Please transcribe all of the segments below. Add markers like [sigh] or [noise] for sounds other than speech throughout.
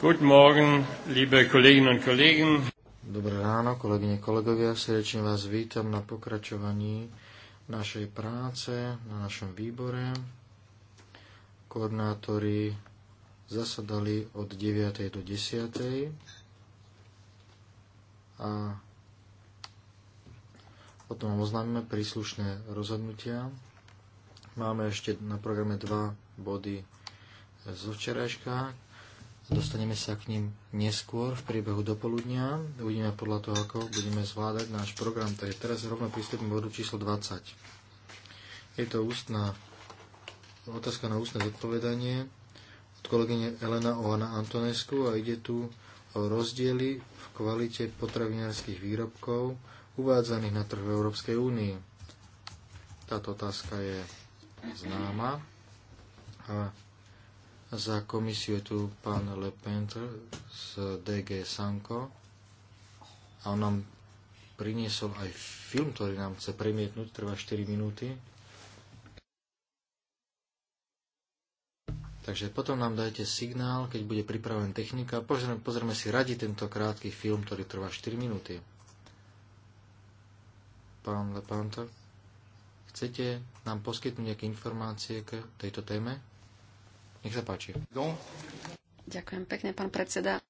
Guten Morgen, liebe Kolleginnen und Kollegen. Dobré ráno, kolegyne, kolegovia. Srdečne vás vítam na pokračovaní našej práce na našom výbore. Koordinátori zasadali od 9. do 10. A potom oznámime príslušné rozhodnutia. Máme ešte na programe dva body zo včerajška, Dostaneme sa k ním neskôr v priebehu dopoludnia. Uvidíme podľa toho, ako budeme zvládať náš program. Takže teraz rovno pristúpim bodu číslo 20. Je to ústna otázka na ústne zodpovedanie od kolegyne Elena Oana Antonesku a ide tu o rozdiely v kvalite potravinárskych výrobkov uvádzaných na trh v Európskej únii. Táto otázka je známa a za komisiu je tu pán Lepenter z DG Sanko a on nám priniesol aj film, ktorý nám chce premietnúť, trvá 4 minúty. Takže potom nám dajte signál, keď bude pripravená technika. Pozrieme, pozrieme si radi tento krátky film, ktorý trvá 4 minúty. Pán Lepantor, chcete nám poskytnúť nejaké informácie k tejto téme? Nech sa páči. Ďakujem pekne, pán predseda.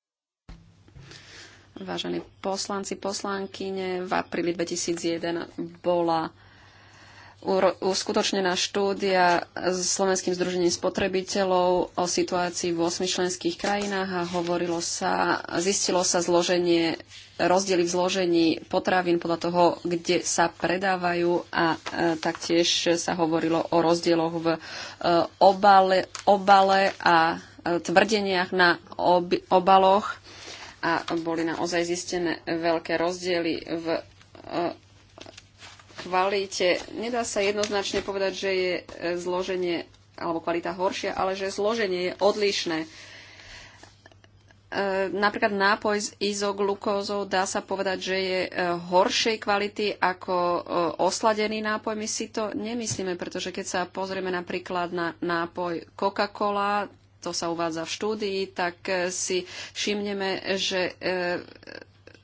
Vážení poslanci, poslankyne, v apríli 2001 bola uskutočnená štúdia s Slovenským združením spotrebiteľov o situácii v 8 členských krajinách a hovorilo sa, zistilo sa zloženie, rozdiely v zložení potravín podľa toho, kde sa predávajú a e, taktiež sa hovorilo o rozdieloch v e, obale, obale a e, tvrdeniach na ob, obaloch a boli naozaj zistené veľké rozdiely v e, kvalite. Nedá sa jednoznačne povedať, že je e, zloženie alebo kvalita horšia, ale že zloženie je odlišné. E, napríklad nápoj s izoglukózou dá sa povedať, že je e, horšej kvality ako osladený nápoj. My si to nemyslíme, pretože keď sa pozrieme napríklad na nápoj Coca-Cola, to sa uvádza v štúdii, tak si všimneme, že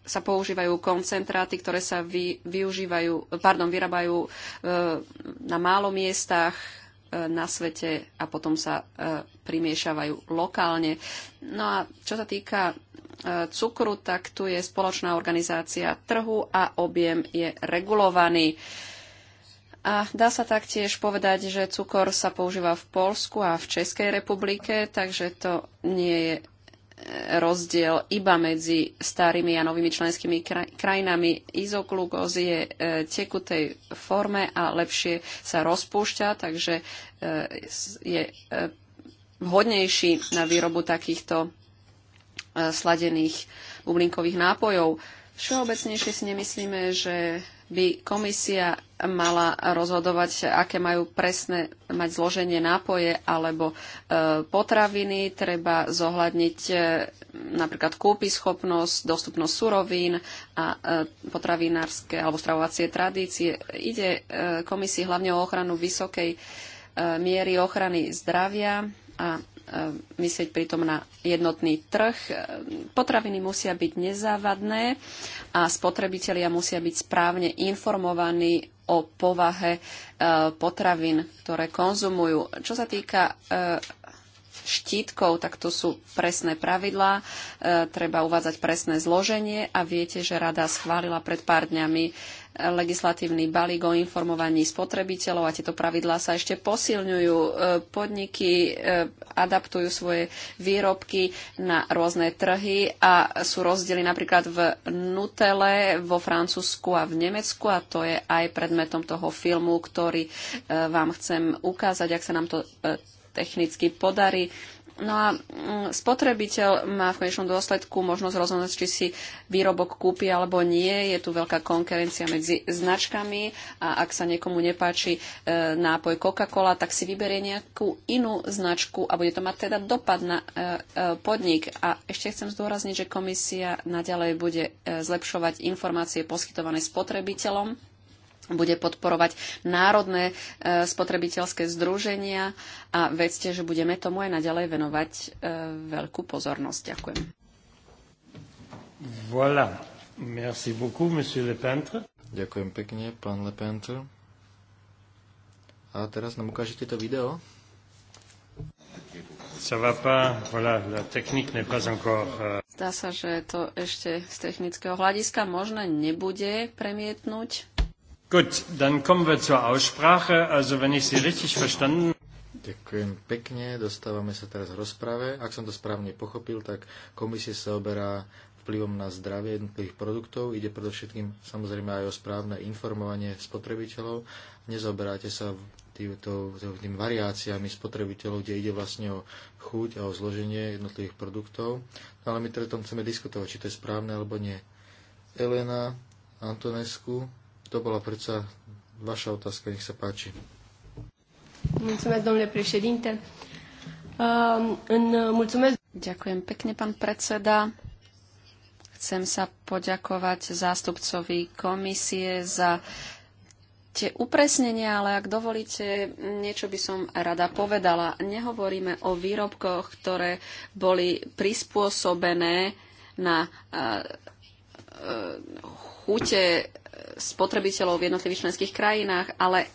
sa používajú koncentráty, ktoré sa vy, využívajú, pardon, vyrábajú e, na málo miestach e, na svete a potom sa e, primiešavajú lokálne. No a čo sa týka cukru, tak tu je spoločná organizácia trhu a objem je regulovaný. A dá sa taktiež povedať, že cukor sa používa v Polsku a v Českej republike, takže to nie je rozdiel iba medzi starými a novými členskými krajinami. izoklugóz je e, tekutej forme a lepšie sa rozpúšťa, takže e, je e, vhodnejší na výrobu takýchto sladených bublinkových nápojov. Všeobecnejšie si nemyslíme, že by komisia mala rozhodovať, aké majú presné mať zloženie nápoje alebo e, potraviny. Treba zohľadniť e, napríklad schopnosť, dostupnosť surovín a e, potravinárske alebo stravovacie tradície. Ide komisii hlavne o ochranu vysokej miery ochrany zdravia a E, myslieť pritom na jednotný trh. E, potraviny musia byť nezávadné a spotrebitelia musia byť správne informovaní o povahe e, potravín, ktoré konzumujú. Čo sa týka štítkov, tak to sú presné pravidlá, treba uvádzať presné zloženie a viete, že rada schválila pred pár dňami legislatívny balík o informovaní spotrebiteľov a tieto pravidlá sa ešte posilňujú. E, podniky e, adaptujú svoje výrobky na rôzne trhy a sú rozdiely napríklad v Nutele, vo Francúzsku a v Nemecku a to je aj predmetom toho filmu, ktorý e, vám chcem ukázať, ak sa nám to technicky podarí. No a mm, spotrebiteľ má v konečnom dôsledku možnosť rozhodnúť, či si výrobok kúpi alebo nie. Je tu veľká konkurencia medzi značkami a ak sa niekomu nepáči e, nápoj Coca-Cola, tak si vyberie nejakú inú značku a bude to mať teda dopad na e, e, podnik. A ešte chcem zdôrazniť, že komisia naďalej bude zlepšovať informácie poskytované spotrebiteľom bude podporovať národné e, spotrebiteľské združenia a vedzte, že budeme tomu aj naďalej venovať e, veľkú pozornosť. Ďakujem. Voilà. Merci beaucoup, monsieur Lepentre. Ďakujem pekne, pán Lepentre. A teraz nám ukážete to video. Ça va pas, voilà, la technique n'est pas encore... Euh, Zdá sa, že to ešte z technického hľadiska možné nebude premietnúť. Gut, dann kommen wir zur Aussprache. Also, wenn ich Sie richtig verstanden Ďakujem pekne, dostávame sa teraz v rozprave. Ak som to správne pochopil, tak komisie sa oberá vplyvom na zdravie jednotlivých produktov. Ide predovšetkým samozrejme aj o správne informovanie spotrebiteľov. Nezaoberáte sa tým variáciami spotrebiteľov, kde ide vlastne o chuť a o zloženie jednotlivých produktov. No, ale my teda tom chceme diskutovať, či to je správne alebo nie. Elena Antonescu, to bola predsa vaša otázka, nech sa páči. Mulțumesc, domnule președinte. Um, mulțumesc. Ďakujem pekne, pán predseda. Chcem sa poďakovať zástupcovi komisie za tie upresnenia, ale ak dovolíte, niečo by som rada povedala. Nehovoríme o výrobkoch, ktoré boli prispôsobené na chute eh, spotrebiteľov v jednotlivých členských krajinách, ale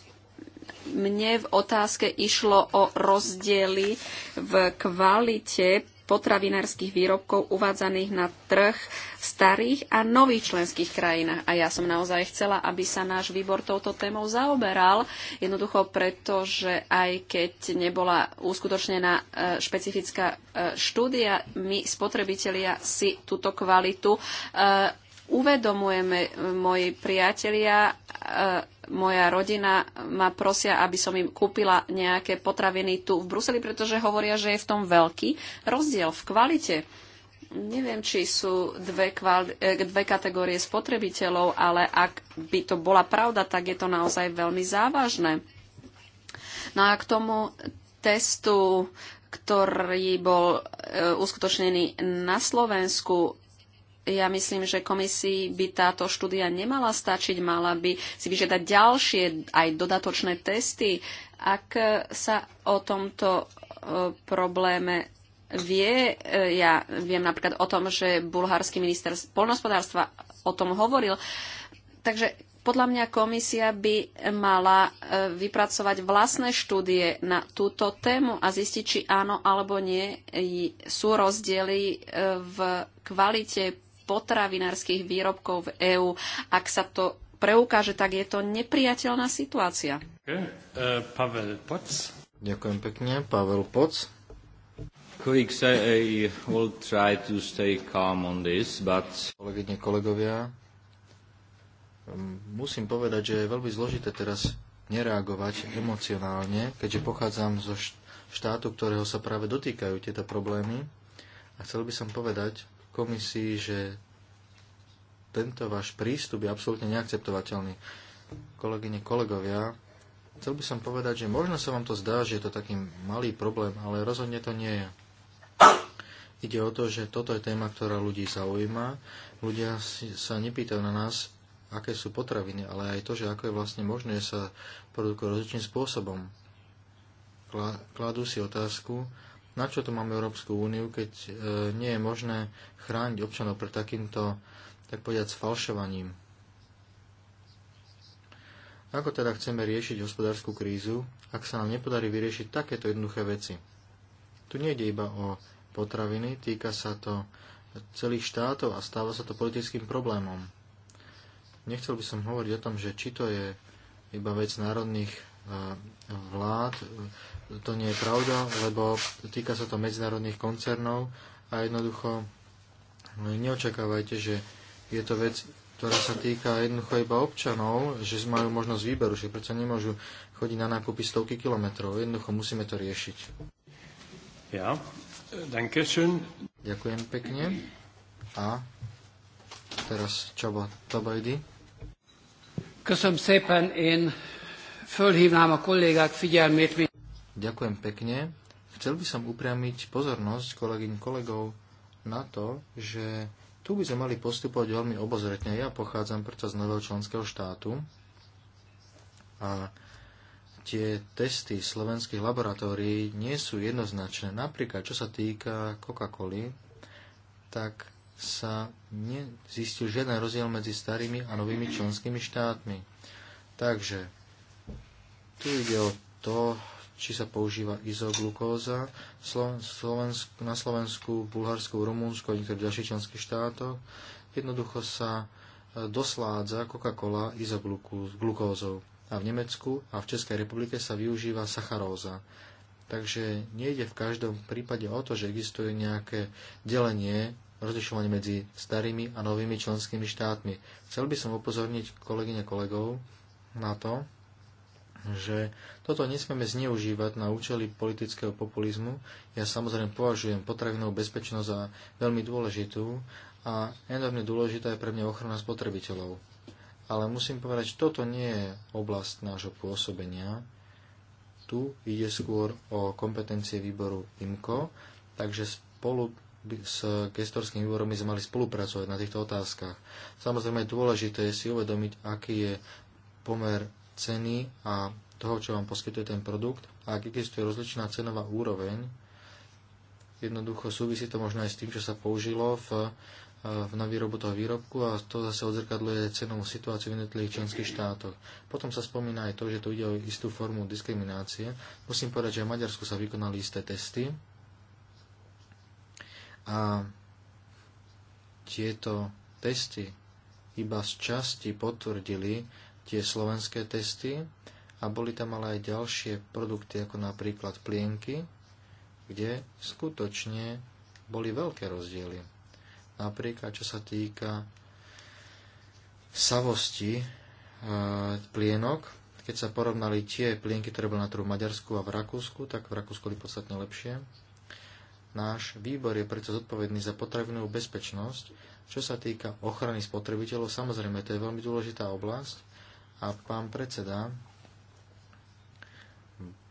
mne v otázke išlo o rozdiely v kvalite potravinárskych výrobkov uvádzaných na trh starých a nových členských krajinách. A ja som naozaj chcela, aby sa náš výbor touto témou zaoberal, jednoducho preto, že aj keď nebola uskutočnená eh, špecifická eh, štúdia, my spotrebitelia si túto kvalitu uvedomujeme, e, moji priatelia, e, moja rodina ma prosia, aby som im kúpila nejaké potraviny tu v Bruseli, pretože hovoria, že je v tom veľký rozdiel v kvalite. Neviem, či sú dve, kval- e, dve kategórie spotrebiteľov, ale ak by to bola pravda, tak je to naozaj veľmi závažné. No a k tomu testu, ktorý bol uskutočnený na Slovensku, ja myslím, že komisii by táto štúdia nemala stačiť, mala by si vyžiadať ďalšie aj dodatočné testy. Ak sa o tomto e, probléme vie, e, ja viem napríklad o tom, že bulharský minister poľnohospodárstva o tom hovoril, takže podľa mňa komisia by mala e, vypracovať vlastné štúdie na túto tému a zistiť, či áno alebo nie sú rozdiely v kvalite potravinárskych výrobkov v EÚ. Ak sa to preukáže, tak je to nepriateľná situácia. Uh, Pavel Poc. Ďakujem pekne. Pavel Poc. Kolegyne, kolegovia, um, musím povedať, že je veľmi zložité teraz nereagovať emocionálne, keďže pochádzam zo štátu, ktorého sa práve dotýkajú tieto problémy. A chcel by som povedať, komisii, že tento váš prístup je absolútne neakceptovateľný. Kolegyne, kolegovia, chcel by som povedať, že možno sa vám to zdá, že je to taký malý problém, ale rozhodne to nie je. Ide o to, že toto je téma, ktorá ľudí zaujíma. Ľudia sa nepýtajú na nás, aké sú potraviny, ale aj to, že ako je vlastne možné sa produkujú rozličným spôsobom. Kladú si otázku, na čo to máme Európsku úniu, keď e, nie je možné chrániť občanov pred takýmto, tak povedať, falšovaním? Ako teda chceme riešiť hospodárskú krízu, ak sa nám nepodarí vyriešiť takéto jednoduché veci? Tu nejde iba o potraviny, týka sa to celých štátov a stáva sa to politickým problémom. Nechcel by som hovoriť o tom, že či to je iba vec národných vlád. To nie je pravda, lebo týka sa to medzinárodných koncernov a jednoducho neočakávajte, že je to vec, ktorá sa týka jednoducho iba občanov, že majú možnosť výberu, že predsa nemôžu chodiť na nákupy stovky kilometrov. Jednoducho musíme to riešiť. Ja, danke schön. Ďakujem pekne. A teraz Csaba Tabajdi. Köszönöm szépen, pekne. Fölhívnám a kollégák figyelmét. Ďakujem pekne. Chcel by som upriamiť pozornosť kolegyň kolegov na to, že tu by sme mali postupovať veľmi obozretne. Ja pochádzam preto z nového členského štátu a tie testy slovenských laboratórií nie sú jednoznačné. Napríklad, čo sa týka Coca-Coly, tak sa nezistil žiaden rozdiel medzi starými a novými členskými štátmi. Takže tu ide o to, či sa používa izoglukóza na Slovensku, Bulharsku, Rumunsku a niektorých ďalších členských štátoch. Jednoducho sa e, dosládza Coca-Cola izoglukózou. A v Nemecku a v Českej republike sa využíva sacharóza. Takže nejde v každom prípade o to, že existuje nejaké delenie, rozlišovanie medzi starými a novými členskými štátmi. Chcel by som upozorniť kolegyne kolegov na to, že toto nesmieme zneužívať na účely politického populizmu. Ja samozrejme považujem potravinovú bezpečnosť za veľmi dôležitú a enormne dôležitá je pre mňa ochrana spotrebiteľov. Ale musím povedať, že toto nie je oblasť nášho pôsobenia. Tu ide skôr o kompetencie výboru IMCO, takže spolu s gestorským výborom by sme mali spolupracovať na týchto otázkach. Samozrejme je dôležité si uvedomiť, aký je pomer ceny a toho, čo vám poskytuje ten produkt. A ak existuje rozličná cenová úroveň, jednoducho súvisí to možno aj s tým, čo sa použilo v, v, na výrobu toho výrobku a to zase odzrkadluje cenovú situáciu v jednotlivých členských štátoch. Potom sa spomína aj to, že tu ide o istú formu diskriminácie. Musím povedať, že v Maďarsku sa vykonali isté testy a tieto testy iba z časti potvrdili tie slovenské testy a boli tam ale aj ďalšie produkty, ako napríklad plienky, kde skutočne boli veľké rozdiely. Napríklad, čo sa týka savosti e, plienok, keď sa porovnali tie plienky, ktoré boli na trhu v Maďarsku a v Rakúsku, tak v Rakúsku boli podstatne lepšie. Náš výbor je preto zodpovedný za potravinovú bezpečnosť. Čo sa týka ochrany spotrebiteľov, samozrejme, to je veľmi dôležitá oblasť a pán predseda,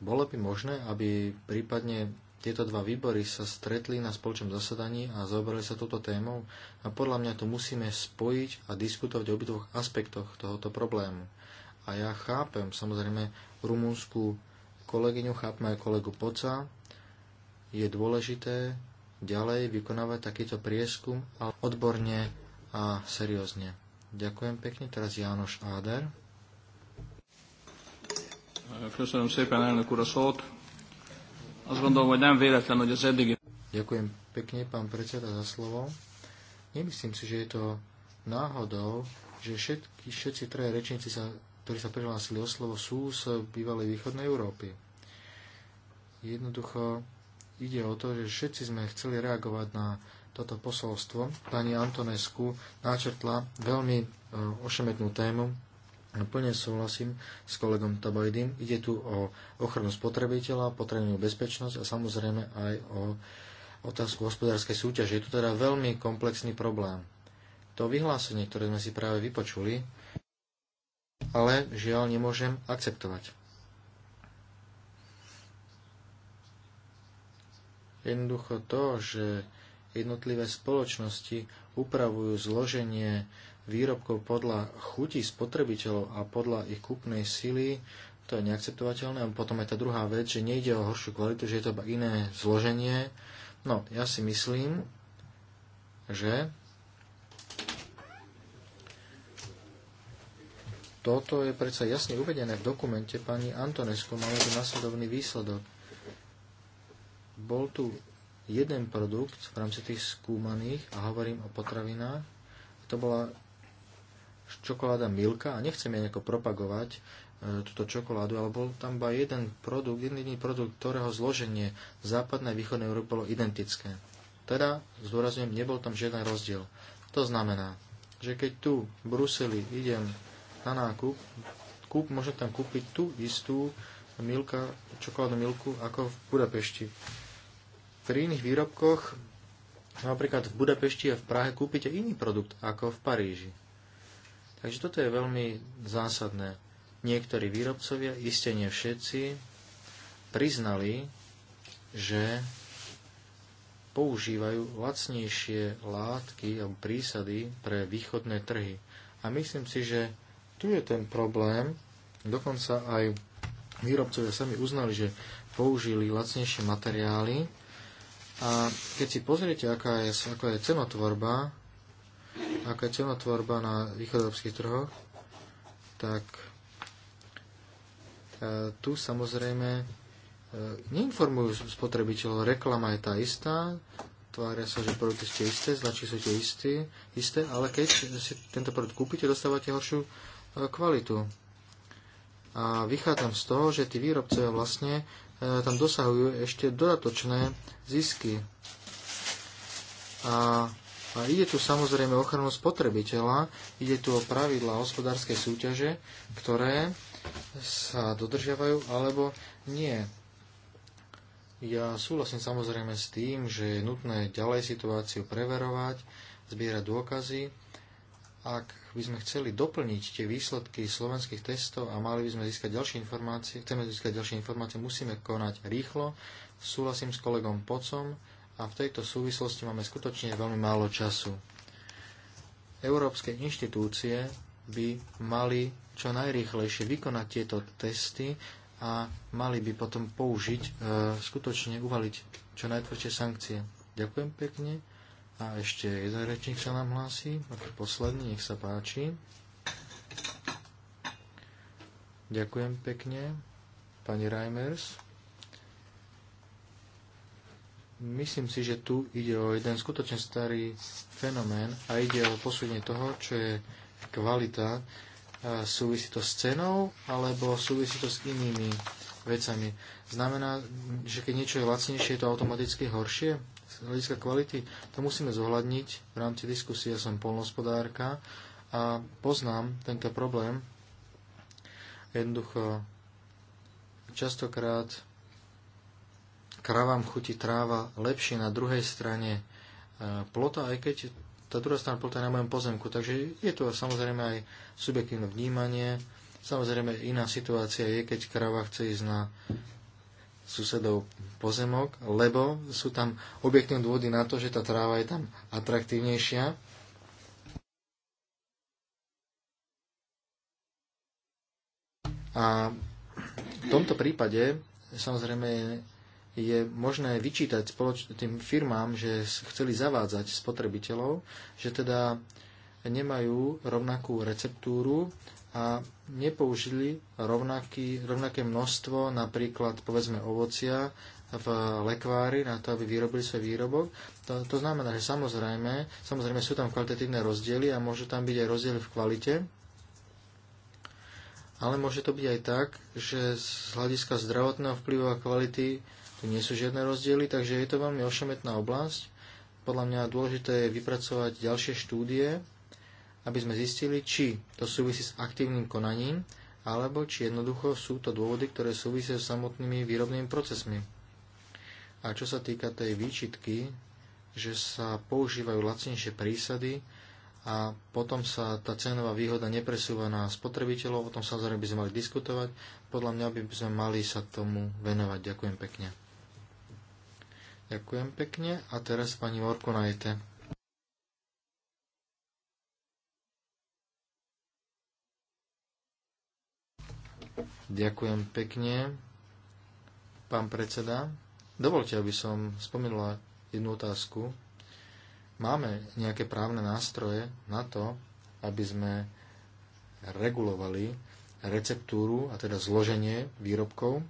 bolo by možné, aby prípadne tieto dva výbory sa stretli na spoločnom zasadaní a zaoberali sa touto témou a podľa mňa tu musíme spojiť a diskutovať o obidvoch aspektoch tohoto problému. A ja chápem samozrejme rumúnsku kolegyňu, chápem aj kolegu Poca. Je dôležité ďalej vykonávať takýto prieskum, odborne a seriózne. Ďakujem pekne, teraz Jánoš Áder. Köszönöm szépen, elnök úr, a szót. Azt gondolom, hogy nem véletlen, hogy az eddigi... Ďakujem pekne, pán predseda, za slovo. Nemyslím si, že je to náhodou, že všetky, všetci traje rečníci, sa, ktorí sa prihlásili o slovo, sú z bývalej východnej Európy. Jednoducho ide o to, že všetci sme chceli reagovať na toto posolstvo. Pani Antonesku načrtla veľmi e, ošemetnú tému, Plne súhlasím s kolegom Tabajdym. Ide tu o ochranu spotrebiteľa, potrebnú bezpečnosť a samozrejme aj o otázku hospodárskej súťaže. Je tu teda veľmi komplexný problém. To vyhlásenie, ktoré sme si práve vypočuli, ale žiaľ nemôžem akceptovať. Jednoducho to, že jednotlivé spoločnosti upravujú zloženie výrobkov podľa chuti spotrebiteľov a podľa ich kúpnej sily, to je neakceptovateľné. A potom aj tá druhá vec, že nejde o horšiu kvalitu, že je to iné zloženie. No, ja si myslím, že toto je predsa jasne uvedené v dokumente pani Antonesko, máme tu nasledovný výsledok. Bol tu jeden produkt v rámci tých skúmaných a hovorím o potravinách. To bola čokoláda Milka a nechcem ja nejako propagovať e, túto čokoládu, ale bol tam iba jeden produkt, jediný produkt, ktorého zloženie v západnej a východnej Európe bolo identické. Teda, zdôrazňujem, nebol tam žiaden rozdiel. To znamená, že keď tu v Bruseli idem na nákup, kúp, môžem tam kúpiť tú istú milka, čokoládnu milku ako v Budapešti. Pri iných výrobkoch napríklad v Budapešti a v Prahe kúpite iný produkt ako v Paríži. Takže toto je veľmi zásadné. Niektorí výrobcovia, iste nie všetci, priznali, že používajú lacnejšie látky alebo prísady pre východné trhy. A myslím si, že tu je ten problém. Dokonca aj výrobcovia sami uznali, že použili lacnejšie materiály. A keď si pozriete, aká je, aká je cenotvorba aká je cenotvorba na východovských trhoch, tak e, tu samozrejme e, neinformujú spotrebiteľov, reklama je tá istá, tvária sa, že produkty ste isté, značky sú tie isté, isté, ale keď si tento produkt kúpite, dostávate horšiu e, kvalitu. A vychádzam z toho, že tí výrobcovia vlastne tam dosahujú ešte dodatočné zisky. A a ide tu samozrejme o ochranu spotrebiteľa, ide tu o pravidlá hospodárskej súťaže, ktoré sa dodržiavajú alebo nie. Ja súhlasím samozrejme s tým, že je nutné ďalej situáciu preverovať, zbierať dôkazy. Ak by sme chceli doplniť tie výsledky slovenských testov a mali by sme získať ďalšie informácie, chceme získať ďalšie informácie, musíme konať rýchlo. Súhlasím s kolegom Pocom, a v tejto súvislosti máme skutočne veľmi málo času. Európske inštitúcie by mali čo najrýchlejšie vykonať tieto testy a mali by potom použiť, e, skutočne uvaliť čo najtvrdšie sankcie. Ďakujem pekne. A ešte jeden rečník sa nám hlási, ako posledný, nech sa páči. Ďakujem pekne, pani Reimers. Myslím si, že tu ide o jeden skutočne starý fenomén a ide o posúdenie toho, čo je kvalita. A súvisí to s cenou alebo súvisí to s inými vecami. Znamená, že keď niečo je lacnejšie, je to automaticky horšie z hľadiska kvality. To musíme zohľadniť v rámci diskusie. Ja som polnospodárka a poznám tento problém. Jednoducho, častokrát kravám chutí tráva lepšie na druhej strane e, plota, aj keď tá druhá strana plota je na mojom pozemku. Takže je tu samozrejme aj subjektívne vnímanie. Samozrejme iná situácia je, keď krava chce ísť na susedov pozemok, lebo sú tam objektívne dôvody na to, že tá tráva je tam atraktívnejšia. A v tomto prípade samozrejme je možné vyčítať spoloč- tým firmám, že chceli zavádzať spotrebiteľov, že teda nemajú rovnakú receptúru a nepoužili rovnaký, rovnaké množstvo napríklad povedzme ovocia v lekvári na to, aby vyrobili svoj výrobok. To, to znamená, že samozrejme, samozrejme sú tam kvalitatívne rozdiely a môžu tam byť aj rozdiely v kvalite, ale môže to byť aj tak, že z hľadiska zdravotného vplyvu a kvality tu nie sú žiadne rozdiely, takže je to veľmi ošemetná oblasť. Podľa mňa dôležité je vypracovať ďalšie štúdie, aby sme zistili, či to súvisí s aktívnym konaním, alebo či jednoducho sú to dôvody, ktoré súvisia s samotnými výrobnými procesmi. A čo sa týka tej výčitky, že sa používajú lacnejšie prísady a potom sa tá cenová výhoda nepresúva na spotrebiteľov, o tom samozrejme by sme mali diskutovať. Podľa mňa by sme mali sa tomu venovať. Ďakujem pekne. Ďakujem pekne. A teraz pani Morko najte. Ďakujem pekne, pán predseda. Dovolte, aby som spomenula jednu otázku. Máme nejaké právne nástroje na to, aby sme regulovali receptúru, a teda zloženie výrobkov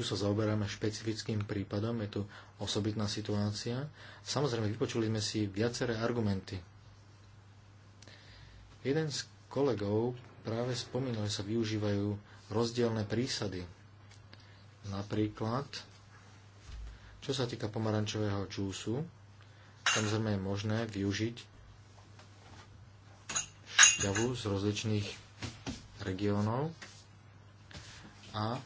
tu sa zaoberáme špecifickým prípadom, je tu osobitná situácia. Samozrejme, vypočuli sme si viaceré argumenty. Jeden z kolegov práve spomínal, že sa využívajú rozdielne prísady. Napríklad, čo sa týka pomarančového čúsu. samozrejme je možné využiť šťavu z rozličných regiónov a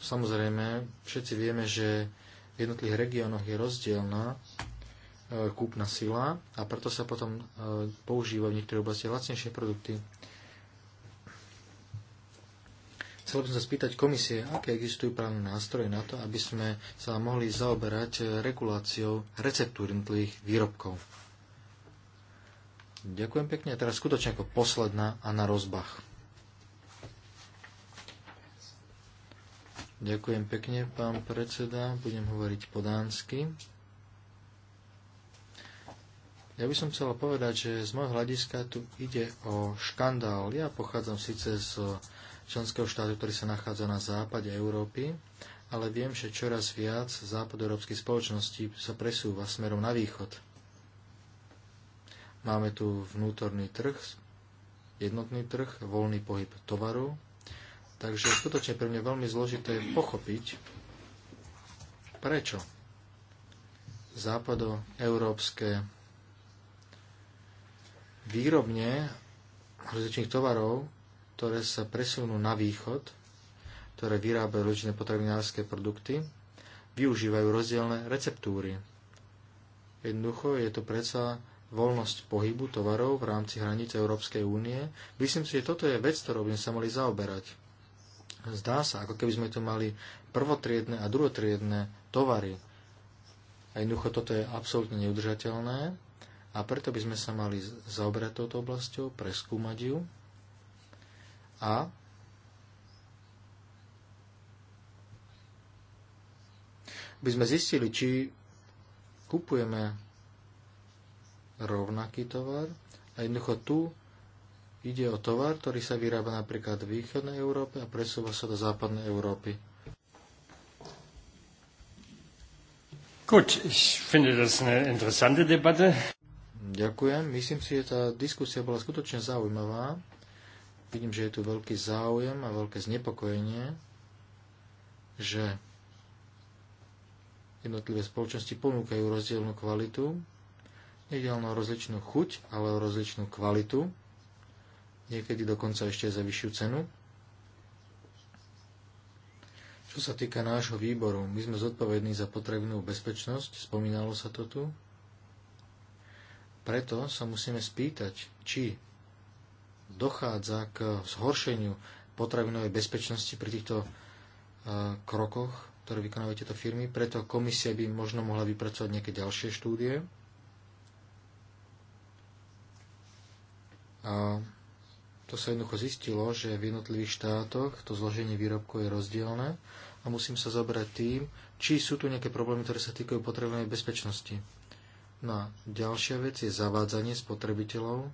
Samozrejme, všetci vieme, že v jednotlivých regiónoch je rozdielna e, kúpna sila a preto sa potom e, používajú v niektorých oblastiach lacnejšie produkty. Chcel by som sa spýtať komisie, aké existujú právne nástroje na to, aby sme sa mohli zaoberať e, reguláciou receptúr jednotlivých výrobkov. Ďakujem pekne. A teraz skutočne ako posledná a na rozbach. Ďakujem pekne, pán predseda. Budem hovoriť po dánsky. Ja by som chcela povedať, že z môjho hľadiska tu ide o škandál. Ja pochádzam síce z členského štátu, ktorý sa nachádza na západe Európy, ale viem, že čoraz viac európskej spoločnosti sa presúva smerom na východ. Máme tu vnútorný trh, jednotný trh, voľný pohyb tovaru, Takže skutočne pre mňa veľmi zložité je pochopiť, prečo západoeurópske výrobne rozličných tovarov, ktoré sa presunú na východ, ktoré vyrábajú rozličné potravinárske produkty, využívajú rozdielne receptúry. Jednoducho je to predsa voľnosť pohybu tovarov v rámci hraníc Európskej únie. Myslím si, že toto je vec, ktorou by sme sa mali zaoberať. Zdá sa, ako keby sme tu mali prvotriedne a druhotriedne tovary. A jednoducho toto je absolútne neudržateľné a preto by sme sa mali zaoberať touto oblasťou, preskúmať ju a by sme zistili, či kupujeme rovnaký tovar a jednoducho tu Ide o tovar, ktorý sa vyrába napríklad v východnej Európe a presúva sa do západnej Európy. Gut, ich finde das eine interessante Debatte. Ďakujem. Myslím si, že tá diskusia bola skutočne zaujímavá. Vidím, že je tu veľký záujem a veľké znepokojenie, že jednotlivé spoločnosti ponúkajú rozdielnú kvalitu. Nejde len o rozličnú chuť, ale o rozličnú kvalitu niekedy dokonca ešte za vyššiu cenu. Čo sa týka nášho výboru, my sme zodpovední za potrebnú bezpečnosť, spomínalo sa to tu. Preto sa musíme spýtať, či dochádza k zhoršeniu potravinovej bezpečnosti pri týchto e, krokoch, ktoré vykonávajú tieto firmy. Preto komisia by možno mohla vypracovať nejaké ďalšie štúdie. A to sa jednoducho zistilo, že v jednotlivých štátoch to zloženie výrobkov je rozdielne a musím sa zabrať tým, či sú tu nejaké problémy, ktoré sa týkajú potrebnej bezpečnosti. No a ďalšia vec je zavádzanie spotrebiteľov.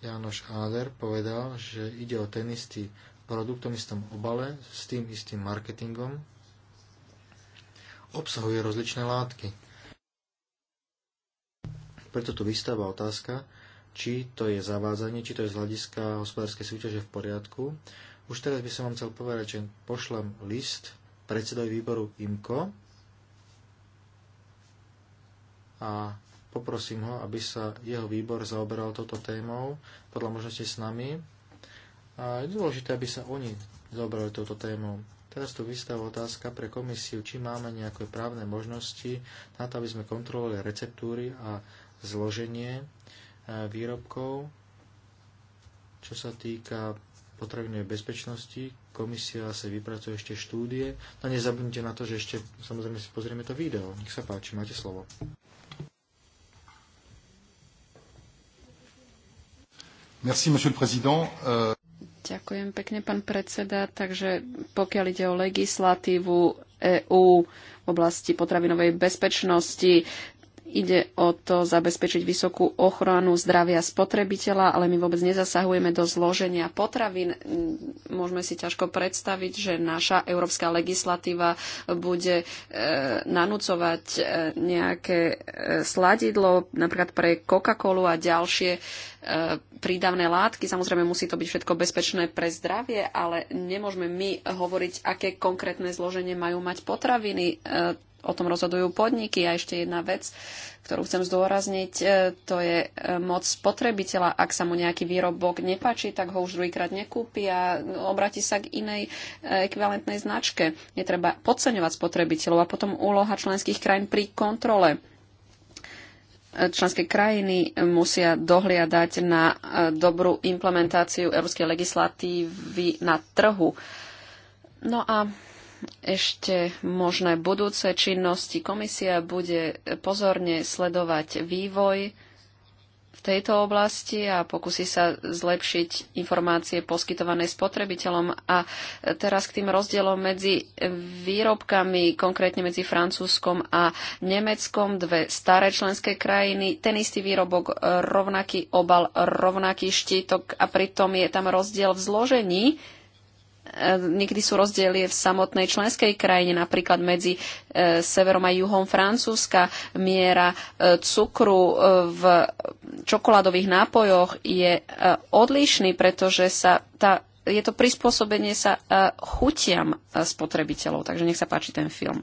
Janoš Áder povedal, že ide o ten istý produkt v istom obale s tým istým marketingom. Obsahuje rozličné látky. Preto tu vystáva otázka, či to je zavádzanie, či to je z hľadiska hospodárskej súťaže v poriadku. Už teraz by som vám chcel povedať, že pošlem list predsedovi výboru IMKO a poprosím ho, aby sa jeho výbor zaoberal touto témou, podľa možnosti s nami. A je dôležité, aby sa oni zaoberali touto témou. Teraz tu vystáva otázka pre komisiu, či máme nejaké právne možnosti na to, aby sme kontrolovali receptúry a zloženie E, výrobkov. Čo sa týka potrebnej bezpečnosti, komisia sa vypracuje ešte štúdie. A no, nezabudnite na to, že ešte samozrejme si pozrieme to video. Nech sa páči, máte slovo. Merci, monsieur le président. Euh, Ďakujem pekne, pán predseda. Takže pokiaľ ide o legislatívu EÚ v oblasti potravinovej bezpečnosti, Ide o to zabezpečiť vysokú ochranu zdravia spotrebiteľa, ale my vôbec nezasahujeme do zloženia potravín. Môžeme si ťažko predstaviť, že naša európska legislatíva bude e, nanúcovať e, nejaké e, sladidlo, napríklad pre Coca-Colu a ďalšie e, prídavné látky. Samozrejme, musí to byť všetko bezpečné pre zdravie, ale nemôžeme my hovoriť, aké konkrétne zloženie majú mať potraviny. E, o tom rozhodujú podniky. A ešte jedna vec, ktorú chcem zdôrazniť, e, to je e, moc spotrebiteľa. Ak sa mu nejaký výrobok nepáči, tak ho už druhýkrát nekúpi a obráti sa k inej e, ekvivalentnej značke. Netreba podceňovať spotrebiteľov a potom úloha členských krajín pri kontrole. Členské krajiny musia dohliadať na dobrú implementáciu európskej legislatívy na trhu. No a ešte možné budúce činnosti. Komisia bude pozorne sledovať vývoj v tejto oblasti a pokusí sa zlepšiť informácie poskytované spotrebiteľom. A teraz k tým rozdielom medzi výrobkami, konkrétne medzi Francúzskom a Nemeckom, dve staré členské krajiny, ten istý výrobok, rovnaký obal, rovnaký štítok a pritom je tam rozdiel v zložení E, niekedy sú rozdiely v samotnej členskej krajine, napríklad medzi e, severom a juhom Francúzska. Miera e, cukru v čokoládových nápojoch je odlišný, pretože sa tá, je to prispôsobenie sa chutiam spotrebiteľov. Takže nech sa páči ten film.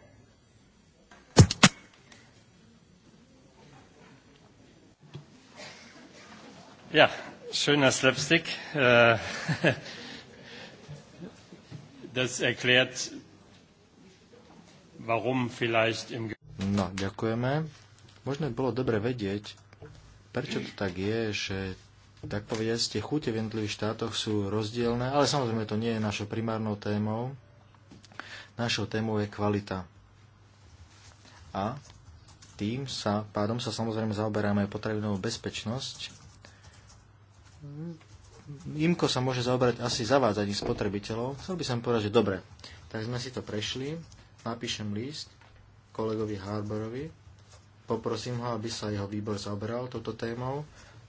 Ja, schöner Slapstick. Äh, [laughs] das erklärt, warum vielleicht im... No, ďakujeme. Možno by bolo dobre vedieť, prečo to tak je, že tak povediať, tie chute v jednotlivých štátoch sú rozdielne, ale samozrejme to nie je našou primárnou témou. Našou témou je kvalita. A tým sa, pádom sa samozrejme zaoberáme potrebnou bezpečnosť IMKO sa môže zaoberať asi zavádzaním spotrebiteľov. Chcel by som povedať, že dobre, tak sme si to prešli, napíšem list kolegovi Harborovi, poprosím ho, aby sa jeho výbor zaoberal touto témou.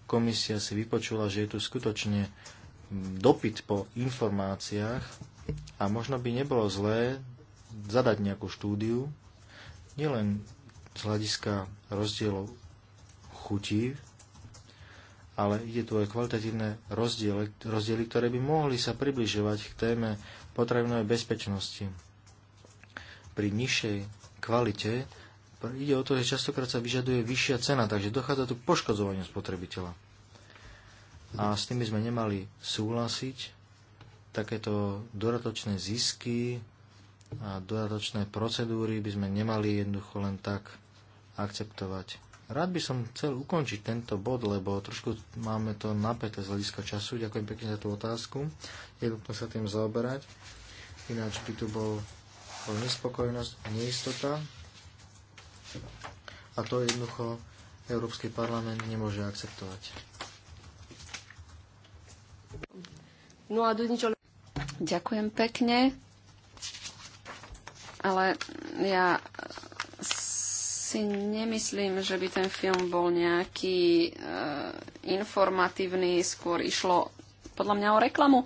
Komisia si vypočula, že je tu skutočne mm, dopyt po informáciách a možno by nebolo zlé zadať nejakú štúdiu, nielen z hľadiska rozdielov chutí ale ide tu aj kvalitatívne rozdiely, rozdiely, ktoré by mohli sa približovať k téme potravinovej bezpečnosti. Pri nižšej kvalite ide o to, že častokrát sa vyžaduje vyššia cena, takže dochádza tu k poškodzovaniu spotrebiteľa. A s tým by sme nemali súhlasiť. Takéto dodatočné zisky a dodatočné procedúry by sme nemali jednoducho len tak akceptovať Rád by som chcel ukončiť tento bod, lebo trošku máme to napäté z hľadiska času. Ďakujem pekne za tú otázku. Je nutné sa tým zaoberať. Ináč by tu bol, bol nespokojnosť, neistota. A to jednoducho Európsky parlament nemôže akceptovať. No a do ničo... Ďakujem pekne, ale ja si nemyslím, že by ten film bol nejaký uh, eh, informatívny, skôr išlo podľa mňa o reklamu.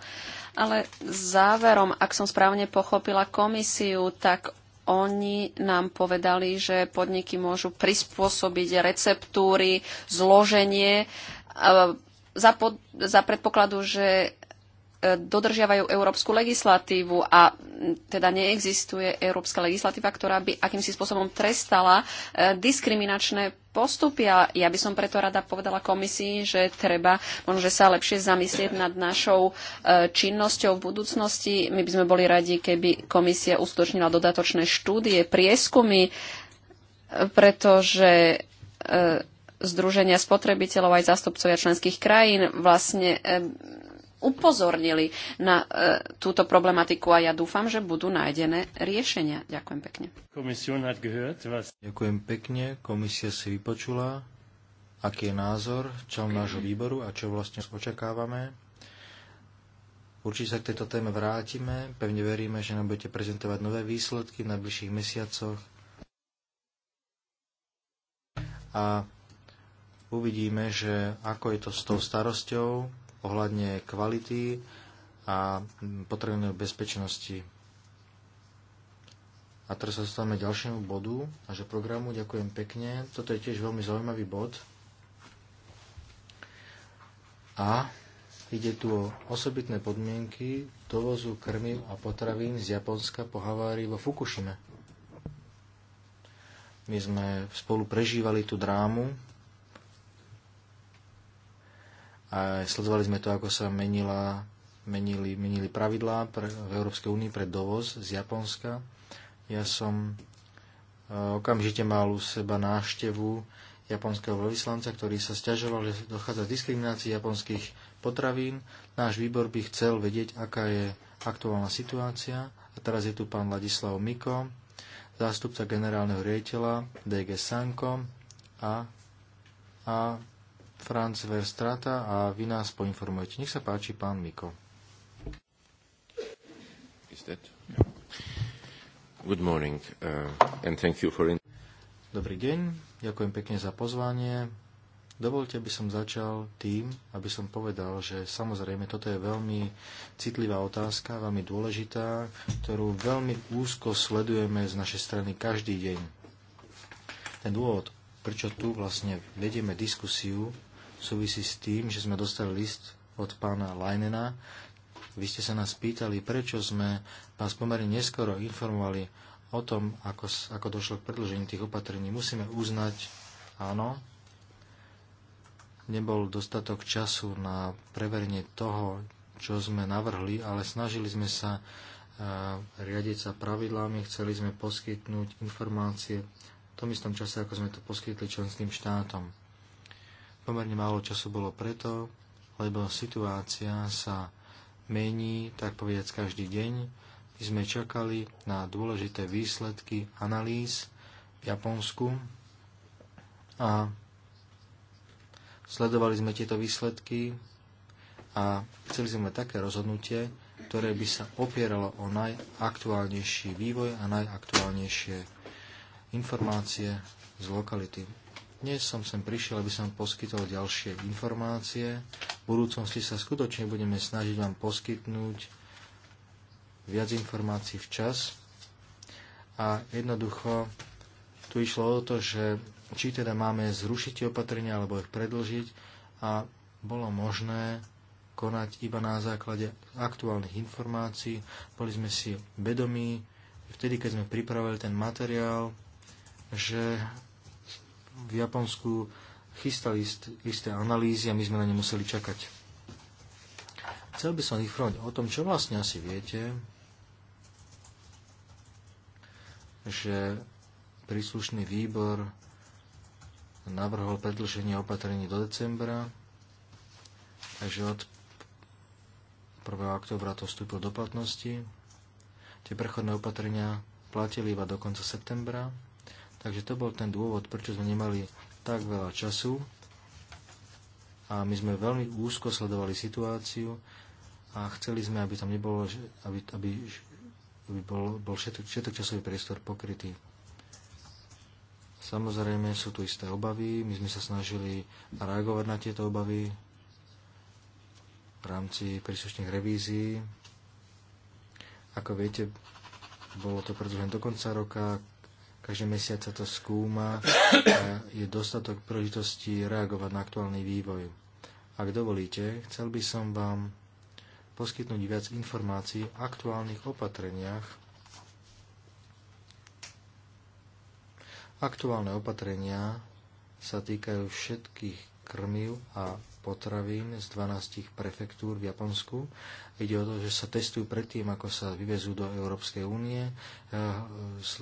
Ale záverom, ak som správne pochopila komisiu, tak oni nám povedali, že podniky môžu prispôsobiť receptúry, zloženie eh, za, pod, za predpokladu, že E, dodržiavajú európsku legislatívu a teda neexistuje európska legislatíva, ktorá by akýmsi spôsobom trestala e, diskriminačné postupy. A ja by som preto rada povedala komisii, že treba možno, sa lepšie zamyslieť nad našou e, činnosťou v budúcnosti. My by sme boli radi, keby komisia uskutočnila dodatočné štúdie, prieskumy, pretože združenia spotrebiteľov aj zástupcovia členských krajín vlastne upozornili na e, túto problematiku a ja dúfam, že budú nájdené riešenia. Ďakujem pekne. Ďakujem pekne. Komisia si vypočula, aký je názor čel nášho výboru a čo vlastne očakávame. Určite sa k tejto téme vrátime. Pevne veríme, že nám budete prezentovať nové výsledky v najbližších mesiacoch. A uvidíme, že ako je to s tou starosťou, ohľadne kvality a potrebnej bezpečnosti. A teraz sa dostávame k ďalšiemu bodu nášho programu. Ďakujem pekne. Toto je tiež veľmi zaujímavý bod. A ide tu o osobitné podmienky dovozu krmiv a potravín z Japonska po havárii vo Fukushime. My sme spolu prežívali tú drámu, a sledovali sme to, ako sa menila, menili, menili pravidlá pre, v Európskej únii pre dovoz z Japonska. Ja som e, okamžite mal u seba náštevu japonského veľvyslanca, ktorý sa stiažoval, že dochádza k diskriminácii japonských potravín. Náš výbor by chcel vedieť, aká je aktuálna situácia. A teraz je tu pán Ladislav Miko, zástupca generálneho riaditeľa DG Sanko a, a Franz Verstrata a vy nás poinformujete. Nech sa páči, pán Miko. Good morning, uh, and thank you for... Dobrý deň, ďakujem pekne za pozvanie. Dovolte, aby som začal tým, aby som povedal, že samozrejme toto je veľmi citlivá otázka, veľmi dôležitá, ktorú veľmi úzko sledujeme z našej strany každý deň. Ten dôvod, prečo tu vlastne vedieme diskusiu, súvisí s tým, že sme dostali list od pána Lajnena. Vy ste sa nás pýtali, prečo sme vás pomerne neskoro informovali o tom, ako, ako došlo k predlženiu tých opatrení. Musíme uznať, áno, nebol dostatok času na preverenie toho, čo sme navrhli, ale snažili sme sa e, riadiť sa pravidlami, chceli sme poskytnúť informácie v tom istom čase, ako sme to poskytli členským štátom. Pomerne málo času bolo preto, lebo situácia sa mení, tak povedať, každý deň. My sme čakali na dôležité výsledky analýz v Japonsku a sledovali sme tieto výsledky a chceli sme také rozhodnutie, ktoré by sa opieralo o najaktuálnejší vývoj a najaktuálnejšie informácie z lokality. Dnes som sem prišiel, aby som poskytol ďalšie informácie. V budúcnosti sa skutočne budeme snažiť vám poskytnúť viac informácií včas. A jednoducho tu išlo o to, že či teda máme zrušiť opatrenia alebo ich predlžiť a bolo možné konať iba na základe aktuálnych informácií. Boli sme si vedomí, vtedy keď sme pripravili ten materiál, že v Japonsku chystali isté analýzy a my sme na ne museli čakať. Chcel by som informovať o tom, čo vlastne asi viete, že príslušný výbor navrhol predlženie opatrení do decembra, takže od 1. oktobra to vstúpil do platnosti. Tie prechodné opatrenia platili iba do konca septembra Takže to bol ten dôvod, prečo sme nemali tak veľa času a my sme veľmi úzko sledovali situáciu a chceli sme, aby tam nebolo, aby, aby, aby bol, bol všetok, všetok časový priestor pokrytý. Samozrejme sú tu isté obavy, my sme sa snažili reagovať na tieto obavy v rámci príslušných revízií. Ako viete, bolo to predlžené do konca roka, každý mesiac sa to skúma a je dostatok príležitostí reagovať na aktuálny vývoj. Ak dovolíte, chcel by som vám poskytnúť viac informácií o aktuálnych opatreniach. Aktuálne opatrenia sa týkajú všetkých krmiv a potravín z 12 prefektúr v Japonsku. Ide o to, že sa testujú predtým, ako sa vyvezú do Európskej únie. E,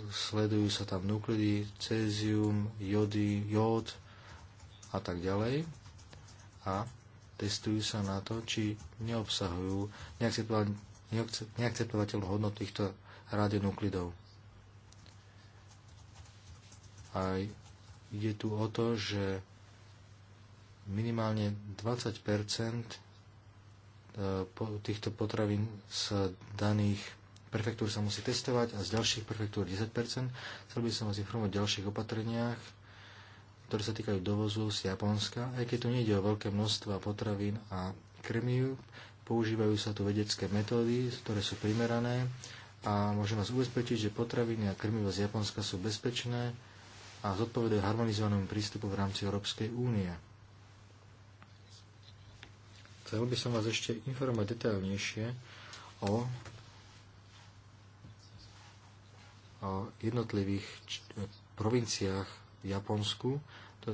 sledujú sa tam nuklidy, cézium, jody, jód a tak ďalej. A testujú sa na to, či neobsahujú neakceptovateľnú hodnotu týchto radionuklidov. A ide tu o to, že minimálne 20 e, týchto potravín z daných prefektúr sa musí testovať a z ďalších prefektúr 10 Chcel by som vás informovať o ďalších opatreniach, ktoré sa týkajú dovozu z Japonska. Aj keď tu nejde o veľké množstva potravín a krmiv, používajú sa tu vedecké metódy, ktoré sú primerané a môžem vás ubezpečiť, že potraviny a krmiva z Japonska sú bezpečné a zodpovedajú harmonizovanému prístupu v rámci Európskej únie. Chcel by som vás ešte informovať detailnejšie o, o jednotlivých provinciách v Japonsku.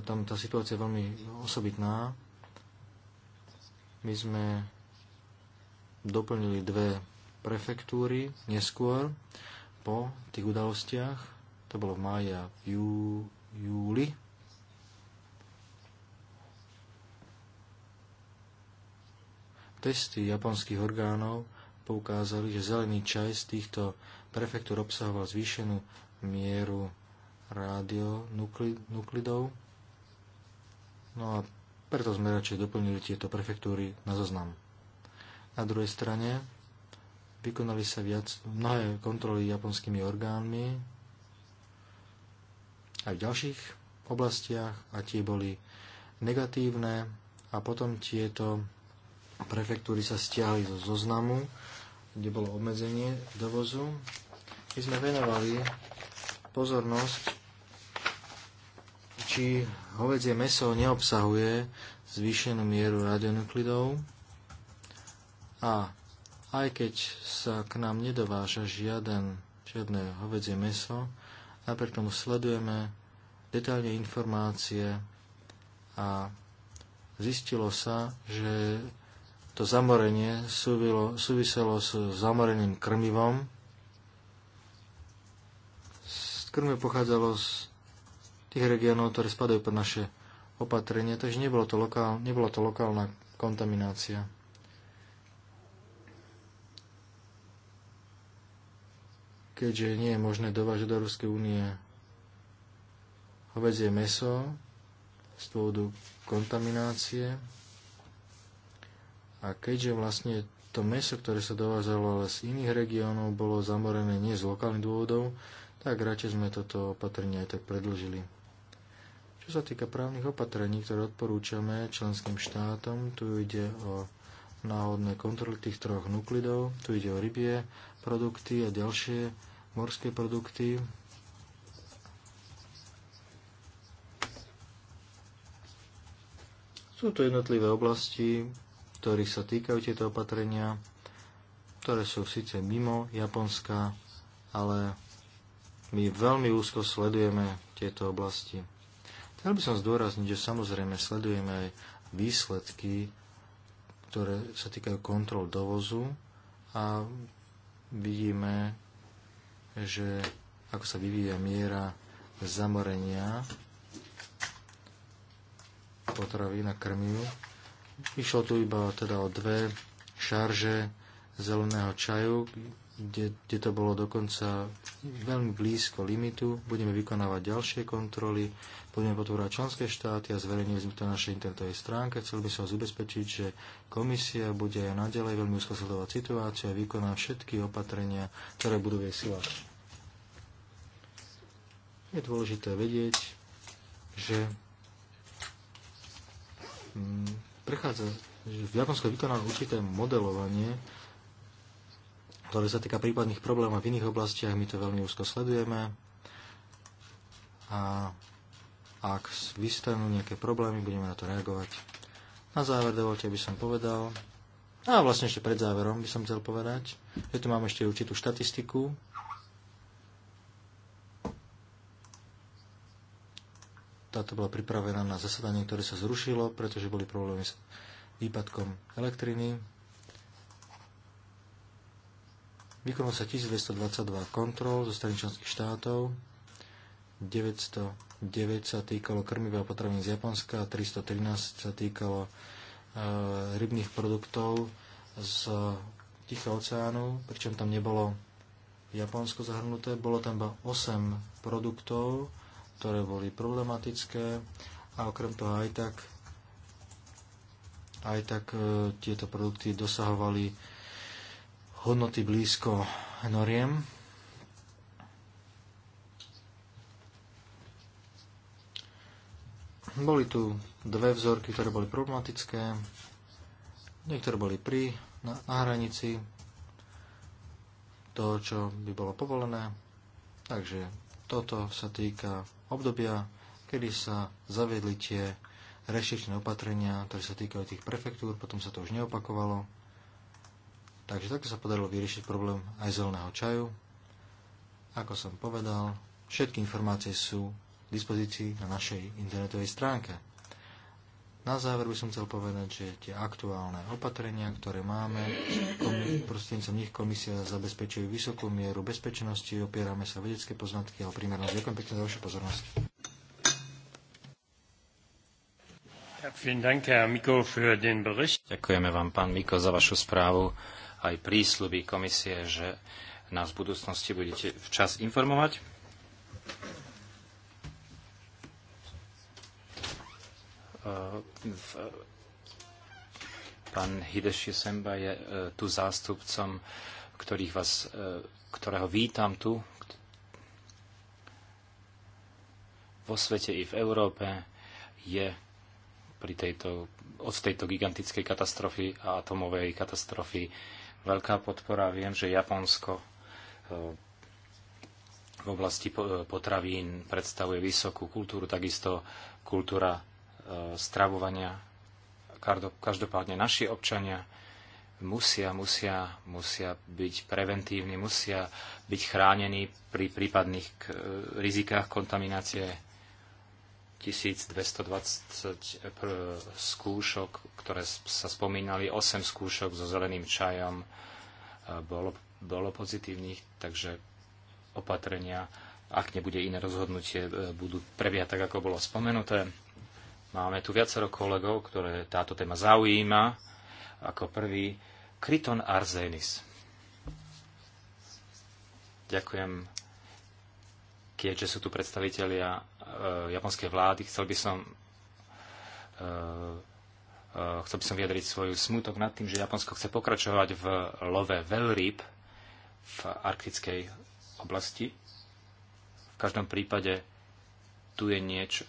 tam tá situácia je veľmi osobitná. My sme doplnili dve prefektúry neskôr po tých udalostiach. To bolo v máji a jú, júli Testy japonských orgánov poukázali, že zelený čaj z týchto prefektúr obsahoval zvýšenú mieru rádionuklidov. No a preto sme radšej doplnili tieto prefektúry na zoznam. Na druhej strane vykonali sa viac, mnohé kontroly japonskými orgánmi aj v ďalších oblastiach a tie boli negatívne a potom tieto prefektúry sa stiahli zo zoznamu, kde bolo obmedzenie dovozu. My sme venovali pozornosť, či hovedzie meso neobsahuje zvýšenú mieru radionuklidov a aj keď sa k nám nedováža žiaden, žiadne hovedzie meso, napriek tomu sledujeme detailne informácie a zistilo sa, že to zamorenie súvilo, súviselo s zamoreným krmivom. Krmivo pochádzalo z tých regiónov, ktoré spadajú pod naše opatrenie, takže nebolo to lokál, nebola to lokálna kontaminácia. Keďže nie je možné dovážať do Ruskej únie hovedzie meso z dôvodu kontaminácie, a keďže vlastne to meso, ktoré sa dovážalo ale z iných regiónov, bolo zamorené nie z lokálnych dôvodov, tak radšej sme toto opatrenie aj tak predlžili. Čo sa týka právnych opatrení, ktoré odporúčame členským štátom, tu ide o náhodné kontroly tých troch nuklidov, tu ide o rybie produkty a ďalšie morské produkty, Sú to jednotlivé oblasti, ktorí sa týkajú tieto opatrenia, ktoré sú síce mimo Japonska, ale my veľmi úzko sledujeme tieto oblasti. Chcel by som zdôrazniť, že samozrejme sledujeme aj výsledky, ktoré sa týkajú kontrol dovozu a vidíme, že ako sa vyvíja miera zamorenia potravy na krmiu Išlo tu iba teda o dve šarže zeleného čaju, kde, kde to bolo dokonca veľmi blízko limitu. Budeme vykonávať ďalšie kontroly, budeme potvorať členské štáty a zverejnili sme to na našej internetovej stránke. Chcel by som vás ubezpečiť, že komisia bude aj naďalej veľmi úzko sledovať situáciu a vykoná všetky opatrenia, ktoré budú jej silách. Je dôležité vedieť, že mm, prechádza, v je vykonané určité modelovanie, ktoré sa týka prípadných problémov v iných oblastiach, my to veľmi úzko sledujeme a ak vystanú nejaké problémy, budeme na to reagovať. Na záver dovolte, aby som povedal, a vlastne ešte pred záverom by som chcel povedať, že tu máme ešte určitú štatistiku, táto bola pripravená na zasadanie, ktoré sa zrušilo, pretože boli problémy s výpadkom elektriny. Vykonalo sa 1222 kontrol zo strany členských štátov, 909 sa týkalo krmiva a potravín z Japonska, 313 sa týkalo e, rybných produktov z Tichého oceánu, pričom tam nebolo Japonsko zahrnuté, bolo tam iba 8 produktov, ktoré boli problematické a okrem toho aj tak, aj tak e, tieto produkty dosahovali hodnoty blízko noriem. Boli tu dve vzorky, ktoré boli problematické. Niektoré boli pri, na, na hranici toho, čo by bolo povolené. Takže toto sa týka obdobia, kedy sa zavedli tie rešičné opatrenia, ktoré sa týkajú tých prefektúr, potom sa to už neopakovalo. Takže takto sa podarilo vyriešiť problém aj zeleného čaju. Ako som povedal, všetky informácie sú k dispozícii na našej internetovej stránke. Na záver by som chcel povedať, že tie aktuálne opatrenia, ktoré máme, prostredníctvom nich komisia zabezpečuje vysokú mieru bezpečnosti, opierame sa vedecké poznatky a o primernosť. Ďakujem pekne za vašu pozornosť. Ďakujeme vám, pán Miko, za vašu správu aj prísľuby komisie, že nás v budúcnosti budete včas informovať. Pán Hideši Semba je e, tu zástupcom, ktorých vás, e, ktorého vítam tu vo svete i v Európe je pri tejto, od tejto gigantickej katastrofy a atomovej katastrofy veľká podpora. Viem, že Japonsko e, v oblasti potravín predstavuje vysokú kultúru, takisto kultúra stravovania. Každopádne naši občania musia, musia, musia byť preventívni, musia byť chránení pri prípadných e, rizikách kontaminácie 1220 e, skúšok, ktoré sa spomínali, 8 skúšok so zeleným čajom e, bolo, bolo pozitívnych, takže opatrenia, ak nebude iné rozhodnutie, budú prebiehať tak, ako bolo spomenuté. Máme tu viacero kolegov, ktoré táto téma zaujíma. Ako prvý Kryton Arzenis. Ďakujem. Keďže sú tu predstavitelia e, japonskej vlády, chcel by som e, e, chcel by som vyjadriť svoju smutok nad tým, že Japonsko chce pokračovať v love veľrýb v arktickej oblasti. V každom prípade tu je niečo,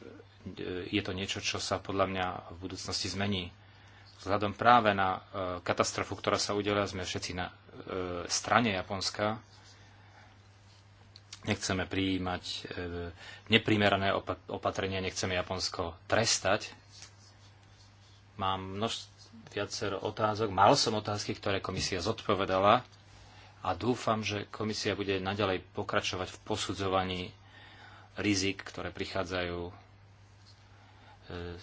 je to niečo, čo sa podľa mňa v budúcnosti zmení. Vzhľadom práve na e, katastrofu, ktorá sa udela, sme všetci na e, strane Japonska. Nechceme prijímať e, neprimerané opatrenia, nechceme Japonsko trestať. Mám množstvo viacero otázok. Mal som otázky, ktoré komisia zodpovedala a dúfam, že komisia bude naďalej pokračovať v posudzovaní rizik, ktoré prichádzajú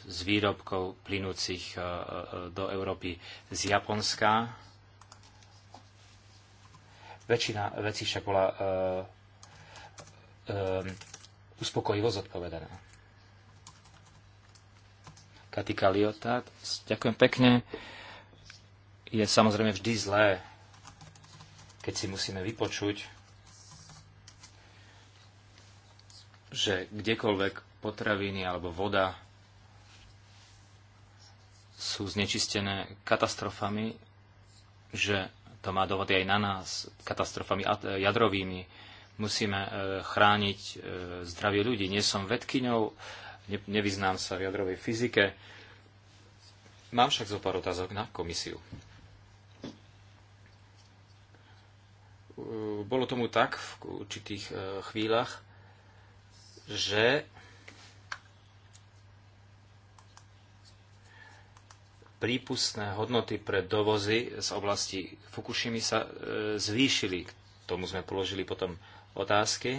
z výrobkov plynúcich e, e, do Európy z Japonska. Väčšina vecí však bola e, uspokojivo zodpovedaná. Katika Liotard, ďakujem pekne. Je samozrejme vždy zlé, keď si musíme vypočuť, že kdekoľvek potraviny alebo voda sú znečistené katastrofami, že to má dovody aj na nás, katastrofami e, jadrovými. Musíme e, chrániť e, zdravie ľudí. Nie som vedkyňou, nevyznám sa v jadrovej fyzike. Mám však zo pár otázok na komisiu. Bolo tomu tak v určitých chvíľach, že prípustné hodnoty pre dovozy z oblasti Fukushimy sa e, zvýšili. K tomu sme položili potom otázky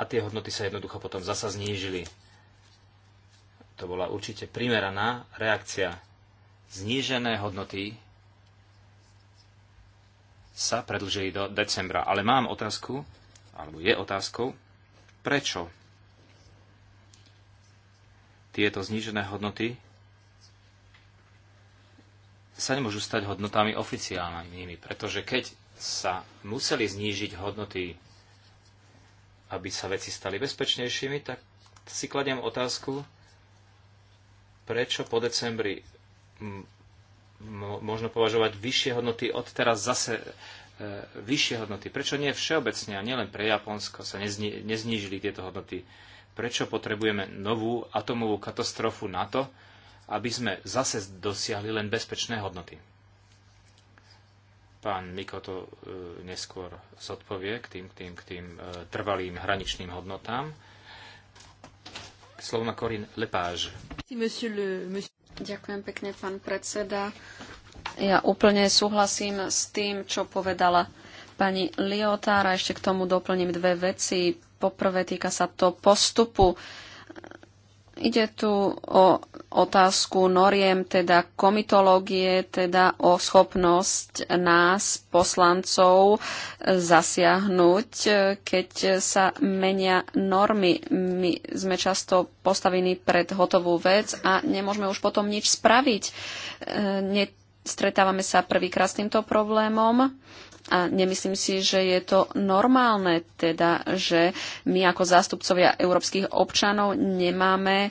a tie hodnoty sa jednoducho potom zasa znížili. To bola určite primeraná reakcia. Znížené hodnoty sa predlžili do decembra. Ale mám otázku, alebo je otázkou, prečo tieto znížené hodnoty sa nemôžu stať hodnotami oficiálnymi, pretože keď sa museli znížiť hodnoty, aby sa veci stali bezpečnejšími, tak si kladiem otázku, prečo po decembri možno považovať vyššie hodnoty, od teraz zase e, vyššie hodnoty. Prečo nie všeobecne a nielen pre Japonsko sa nezni- neznížili tieto hodnoty? Prečo potrebujeme novú atomovú katastrofu na to, aby sme zase dosiahli len bezpečné hodnoty. Pán Miko to e, neskôr zodpovie k tým, k tým, k tým e, trvalým hraničným hodnotám. Slovo má Corinne Lepage. Ďakujem pekne, pán predseda. Ja úplne súhlasím s tým, čo povedala pani Liotára. Ešte k tomu doplním dve veci. Poprvé týka sa to postupu. Ide tu o otázku noriem, teda komitológie, teda o schopnosť nás, poslancov, zasiahnuť, keď sa menia normy. My sme často postavení pred hotovú vec a nemôžeme už potom nič spraviť. E, Stretávame sa prvýkrát s týmto problémom a nemyslím si, že je to normálne, teda, že my ako zástupcovia európskych občanov nemáme e,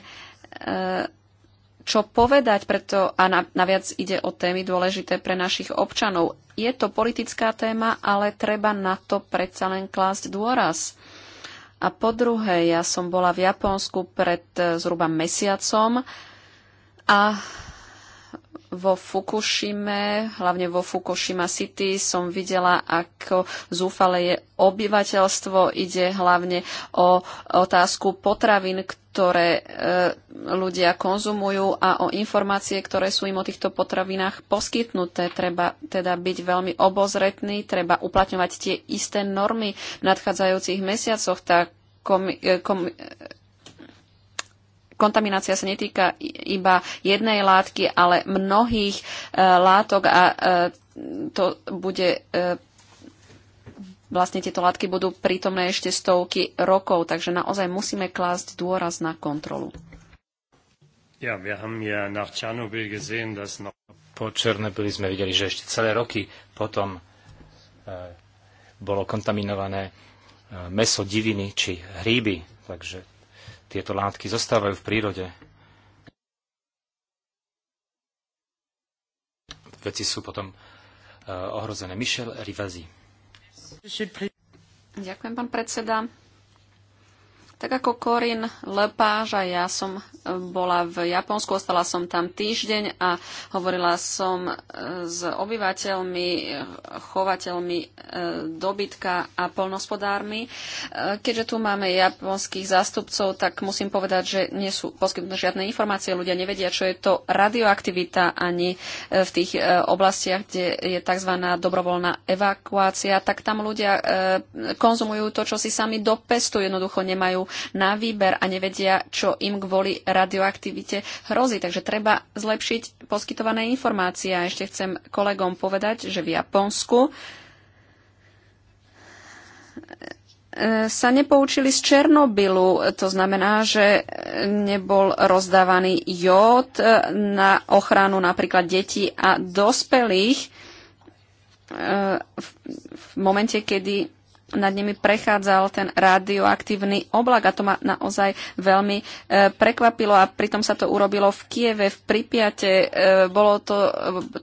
čo povedať, preto a na, naviac ide o témy dôležité pre našich občanov. Je to politická téma, ale treba na to predsa len klásť dôraz. A po druhé, ja som bola v Japonsku pred e, zhruba mesiacom a vo Fukushime, hlavne vo Fukushima City, som videla, ako zúfale je obyvateľstvo. Ide hlavne o otázku potravín, ktoré e, ľudia konzumujú a o informácie, ktoré sú im o týchto potravinách poskytnuté. Treba teda byť veľmi obozretný, treba uplatňovať tie isté normy v nadchádzajúcich mesiacoch. Tá komi- e, komi- kontaminácia sa netýka iba jednej látky, ale mnohých e, látok a e, to bude e, vlastne tieto látky budú prítomné ešte stovky rokov, takže naozaj musíme klásť dôraz na kontrolu. Ja, wir haben ja nach Tschernobyl gesehen, dass noch... Po Černobyli sme videli, že ešte celé roky potom bolo kontaminované meso diviny či hríby. Takže tieto látky zostávajú v prírode. Veci sú potom e, ohrozené. Michel Rivazi. Ďakujem, pán predseda. Tak ako Korin Lepáž a ja som eh, bola v Japonsku, ostala som tam týždeň a hovorila som eh, s obyvateľmi, chovateľmi eh, dobytka a polnospodármi. Keďže tu máme japonských zástupcov, tak musím povedať, že nie sú poskytnuté žiadne informácie. Ľudia nevedia, čo je to radioaktivita ani v tých oblastiach, kde je tzv. dobrovoľná evakuácia. Tak tam ľudia konzumujú to, čo si sami dopestujú. Jednoducho nemajú na výber a nevedia, čo im kvôli radioaktivite hrozí. Takže treba zlepšiť poskytované informácie. A ešte chcem kolegom povedať, že v Japonsku e, sa nepoučili z Černobylu. To znamená, že nebol rozdávaný jód e, na ochranu napríklad detí a dospelých e, v momente, kedy nad nimi prechádzal ten radioaktívny oblak a to ma naozaj veľmi e, prekvapilo a pritom sa to urobilo v Kieve, v Pripiate. E, bolo to, e,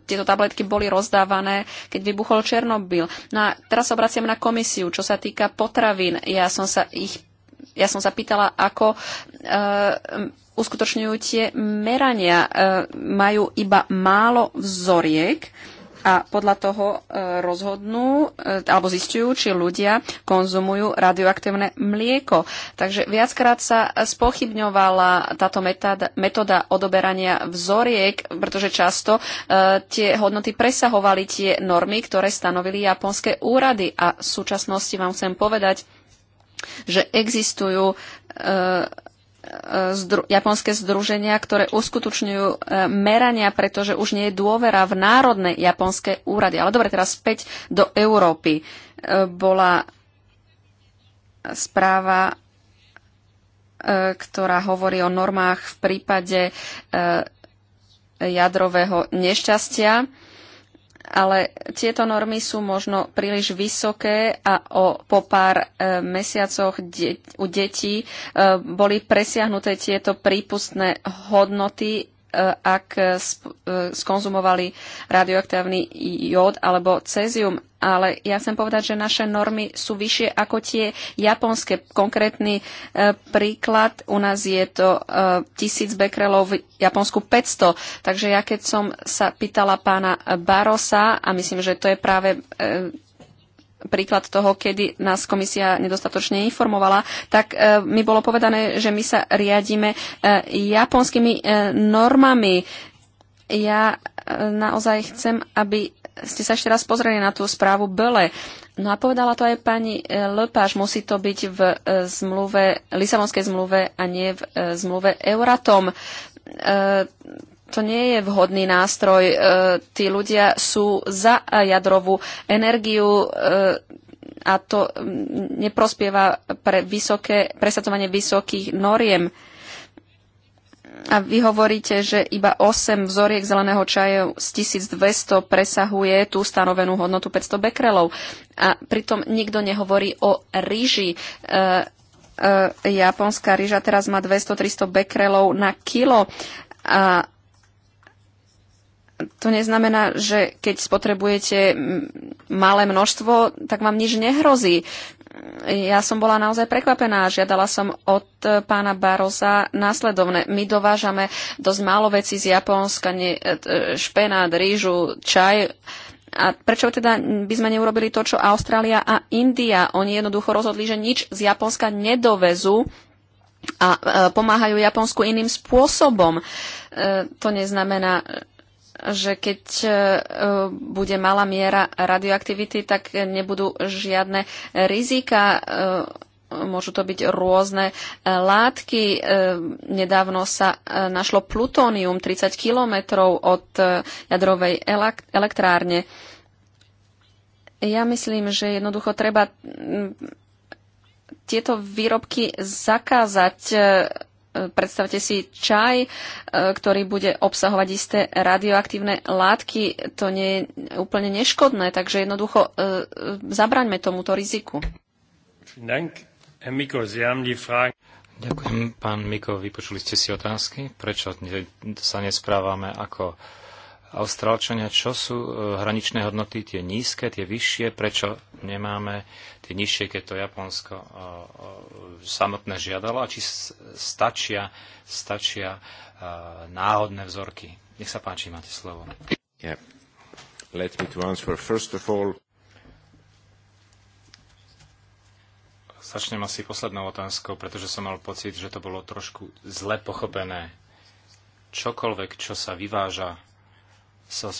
tieto tabletky boli rozdávané, keď vybuchol Černobyl. No a teraz obraciam na komisiu, čo sa týka potravín. Ja som sa ich ja som sa pýtala, ako e, uskutočňujú tie merania. E, majú iba málo vzoriek, a podľa toho e, rozhodnú e, alebo zistujú, či ľudia konzumujú radioaktívne mlieko. Takže viackrát sa spochybňovala táto metóda odoberania vzoriek, pretože často e, tie hodnoty presahovali tie normy, ktoré stanovili japonské úrady. A v súčasnosti vám chcem povedať, že existujú E, zdru, japonské združenia, ktoré uskutočňujú e, merania, pretože už nie je dôvera v národné japonské úrady. Ale dobre, teraz späť do Európy. E, bola správa, ktorá hovorí o normách v prípade jadrového nešťastia ale tieto normy sú možno príliš vysoké a o, po pár e, mesiacoch de- u detí e, boli presiahnuté tieto prípustné hodnoty ak eh, skonzumovali radioaktívny jód alebo cezium. Ale ja chcem povedať, že naše normy sú vyššie ako tie japonské. Konkrétny eh, príklad u nás je to 1000 eh, bekrelov, v Japonsku 500. Takže ja keď som sa pýtala pána Barosa, a myslím, že to je práve príklad toho, kedy nás komisia nedostatočne informovala, tak e, mi bolo povedané, že my sa riadíme e, japonskými e, normami. Ja naozaj chcem, aby ste sa ešte raz pozreli na tú správu Bele. No a povedala to aj pani Lepáš, musí to byť v zmluve, Lisabonskej zmluve a nie v zmluve Euratom to nie je vhodný nástroj. E, tí ľudia sú za jadrovú energiu e, a to neprospieva pre vysoké, presadzovanie vysokých noriem. A vy hovoríte, že iba 8 vzoriek zeleného čaju z 1200 presahuje tú stanovenú hodnotu 500 bekrelov. A pritom nikto nehovorí o rýži. E, e, japonská ryža teraz má 200-300 bekrelov na kilo. A to neznamená, že keď spotrebujete malé množstvo, tak vám nič nehrozí. Ja som bola naozaj prekvapená. Žiadala som od e, pána Baroza následovne. My dovážame dosť málo vecí z Japonska, ne, e, e, špenát, rýžu, čaj. A prečo teda by sme neurobili to, čo Austrália a India? Oni jednoducho rozhodli, že nič z Japonska nedovezú a pomáhajú Japonsku iným spôsobom. To neznamená, že keď e, bude malá miera radioaktivity, tak nebudú žiadne rizika. E, môžu to byť rôzne e, látky. Nedávno sa našlo plutónium 30 kilometrov od jadrovej elektrárne. Ja myslím, že jednoducho treba tieto výrobky zakázať predstavte si čaj, e, ktorý bude obsahovať isté radioaktívne látky. To nie je úplne neškodné, takže jednoducho e, zabraňme tomuto riziku. Ďakujem, pán Miko, vypočuli ste si otázky. Prečo sa nesprávame ako Austrálčania, čo sú e, hraničné hodnoty, tie nízke, tie vyššie, prečo nemáme tie nižšie, keď to Japonsko e, e, samotné žiadalo a či stačia, stačia náhodné vzorky. Nech sa páči, máte slovo. Yeah. Let me to answer first of all. Začnem asi poslednou otázkou, pretože som mal pocit, že to bolo trošku zle pochopené. Čokoľvek, čo sa vyváža sa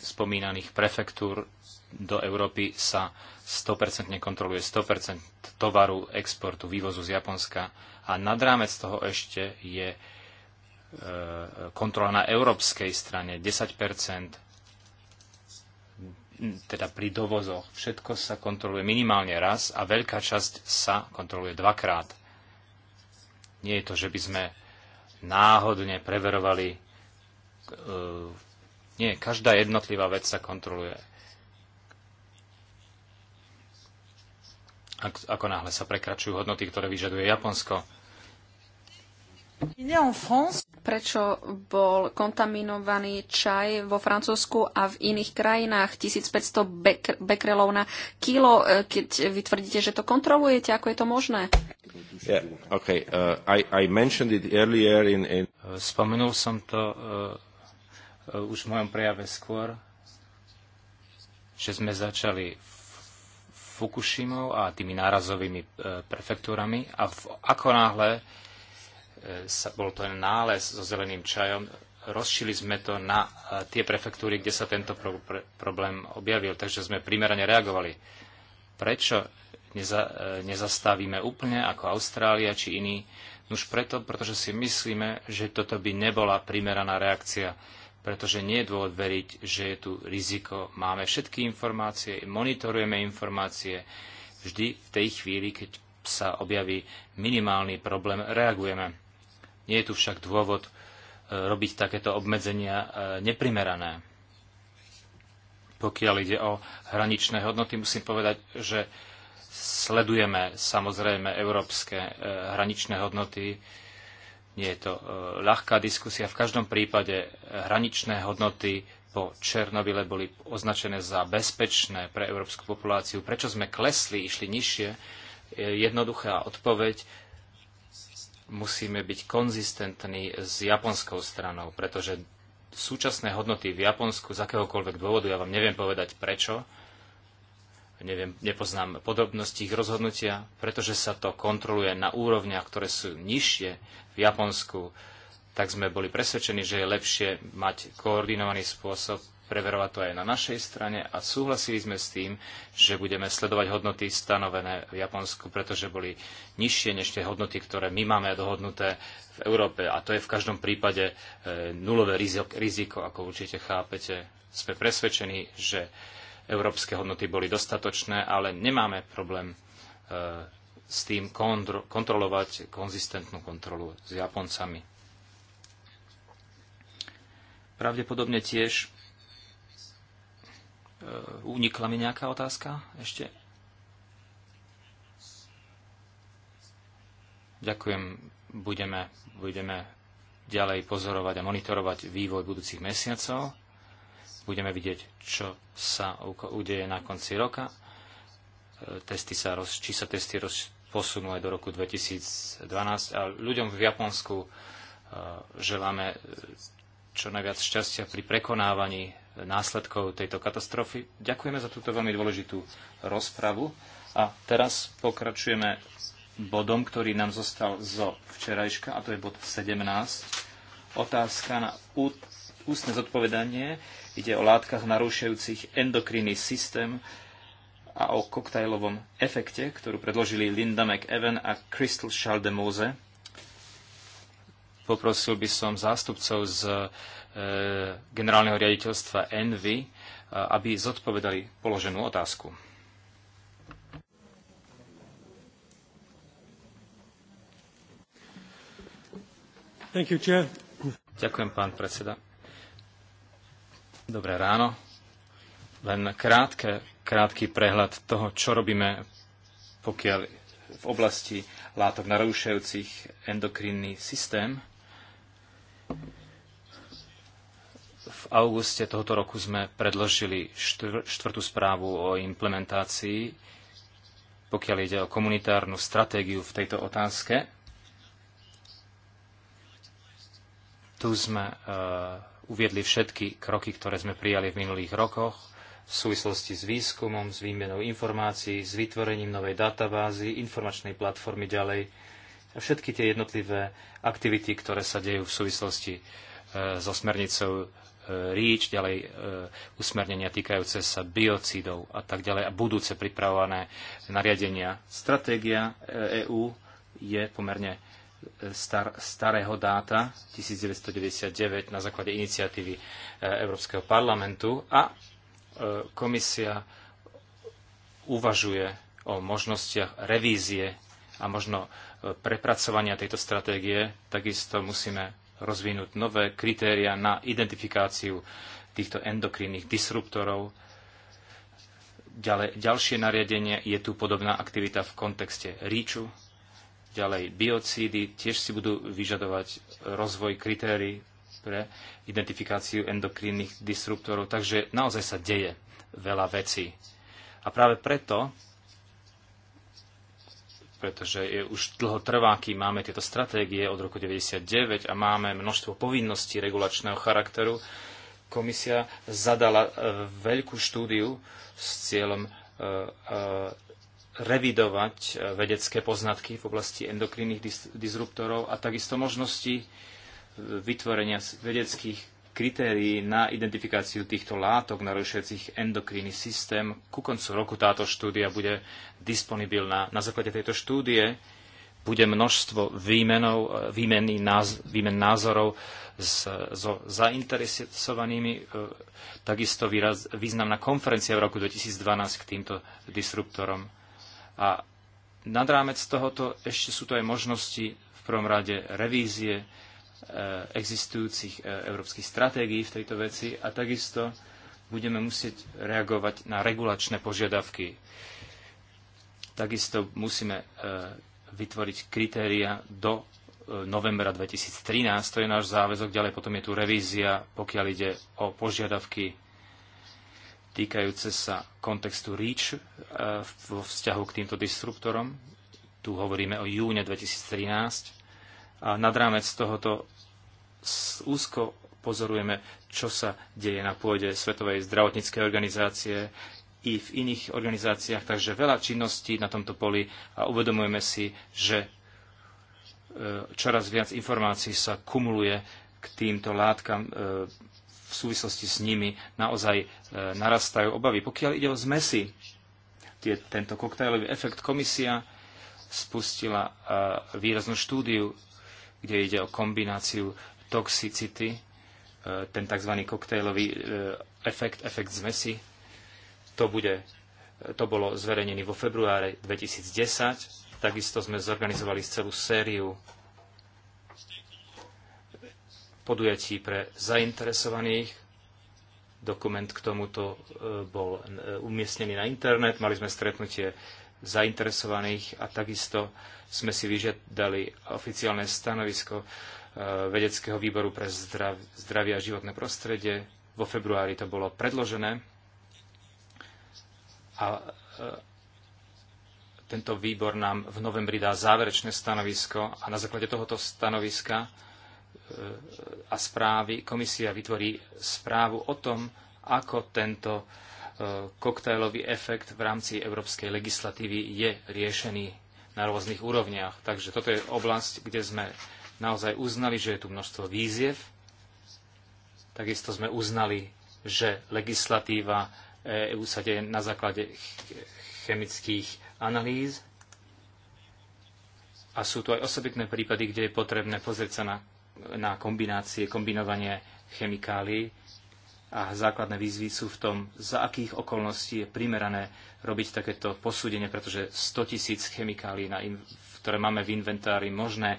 spomínaných prefektúr do Európy sa 100% kontroluje 100% tovaru, exportu, vývozu z Japonska a nad rámec toho ešte je e, kontrola na európskej strane 10%, teda pri dovozoch. Všetko sa kontroluje minimálne raz a veľká časť sa kontroluje dvakrát. Nie je to, že by sme náhodne preverovali e, nie, každá jednotlivá vec sa kontroluje. Ak, ako náhle sa prekračujú hodnoty, ktoré vyžaduje Japonsko. Prečo bol kontaminovaný čaj vo Francúzsku a v iných krajinách 1500 bek- bekrelov na kilo, e, keď vy tvrdíte, že to kontrolujete? Ako je to možné? Yeah, okay. uh, I, I in, in... Spomenul som to uh Eh, už v mojom prejave skôr, že sme začali Fukushimou a tými nárazovými eh, prefektúrami a v, ako náhle eh, sa, bol to nález so zeleným čajom, rozšili sme to na tie prefektúry, kde sa tento pro, pre, problém objavil, takže sme primerane reagovali. Prečo neza, nezastavíme úplne ako Austrália či iní? Už preto, pretože si myslíme, že toto by nebola primeraná reakcia pretože nie je dôvod veriť, že je tu riziko. Máme všetky informácie, monitorujeme informácie. Vždy v tej chvíli, keď sa objaví minimálny problém, reagujeme. Nie je tu však dôvod e, robiť takéto obmedzenia e, neprimerané. Pokiaľ ide o hraničné hodnoty, musím povedať, že sledujeme samozrejme európske e, hraničné hodnoty, nie je to e, ľahká diskusia. V každom prípade hraničné hodnoty po Černobyle boli označené za bezpečné pre európsku populáciu. Prečo sme klesli, išli nižšie? E, jednoduchá odpoveď. Musíme byť konzistentní s japonskou stranou, pretože súčasné hodnoty v Japonsku z akéhokoľvek dôvodu, ja vám neviem povedať prečo, neviem, nepoznám podrobnosti ich rozhodnutia, pretože sa to kontroluje na úrovniach, ktoré sú nižšie v Japonsku, tak sme boli presvedčení, že je lepšie mať koordinovaný spôsob, preverovať to aj na našej strane a súhlasili sme s tým, že budeme sledovať hodnoty stanovené v Japonsku, pretože boli nižšie než tie hodnoty, ktoré my máme dohodnuté v Európe. A to je v každom prípade e, nulové riziko, ako určite chápete. Sme presvedčení, že európske hodnoty boli dostatočné, ale nemáme problém e, s tým kontro, kontrolovať konzistentnú kontrolu s Japoncami. Pravdepodobne tiež e, unikla mi nejaká otázka ešte. Ďakujem, budeme, budeme ďalej pozorovať a monitorovať vývoj budúcich mesiacov. Budeme vidieť, čo sa udeje na konci roka. E, testy sa roz, či sa testy roz, posunú aj do roku 2012. A ľuďom v Japonsku e, želáme e, čo najviac šťastia pri prekonávaní následkov tejto katastrofy. Ďakujeme za túto veľmi dôležitú rozpravu. A teraz pokračujeme bodom, ktorý nám zostal zo včerajška, a to je bod 17. Otázka na ústne zodpovedanie. Ide o látkach narúšajúcich endokrinný systém, a o koktajlovom efekte, ktorú predložili Linda McEwen a Crystal Schaldemose. Poprosil by som zástupcov z e, generálneho riaditeľstva Envy, aby zodpovedali položenú otázku. You, Ďakujem, pán predseda. Dobré ráno len krátke, krátky prehľad toho, čo robíme, pokiaľ v oblasti látok narušajúcich endokrinný systém. V auguste tohoto roku sme predložili štvr, štvrtú správu o implementácii, pokiaľ ide o komunitárnu stratégiu v tejto otázke. Tu sme uh, uviedli všetky kroky, ktoré sme prijali v minulých rokoch v súvislosti s výskumom, s výmenou informácií, s vytvorením novej databázy, informačnej platformy ďalej a všetky tie jednotlivé aktivity, ktoré sa dejú v súvislosti e, so smernicou e, REACH, ďalej e, usmernenia týkajúce sa biocidov a tak ďalej a budúce pripravované nariadenia. Stratégia EÚ je pomerne star, starého dáta 1999 na základe iniciatívy Európskeho parlamentu a komisia uvažuje o možnostiach revízie a možno e, prepracovania tejto stratégie, takisto musíme rozvinúť nové kritéria na identifikáciu týchto endokrinných disruptorov. Ďalej, ďalšie nariadenie je tu podobná aktivita v kontexte ríču. Ďalej biocídy tiež si budú vyžadovať rozvoj kritérií pre identifikáciu endokrínnych disruptorov. Takže naozaj sa deje veľa vecí. A práve preto, pretože je už dlho trvá, kým máme tieto stratégie od roku 1999 a máme množstvo povinností regulačného charakteru, komisia zadala e, veľkú štúdiu s cieľom e, e, revidovať vedecké poznatky v oblasti endokrinných disruptorov a takisto možnosti vytvorenia vedeckých kritérií na identifikáciu týchto látok narušujúcich endokrinný systém. Ku koncu roku táto štúdia bude disponibilná. Na základe tejto štúdie bude množstvo výmenov, e, výmeny, náz, výmen názorov s, so zainteresovanými. E, takisto výraz, významná konferencia v roku 2012 k týmto disruptorom. A nad rámec tohoto ešte sú to aj možnosti v prvom rade revízie Eh, existujúcich eh, európskych stratégií v tejto veci a takisto budeme musieť reagovať na regulačné požiadavky. Takisto musíme eh, vytvoriť kritéria do novembra 2013, to je náš záväzok, ďalej potom je tu revízia, pokiaľ ide o požiadavky týkajúce sa kontextu REACH vo vzťahu k týmto disruptorom. Tu hovoríme o júne 2013 a nad rámec tohoto úzko pozorujeme, čo sa deje na pôde Svetovej zdravotníckej organizácie i v iných organizáciách, takže veľa činností na tomto poli a uvedomujeme si, že e, čoraz viac informácií sa kumuluje k týmto látkam e, v súvislosti s nimi naozaj e, narastajú obavy. Pokiaľ ide o zmesi, tie, tento koktajlový efekt komisia spustila výraznú štúdiu kde ide o kombináciu toxicity, e, ten tzv. koktejlový e, efekt, efekt zmesi. To, bude, e, to bolo zverejnené vo februári 2010. Takisto sme zorganizovali celú sériu podujatí pre zainteresovaných. Dokument k tomuto bol umiestnený na internet. Mali sme stretnutie zainteresovaných a takisto sme si vyžiadali oficiálne stanovisko e, Vedeckého výboru pre zdravie a životné prostredie. Vo februári to bolo predložené a e, tento výbor nám v novembri dá záverečné stanovisko a na základe tohoto stanoviska e, a správy komisia vytvorí správu o tom, ako tento E, koktajlový efekt v rámci európskej legislatívy je riešený na rôznych úrovniach. Takže toto je oblasť, kde sme naozaj uznali, že je tu množstvo víziev. Takisto sme uznali, že legislatíva EÚ sa deje na základe chemických analýz. A sú tu aj osobitné prípady, kde je potrebné pozrieť sa na, na kombinácie, kombinovanie chemikálií a základné výzvy sú v tom, za akých okolností je primerané robiť takéto posúdenie, pretože 100 tisíc chemikálií, ktoré máme v inventári, možné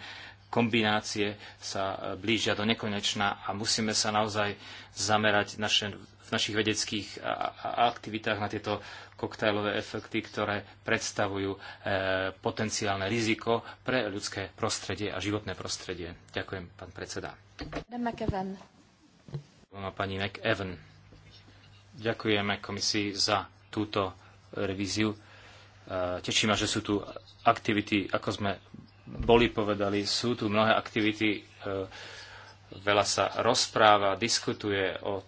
kombinácie sa e, blížia do nekonečna a musíme sa naozaj zamerať naše, v našich vedeckých aktivitách na tieto koktajlové efekty, ktoré predstavujú e, potenciálne riziko pre ľudské prostredie a životné prostredie. Ďakujem, pán predseda pani McEvan. Ďakujeme komisii za túto revíziu. E, teší ma, že sú tu aktivity, ako sme boli povedali, sú tu mnohé aktivity, e, veľa sa rozpráva, diskutuje o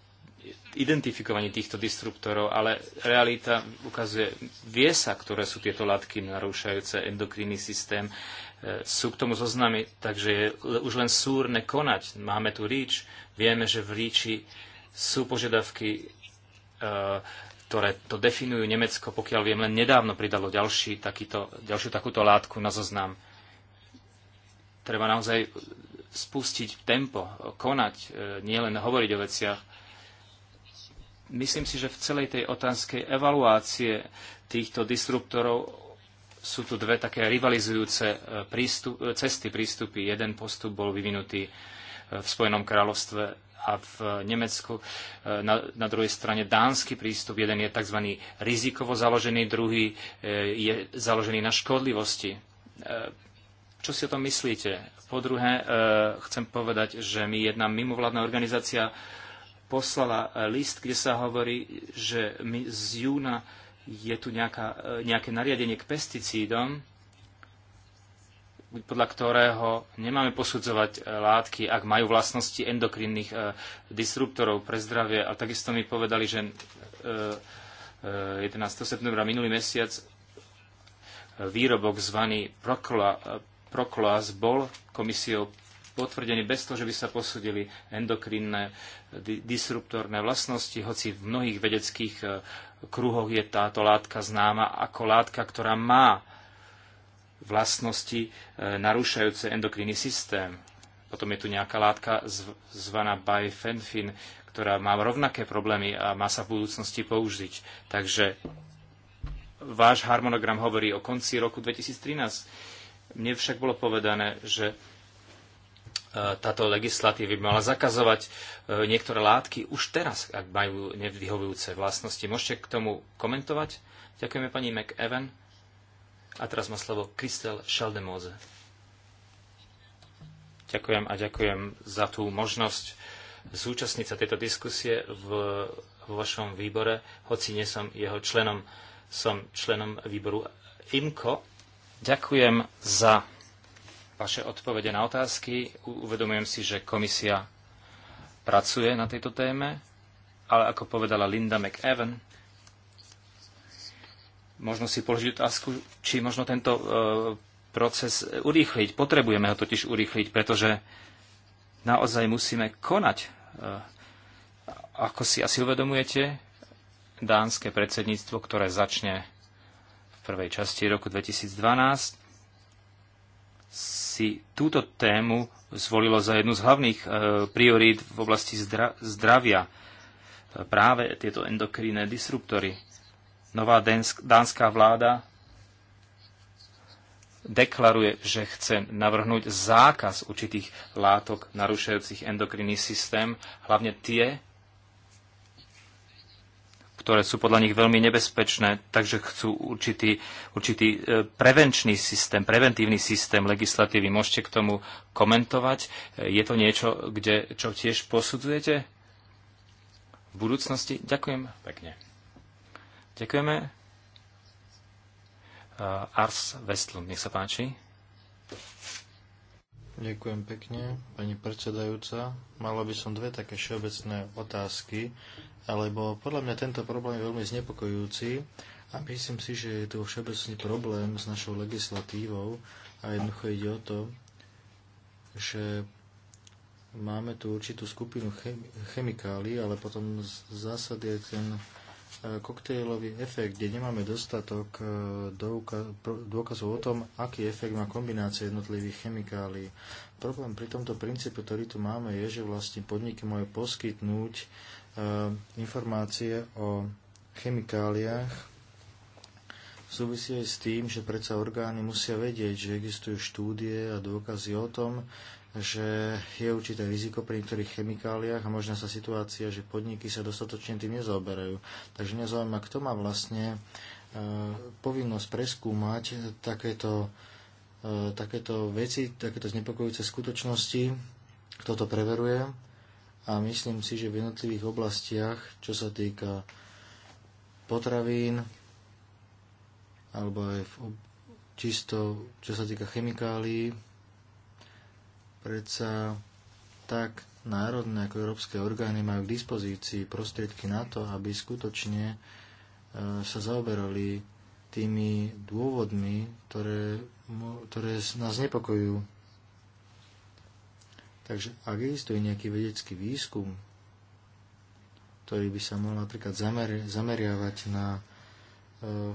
identifikovaní týchto disruptorov, ale realita ukazuje, vie sa, ktoré sú tieto látky narúšajúce endokrinný systém, sú k tomu zoznami, takže je už len súrne konať. Máme tu ríč, vieme, že v ríči sú požiadavky, e, ktoré to definujú. Nemecko, pokiaľ viem, len nedávno pridalo ďalší, takýto, ďalšiu takúto látku na zoznam. Treba naozaj spustiť tempo, konať, e, nielen hovoriť o veciach. Myslím si, že v celej tej otázke evaluácie týchto disruptorov sú tu dve také rivalizujúce e, prístup, e, cesty prístupy. Jeden postup bol vyvinutý e, v Spojenom kráľovstve a v Nemecku. Na, na druhej strane dánsky prístup. Jeden je tzv. rizikovo založený, druhý je založený na škodlivosti. Čo si o tom myslíte? Po druhé, chcem povedať, že mi jedna mimovládna organizácia poslala list, kde sa hovorí, že my z júna je tu nejaká, e, nejaké nariadenie k pesticídom, podľa ktorého nemáme posudzovať e, látky, ak majú vlastnosti endokrinných e, disruptorov pre zdravie. A takisto mi povedali, že 11. septembra minulý mesiac výrobok zvaný Proklas bol komisiou potvrdení bez toho, že by sa posúdili endokrinné disruptorné vlastnosti, hoci v mnohých vedeckých e, kruhoch je táto látka známa ako látka, ktorá má vlastnosti e, narúšajúce endokrinný systém. Potom je tu nejaká látka zvaná bifenfin, ktorá má rovnaké problémy a má sa v budúcnosti použiť. Takže váš harmonogram hovorí o konci roku 2013. Mne však bolo povedané, že táto legislatíva by mala zakazovať e, niektoré látky už teraz, ak majú nevyhovujúce vlastnosti. Môžete k tomu komentovať? Ďakujeme pani McEwen. A teraz má slovo Kristel Šaldemóze. Ďakujem a ďakujem za tú možnosť zúčastniť sa tejto diskusie v, vo vašom výbore, hoci nie som jeho členom, som členom výboru IMCO. Ďakujem za vaše odpovede na otázky. Uvedomujem si, že komisia pracuje na tejto téme, ale ako povedala Linda McEwen, možno si položiť otázku, či možno tento e, proces urýchliť. Potrebujeme ho totiž urýchliť, pretože naozaj musíme konať. E, ako si asi uvedomujete, dánske predsedníctvo, ktoré začne v prvej časti roku 2012, si túto tému zvolilo za jednu z hlavných e, priorít v oblasti zdra- zdravia. E, práve tieto endokrinné disruptory. Nová dánska vláda deklaruje, že chce navrhnúť zákaz určitých látok narušajúcich endokrinný systém, hlavne tie, ktoré sú podľa nich veľmi nebezpečné, takže chcú určitý, určitý e, prevenčný systém, preventívny systém legislatívy. Môžete k tomu komentovať? E, je to niečo, kde, čo tiež posudzujete v budúcnosti? Ďakujem pekne. Ďakujeme. E, Ars Westlund, nech sa páči. Ďakujem pekne, pani predsedajúca. Mala by som dve také všeobecné otázky, alebo podľa mňa tento problém je veľmi znepokojujúci a myslím si, že je tu všeobecný problém s našou legislatívou a jednoducho ide o to, že máme tu určitú skupinu chemikálií, ale potom zásad je ten koktejlový efekt, kde nemáme dostatok e, dôkazov o tom, aký efekt má kombinácia jednotlivých chemikálií. Problém pri tomto princípe, ktorý tu máme, je, že vlastne podniky majú poskytnúť e, informácie o chemikáliách súvisí aj s tým, že predsa orgány musia vedieť, že existujú štúdie a dôkazy o tom, že je určité riziko pri niektorých chemikáliách a možná sa situácia, že podniky sa dostatočne tým nezaoberajú. Takže mňa zaujíma, kto má vlastne e, povinnosť preskúmať takéto, e, takéto veci, takéto znepokojujúce skutočnosti, kto to preveruje. A myslím si, že v jednotlivých oblastiach, čo sa týka potravín, alebo aj v, čisto, čo sa týka chemikálií, Predsa tak národné ako európske orgány majú k dispozícii prostriedky na to, aby skutočne e, sa zaoberali tými dôvodmi, ktoré, ktoré nás nepokojujú. Takže ak existuje nejaký vedecký výskum, ktorý by sa mohol napríklad zameriavať na, e,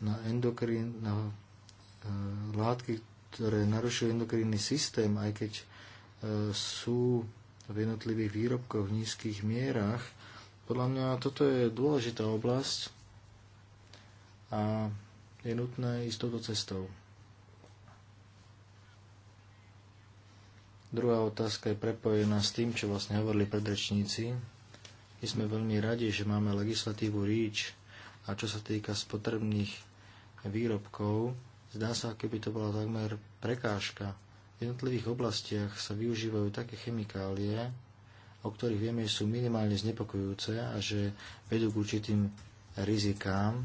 na endokrín, na e, látky, ktoré narušujú endokrinný systém, aj keď e, sú v jednotlivých výrobkoch v nízkych mierach. Podľa mňa toto je dôležitá oblasť a je nutné ísť touto cestou. Druhá otázka je prepojená s tým, čo vlastne hovorili predrečníci. My sme veľmi radi, že máme legislatívu REACH a čo sa týka spotrebných výrobkov, Zdá sa, ako keby to bola takmer prekážka. V jednotlivých oblastiach sa využívajú také chemikálie, o ktorých vieme, že sú minimálne znepokojujúce a že vedú k určitým rizikám.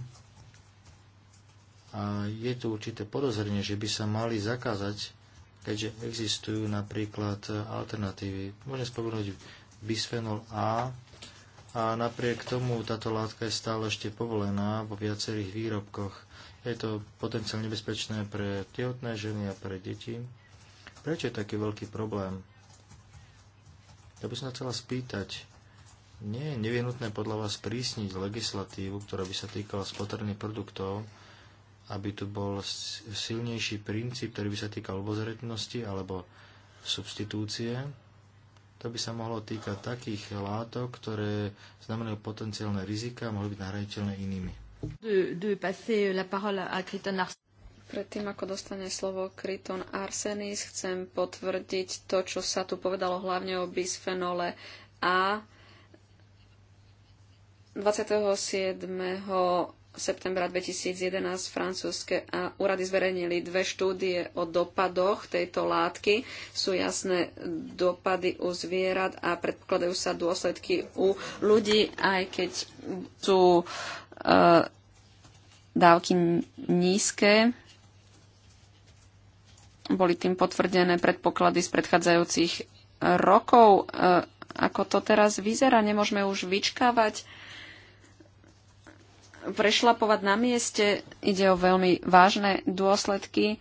A je tu určité podozrenie, že by sa mali zakázať, keďže existujú napríklad alternatívy. Môžem spomenúť bisphenol A a napriek tomu táto látka je stále ešte povolená vo viacerých výrobkoch. Je to potenciálne nebezpečné pre tehotné ženy a pre deti. Prečo je taký veľký problém? Ja by som sa chcela spýtať, nie je nevyhnutné podľa vás prísniť legislatívu, ktorá by sa týkala spotrebných produktov, aby tu bol silnejší princíp, ktorý by sa týkal obozretnosti alebo substitúcie. To by sa mohlo týkať takých látok, ktoré znamenajú potenciálne rizika a mohli byť nahraditeľné inými. Predtým, ako dostane slovo Kriton Arsenis, chcem potvrdiť to, čo sa tu povedalo hlavne o bisfenole A. 27. septembra 2011 francúzske úrady zverejnili dve štúdie o dopadoch tejto látky. Sú jasné dopady u zvierat a predpokladajú sa dôsledky u ľudí, aj keď sú E, dávky nízke. Boli tým potvrdené predpoklady z predchádzajúcich rokov. E, ako to teraz vyzerá, nemôžeme už vyčkávať, prešlapovať na mieste. Ide o veľmi vážne dôsledky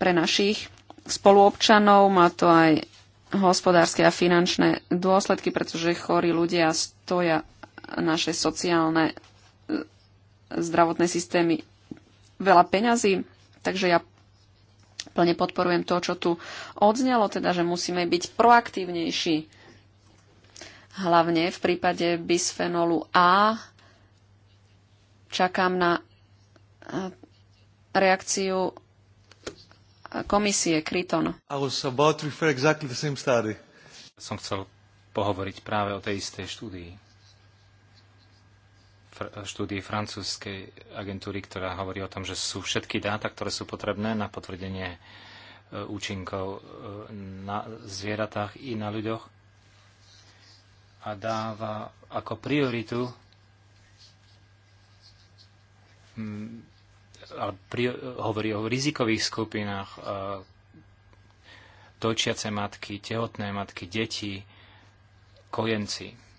pre našich spoluobčanov. Má to aj hospodárske a finančné dôsledky, pretože chorí ľudia stoja naše sociálne e, zdravotné systémy veľa peňazí, takže ja plne podporujem to, čo tu odznelo, teda, že musíme byť proaktívnejší, hlavne v prípade bisfenolu A. Čakám na e, reakciu e, komisie Kryton. Som chcel pohovoriť práve o tej istej štúdii štúdii francúzskej agentúry, ktorá hovorí o tom, že sú všetky dáta, ktoré sú potrebné na potvrdenie e, účinkov e, na zvieratách i na ľuďoch a dáva ako prioritu mm, ale pri, hovorí o rizikových skupinách dočiace e, matky, tehotné matky, deti, kojenci.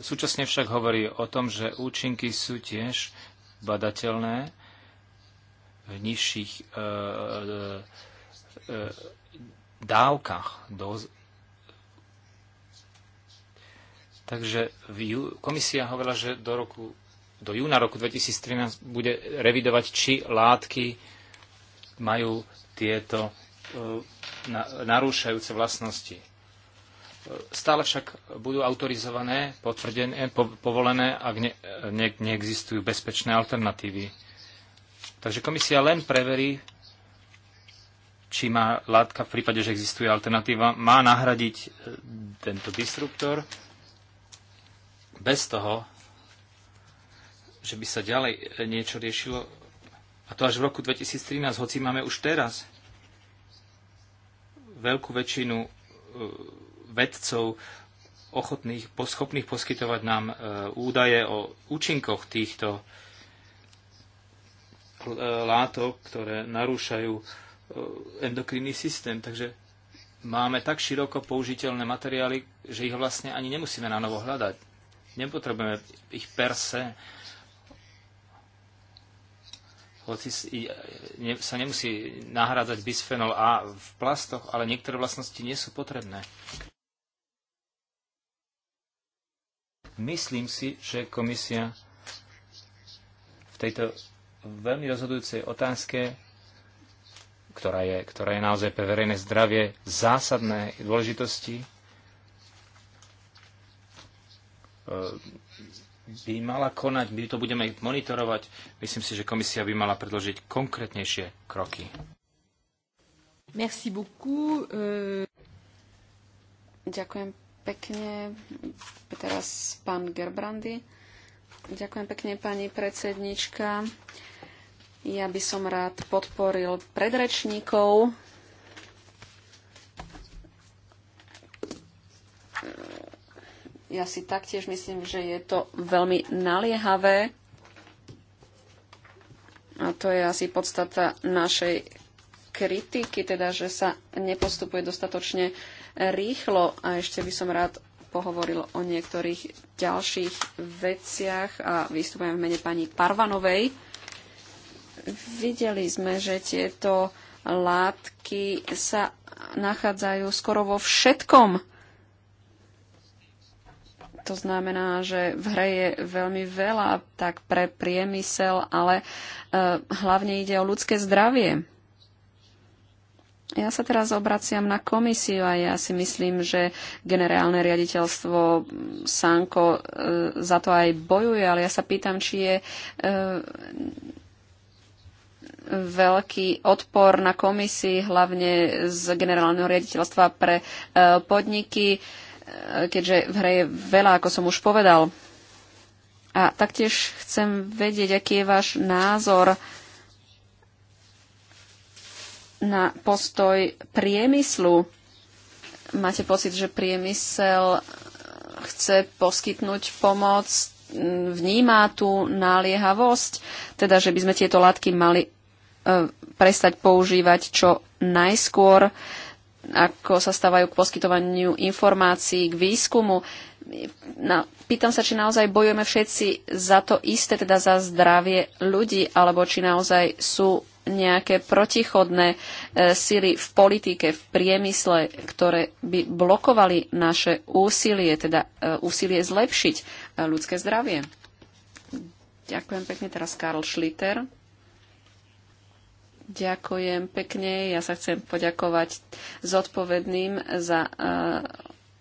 Súčasne však hovorí o tom, že účinky sú tiež badateľné v nižších e, e, e dávkach. Do... Takže komisia hovorila, že do, roku, do júna roku 2013 bude revidovať, či látky majú tieto e, na, narúšajúce vlastnosti Stále však budú autorizované, potvrdené, po, povolené, ak ne, ne, neexistujú bezpečné alternatívy. Takže komisia len preverí, či má látka v prípade, že existuje alternatíva, má nahradiť e, tento disruptor bez toho, že by sa ďalej e, niečo riešilo. A to až v roku 2013, hoci máme už teraz veľkú väčšinu e, vedcov ochotných, schopných poskytovať nám e, údaje o účinkoch týchto e, látok, ktoré narúšajú e, endokrinný systém. Takže máme tak široko použiteľné materiály, že ich vlastne ani nemusíme na novo hľadať. Nepotrebujeme ich per se. Hoci sa nemusí nahrádzať bisfenol A v plastoch, ale niektoré vlastnosti nie sú potrebné. Myslím si, že komisia v tejto veľmi rozhodujúcej otázke, ktorá je, ktorá je naozaj pre verejné zdravie zásadné dôležitosti, e, by mala konať, my to budeme monitorovať. Myslím si, že komisia by mala predložiť konkrétnejšie kroky. Merci beaucoup. E, Ďakujem pekne. Teraz pán Gerbrandy. Ďakujem pekne, pani predsednička. Ja by som rád podporil predrečníkov. Ja si taktiež myslím, že je to veľmi naliehavé. A to je asi podstata našej kritiky, teda že sa nepostupuje dostatočne rýchlo. A ešte by som rád pohovoril o niektorých ďalších veciach a vystupujem v mene pani Parvanovej. Videli sme, že tieto látky sa nachádzajú skoro vo všetkom. To znamená, že v hre je veľmi veľa tak pre priemysel, ale e, hlavne ide o ľudské zdravie. Ja sa teraz obraciam na komisiu a ja si myslím, že generálne riaditeľstvo Sanko e, za to aj bojuje, ale ja sa pýtam, či je e, veľký odpor na komisii, hlavne z generálneho riaditeľstva pre e, podniky, keďže v hre je veľa, ako som už povedal. A taktiež chcem vedieť, aký je váš názor na postoj priemyslu. Máte pocit, že priemysel chce poskytnúť pomoc, vníma tú naliehavosť, teda že by sme tieto látky mali e, prestať používať čo najskôr, ako sa stávajú k poskytovaniu informácií, k výskumu. Na, pýtam sa, či naozaj bojujeme všetci za to isté, teda za zdravie ľudí, alebo či naozaj sú nejaké protichodné e, sily v politike, v priemysle, ktoré by blokovali naše úsilie, teda e, úsilie zlepšiť e, ľudské zdravie. Ďakujem pekne teraz Karl Schlitter. Ďakujem pekne. Ja sa chcem poďakovať zodpovedným za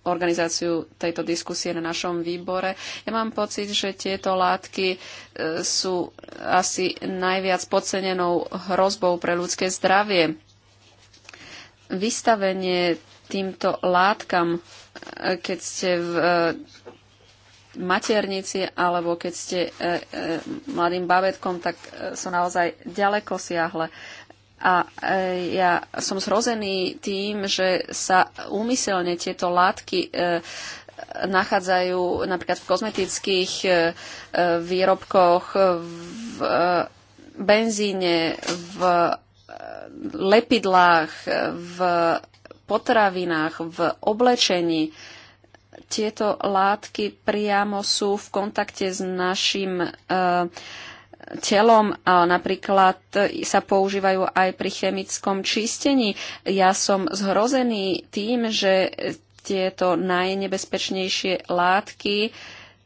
organizáciu tejto diskusie na našom výbore. Ja mám pocit, že tieto látky e, sú asi najviac podcenenou hrozbou pre ľudské zdravie. Vystavenie týmto látkam, e, keď ste v e, maternici alebo keď ste mladým babetkom, tak sú naozaj ďaleko siahle a e, ja som zrozený tým, že sa úmyselne tieto látky e, nachádzajú napríklad v kozmetických e, výrobkoch, v benzíne, v lepidlách, v potravinách, v oblečení. Tieto látky priamo sú v kontakte s našim E, telom a napríklad sa používajú aj pri chemickom čistení. Ja som zhrozený tým, že tieto najnebezpečnejšie látky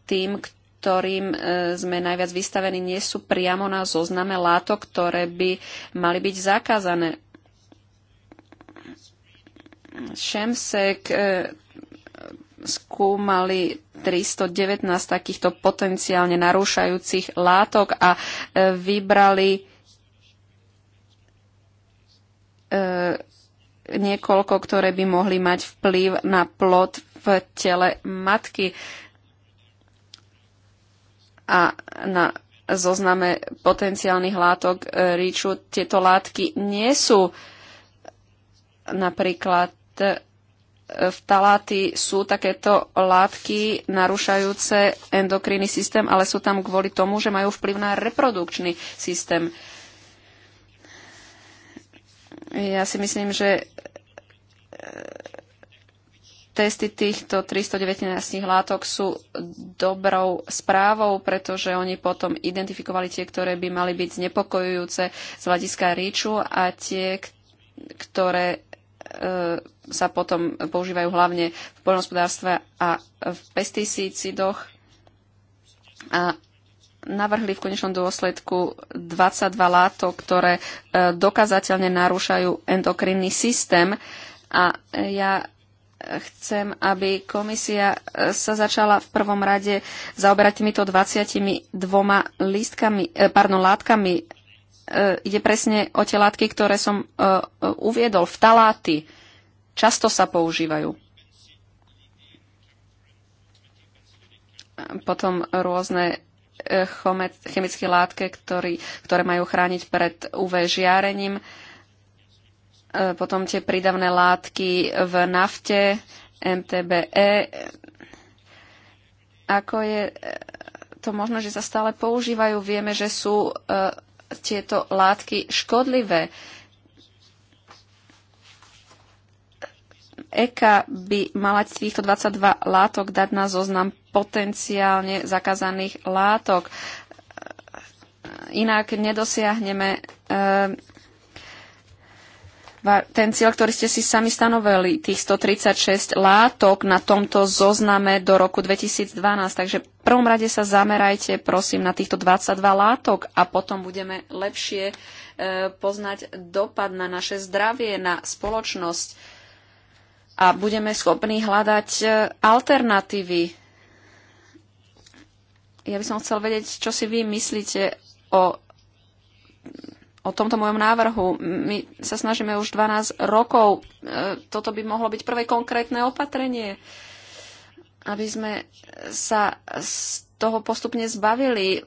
tým, ktorým e, sme najviac vystavení, nie sú priamo na zozname látok, ktoré by mali byť zakázané. Šemsek e, skúmali 319 takýchto potenciálne narúšajúcich látok a e, vybrali e, niekoľko, ktoré by mohli mať vplyv na plod v tele matky. A na zozname potenciálnych látok e, ríču tieto látky nie sú napríklad v taláty sú takéto látky narušajúce endokrínny systém, ale sú tam kvôli tomu, že majú vplyv na reprodukčný systém. Ja si myslím, že e, testy týchto 319 látok sú dobrou správou, pretože oni potom identifikovali tie, ktoré by mali byť znepokojujúce z hľadiska ríču a tie, ktoré E, sa potom používajú hlavne v poľnohospodárstve a v pesticídoch A navrhli v konečnom dôsledku 22 látok, ktoré e, dokazateľne narúšajú endokrinný systém. A ja chcem, aby komisia e, sa začala v prvom rade zaoberať týmito 22 lístkami, pardon, látkami E, ide presne o tie látky, ktoré som e, e, uviedol. Vtaláty často sa používajú. Potom rôzne chemické látky, ktorý, ktoré majú chrániť pred UV žiarením. Potom tie prídavné látky v nafte, MTBE. Ako je to možno, že sa stále používajú? Vieme, že sú tieto látky škodlivé. EKA by mala týchto 22 látok dať na zoznam potenciálne zakázaných látok. Inak nedosiahneme ten cieľ, ktorý ste si sami stanovili, tých 136 látok na tomto zozname do roku 2012. Takže v prvom rade sa zamerajte, prosím, na týchto 22 látok a potom budeme lepšie e, poznať dopad na naše zdravie, na spoločnosť a budeme schopní hľadať e, alternatívy. Ja by som chcel vedieť, čo si vy myslíte o o tomto mojom návrhu. My sa snažíme už 12 rokov. E, toto by mohlo byť prvé konkrétne opatrenie, aby sme sa z toho postupne zbavili.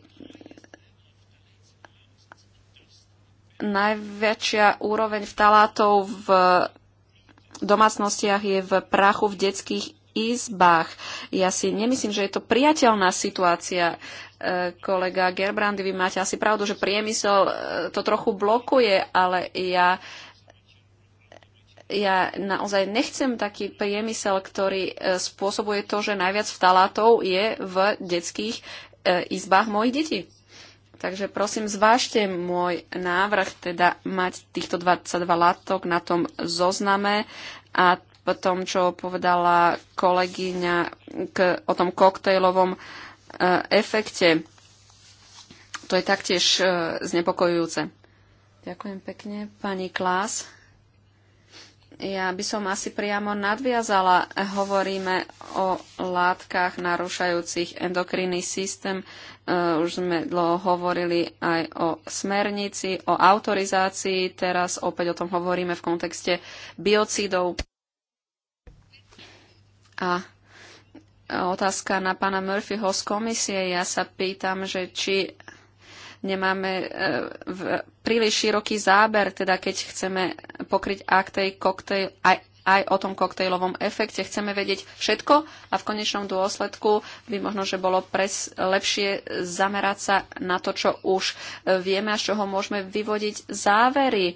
Najväčšia úroveň vtalátov v domácnostiach je v prachu, v detských izbách. Ja si nemyslím, že je to priateľná situácia. E, kolega Gerbrandy, vy máte asi pravdu, že priemysel e, to trochu blokuje, ale ja ja naozaj nechcem taký priemysel, ktorý e, spôsobuje to, že najviac vtalátov je v detských izbách mojich detí. Takže prosím, zvážte môj návrh, teda mať týchto 22 látok na tom zozname a po tom, čo povedala kolegyňa k, o tom koktejlovom e, efekte. To je taktiež e, znepokojujúce. Ďakujem pekne. Pani Klás. Ja by som asi priamo nadviazala. Hovoríme o látkach narušajúcich endokrinný systém. E, už sme dlho hovorili aj o smernici, o autorizácii. Teraz opäť o tom hovoríme v kontexte biocidov. A otázka na pána Murphyho z komisie. Ja sa pýtam, že či nemáme e, v, príliš široký záber, teda keď chceme pokryť aktej, koktej, aj, aj o tom koktejlovom efekte. Chceme vedieť všetko a v konečnom dôsledku by možno, že bolo pres, lepšie zamerať sa na to, čo už e, vieme a z čoho môžeme vyvodiť závery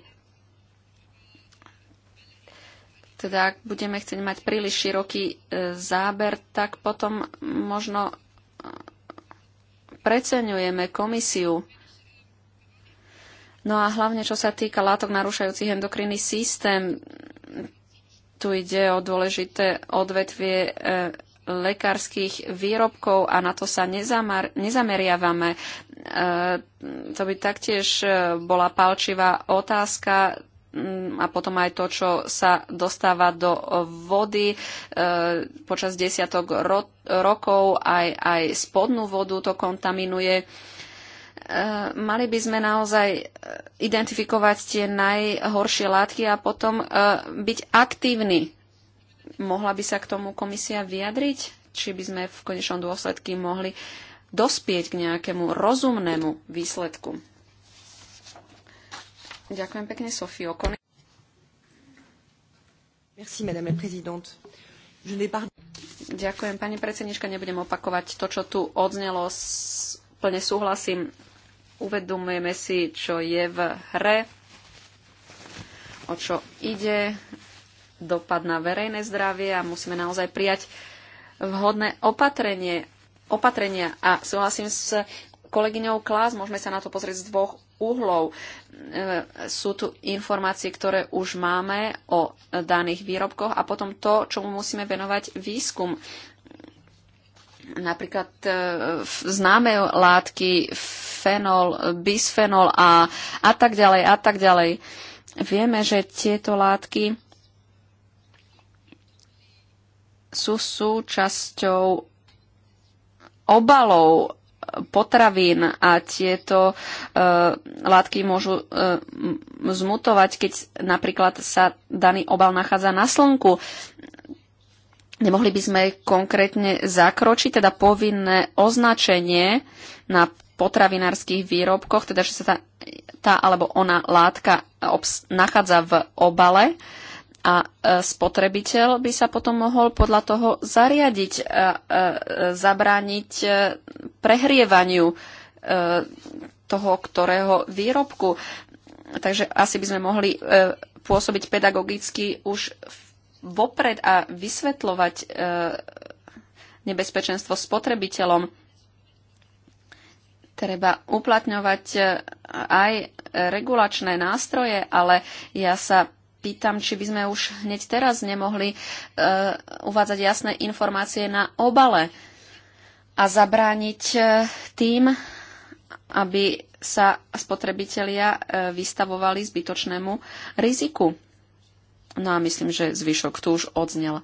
Teda ak budeme chcieť mať príliš široký e, záber, tak potom možno e, preceňujeme komisiu. No a hlavne, čo sa týka látok narušajúcich endokrinný systém, tu ide o dôležité odvetvie e, lekárskych výrobkov a na to sa nezamar- nezameriavame. E, to by taktiež bola palčivá otázka. Mm, a potom aj to, čo sa dostáva do vody e, počas desiatok ro- rokov, aj, aj spodnú vodu to kontaminuje. E, mali by sme naozaj e, identifikovať tie najhoršie látky a potom e, byť aktívni. Mohla by sa k tomu komisia vyjadriť? Či by sme v konečnom dôsledku mohli dospieť k nejakému rozumnému výsledku? Ďakujem pekne, Sofie Okony. Merci, madame la présidente. Je n'ai pas... Ďakujem, pani predsednička, nebudem opakovať to, čo tu odznelo. Plne súhlasím. Uvedomujeme si, čo je v hre, o čo ide, dopad na verejné zdravie a musíme naozaj prijať vhodné opatrenie, opatrenia. A súhlasím s kolegyňou Klás, môžeme sa na to pozrieť z dvoch uhlov. E, sú tu informácie, ktoré už máme o daných výrobkoch a potom to, čomu musíme venovať výskum. Napríklad e, známe látky fenol, bisfenol a, a tak ďalej a tak ďalej. Vieme, že tieto látky sú súčasťou obalov potravín a tieto e, látky môžu e, zmutovať, keď napríklad sa daný obal nachádza na slnku. Nemohli by sme konkrétne zakročiť, teda povinné označenie na potravinárskych výrobkoch, teda že sa tá, tá alebo ona látka obs- nachádza v obale. Uh, a e, spotrebiteľ by sa potom mohol podľa toho zariadiť a zabrániť e, prehrievaniu e, toho, ktorého výrobku. Takže asi by sme mohli pôsobiť pedagogicky už vopred a vysvetľovať nebezpečenstvo spotrebiteľom. Treba uplatňovať aj regulačné nástroje, ale ja sa pýtam, či by sme už hneď teraz nemohli uh, uvádzať jasné informácie na obale a zabrániť uh, tým, aby sa spotrebitelia uh, vystavovali zbytočnému riziku. No a myslím, že zvyšok tu už odznel.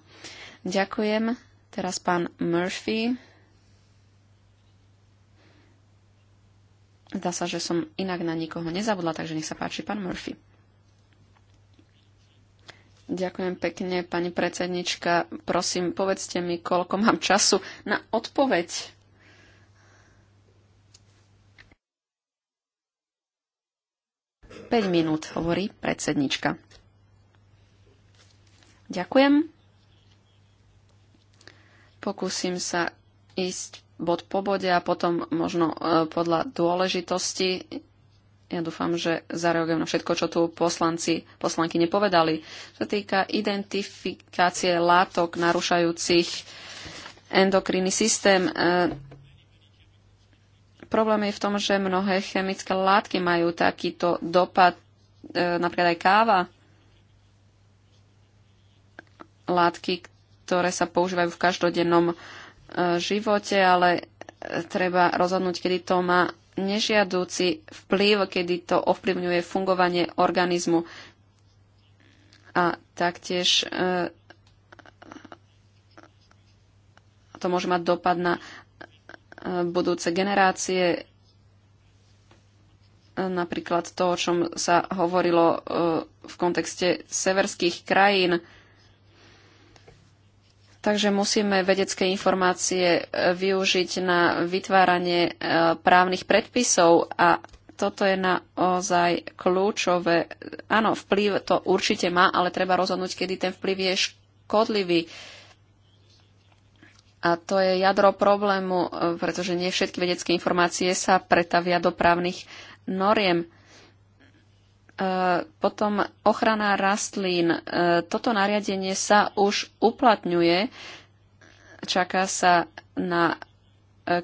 Ďakujem. Teraz pán Murphy. Zdá sa, že som inak na nikoho nezabudla, takže nech sa páči, pán Murphy. Ďakujem pekne, pani predsednička. Prosím, povedzte mi, koľko mám času na odpoveď. Päť minút, hovorí predsednička. Ďakujem. Pokúsim sa ísť bod po bode a potom možno e, podľa dôležitosti ja dúfam, že zareagujem na všetko, čo tu poslanci, poslanky nepovedali. Čo týka identifikácie látok narušajúcich endokrinný systém, e, problém je v tom, že mnohé chemické látky majú takýto dopad, e, napríklad aj káva, látky, ktoré sa používajú v každodennom e, živote, ale treba rozhodnúť, kedy to má nežiadúci vplyv, kedy to ovplyvňuje fungovanie organizmu. A taktiež e, to môže mať dopad na e, budúce generácie, e, napríklad to, o čom sa hovorilo e, v kontexte severských krajín, Takže musíme vedecké informácie e, využiť na vytváranie e, právnych predpisov a toto je naozaj kľúčové. Áno, vplyv to určite má, ale treba rozhodnúť, kedy ten vplyv je škodlivý. A to je jadro problému, e, pretože nie všetky vedecké informácie sa pretavia do právnych noriem. E, potom ochrana rastlín. E, toto nariadenie sa už uplatňuje. Čaká sa na e,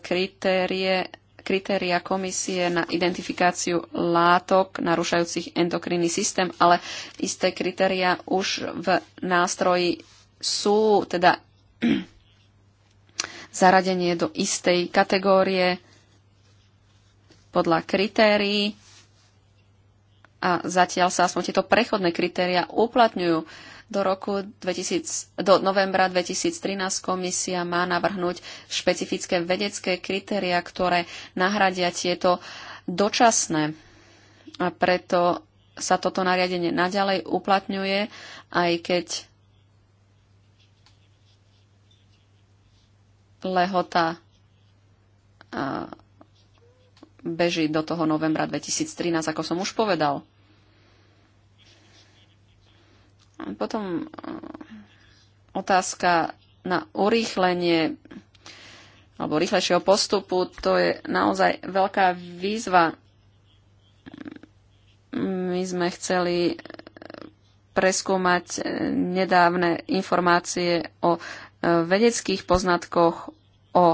kritérie, kritéria komisie na identifikáciu látok narušajúcich endokrinný systém, ale isté kritéria už v nástroji sú, teda [clears throat] zaradenie do istej kategórie podľa kritérií a zatiaľ sa aspoň tieto prechodné kritéria uplatňujú. Do roku 2000, do novembra 2013 komisia má navrhnúť špecifické vedecké kritéria, ktoré nahradia tieto dočasné. A preto sa toto nariadenie naďalej uplatňuje, aj keď lehota beží do toho novembra 2013, ako som už povedal. Potom e, otázka na urýchlenie alebo rýchlejšieho postupu, to je naozaj veľká výzva. My sme chceli preskúmať e, nedávne informácie o e, vedeckých poznatkoch, o, o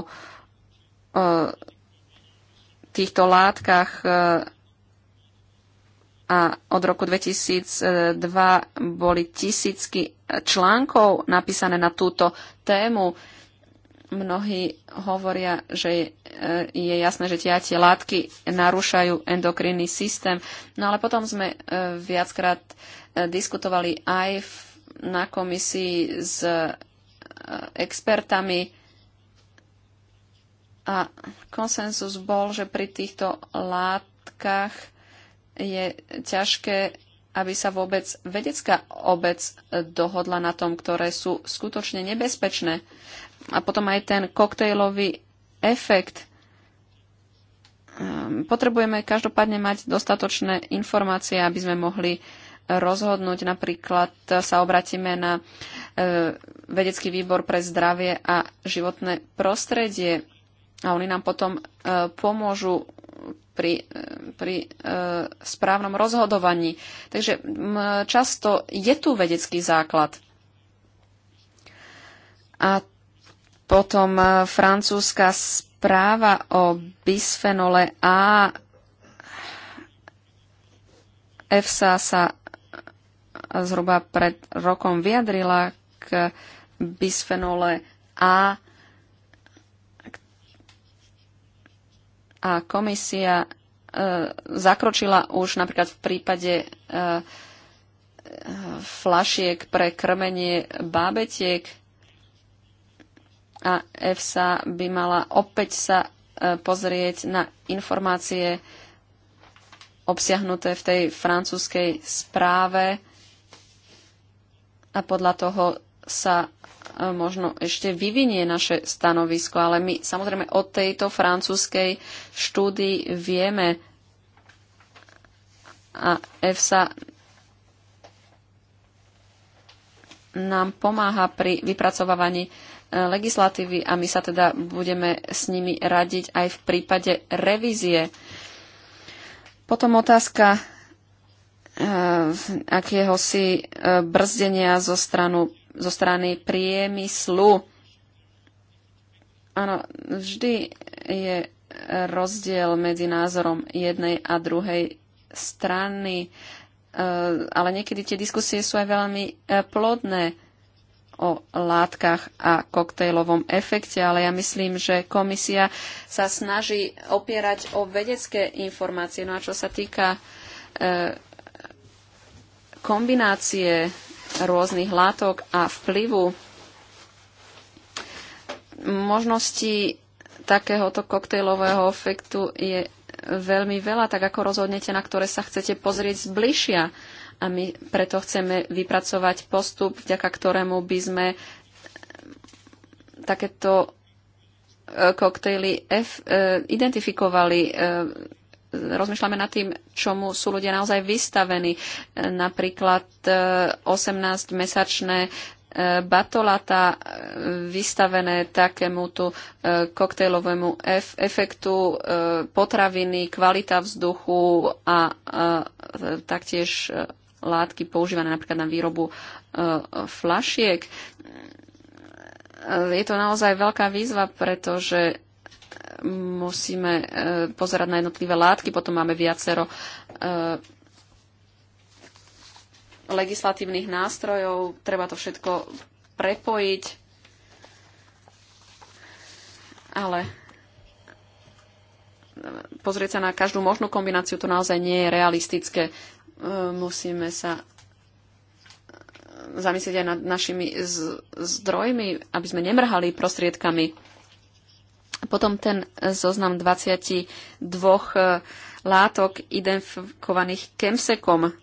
týchto látkach, a od roku 2002 boli tisícky článkov napísané na túto tému. Mnohí hovoria, že e, je jasné, že tie, tie látky narúšajú endokrinný systém. No ale potom sme e, viackrát e, diskutovali aj v, na komisii s expertami a konsenzus bol, že pri týchto látkach je ťažké, aby sa vôbec vedecká obec dohodla na tom, ktoré sú skutočne nebezpečné. A potom aj ten koktejlový efekt. Ehm, potrebujeme každopádne mať dostatočné informácie, aby sme mohli rozhodnúť. Napríklad sa obratíme na e, vedecký výbor pre zdravie a životné prostredie a oni nám potom e, pomôžu pri, pri e, správnom rozhodovaní. Takže m, často je tu vedecký základ. A potom e, francúzska správa o bisfenole A. EFSA sa zhruba pred rokom vyjadrila k bisfenole A a komisia e, zakročila už napríklad v prípade e, e, flašiek pre krmenie bábetiek a EFSA by mala opäť sa e, pozrieť na informácie obsiahnuté v tej francúzskej správe a podľa toho sa E, možno ešte vyvinie naše stanovisko, ale my samozrejme od tejto francúzskej štúdii vieme a EFSA nám pomáha pri vypracovávaní e, legislatívy a my sa teda budeme s nimi radiť aj v prípade revízie. Potom otázka e, akého si brzdenia zo stranu zo strany priemyslu. Áno, vždy je rozdiel medzi názorom jednej a druhej strany, e, ale niekedy tie diskusie sú aj veľmi e, plodné o látkach a koktejlovom efekte, ale ja myslím, že komisia sa snaží opierať o vedecké informácie. No a čo sa týka e, kombinácie rôznych látok a vplyvu možností takéhoto koktejlového efektu je veľmi veľa, tak ako rozhodnete, na ktoré sa chcete pozrieť zbližšia. A my preto chceme vypracovať postup, vďaka ktorému by sme takéto e, koktejly F, e, identifikovali e, rozmýšľame nad tým, čomu sú ľudia naozaj vystavení. Napríklad 18-mesačné e, e, batolata e, vystavené tu koktejlovému efektu potraviny, kvalita vzduchu a taktiež látky používané napríklad na výrobu flašiek. Je to naozaj veľká výzva, pretože musíme e, pozerať na jednotlivé látky, potom máme viacero e, legislatívnych nástrojov, treba to všetko prepojiť, ale e, pozrieť sa na každú možnú kombináciu to naozaj nie je realistické. Musíme sa zamyslieť aj nad našimi zdrojmi, aby sme nemrhali prostriedkami potom ten eh, zoznam 22 eh, látok identifikovaných Kemsekom.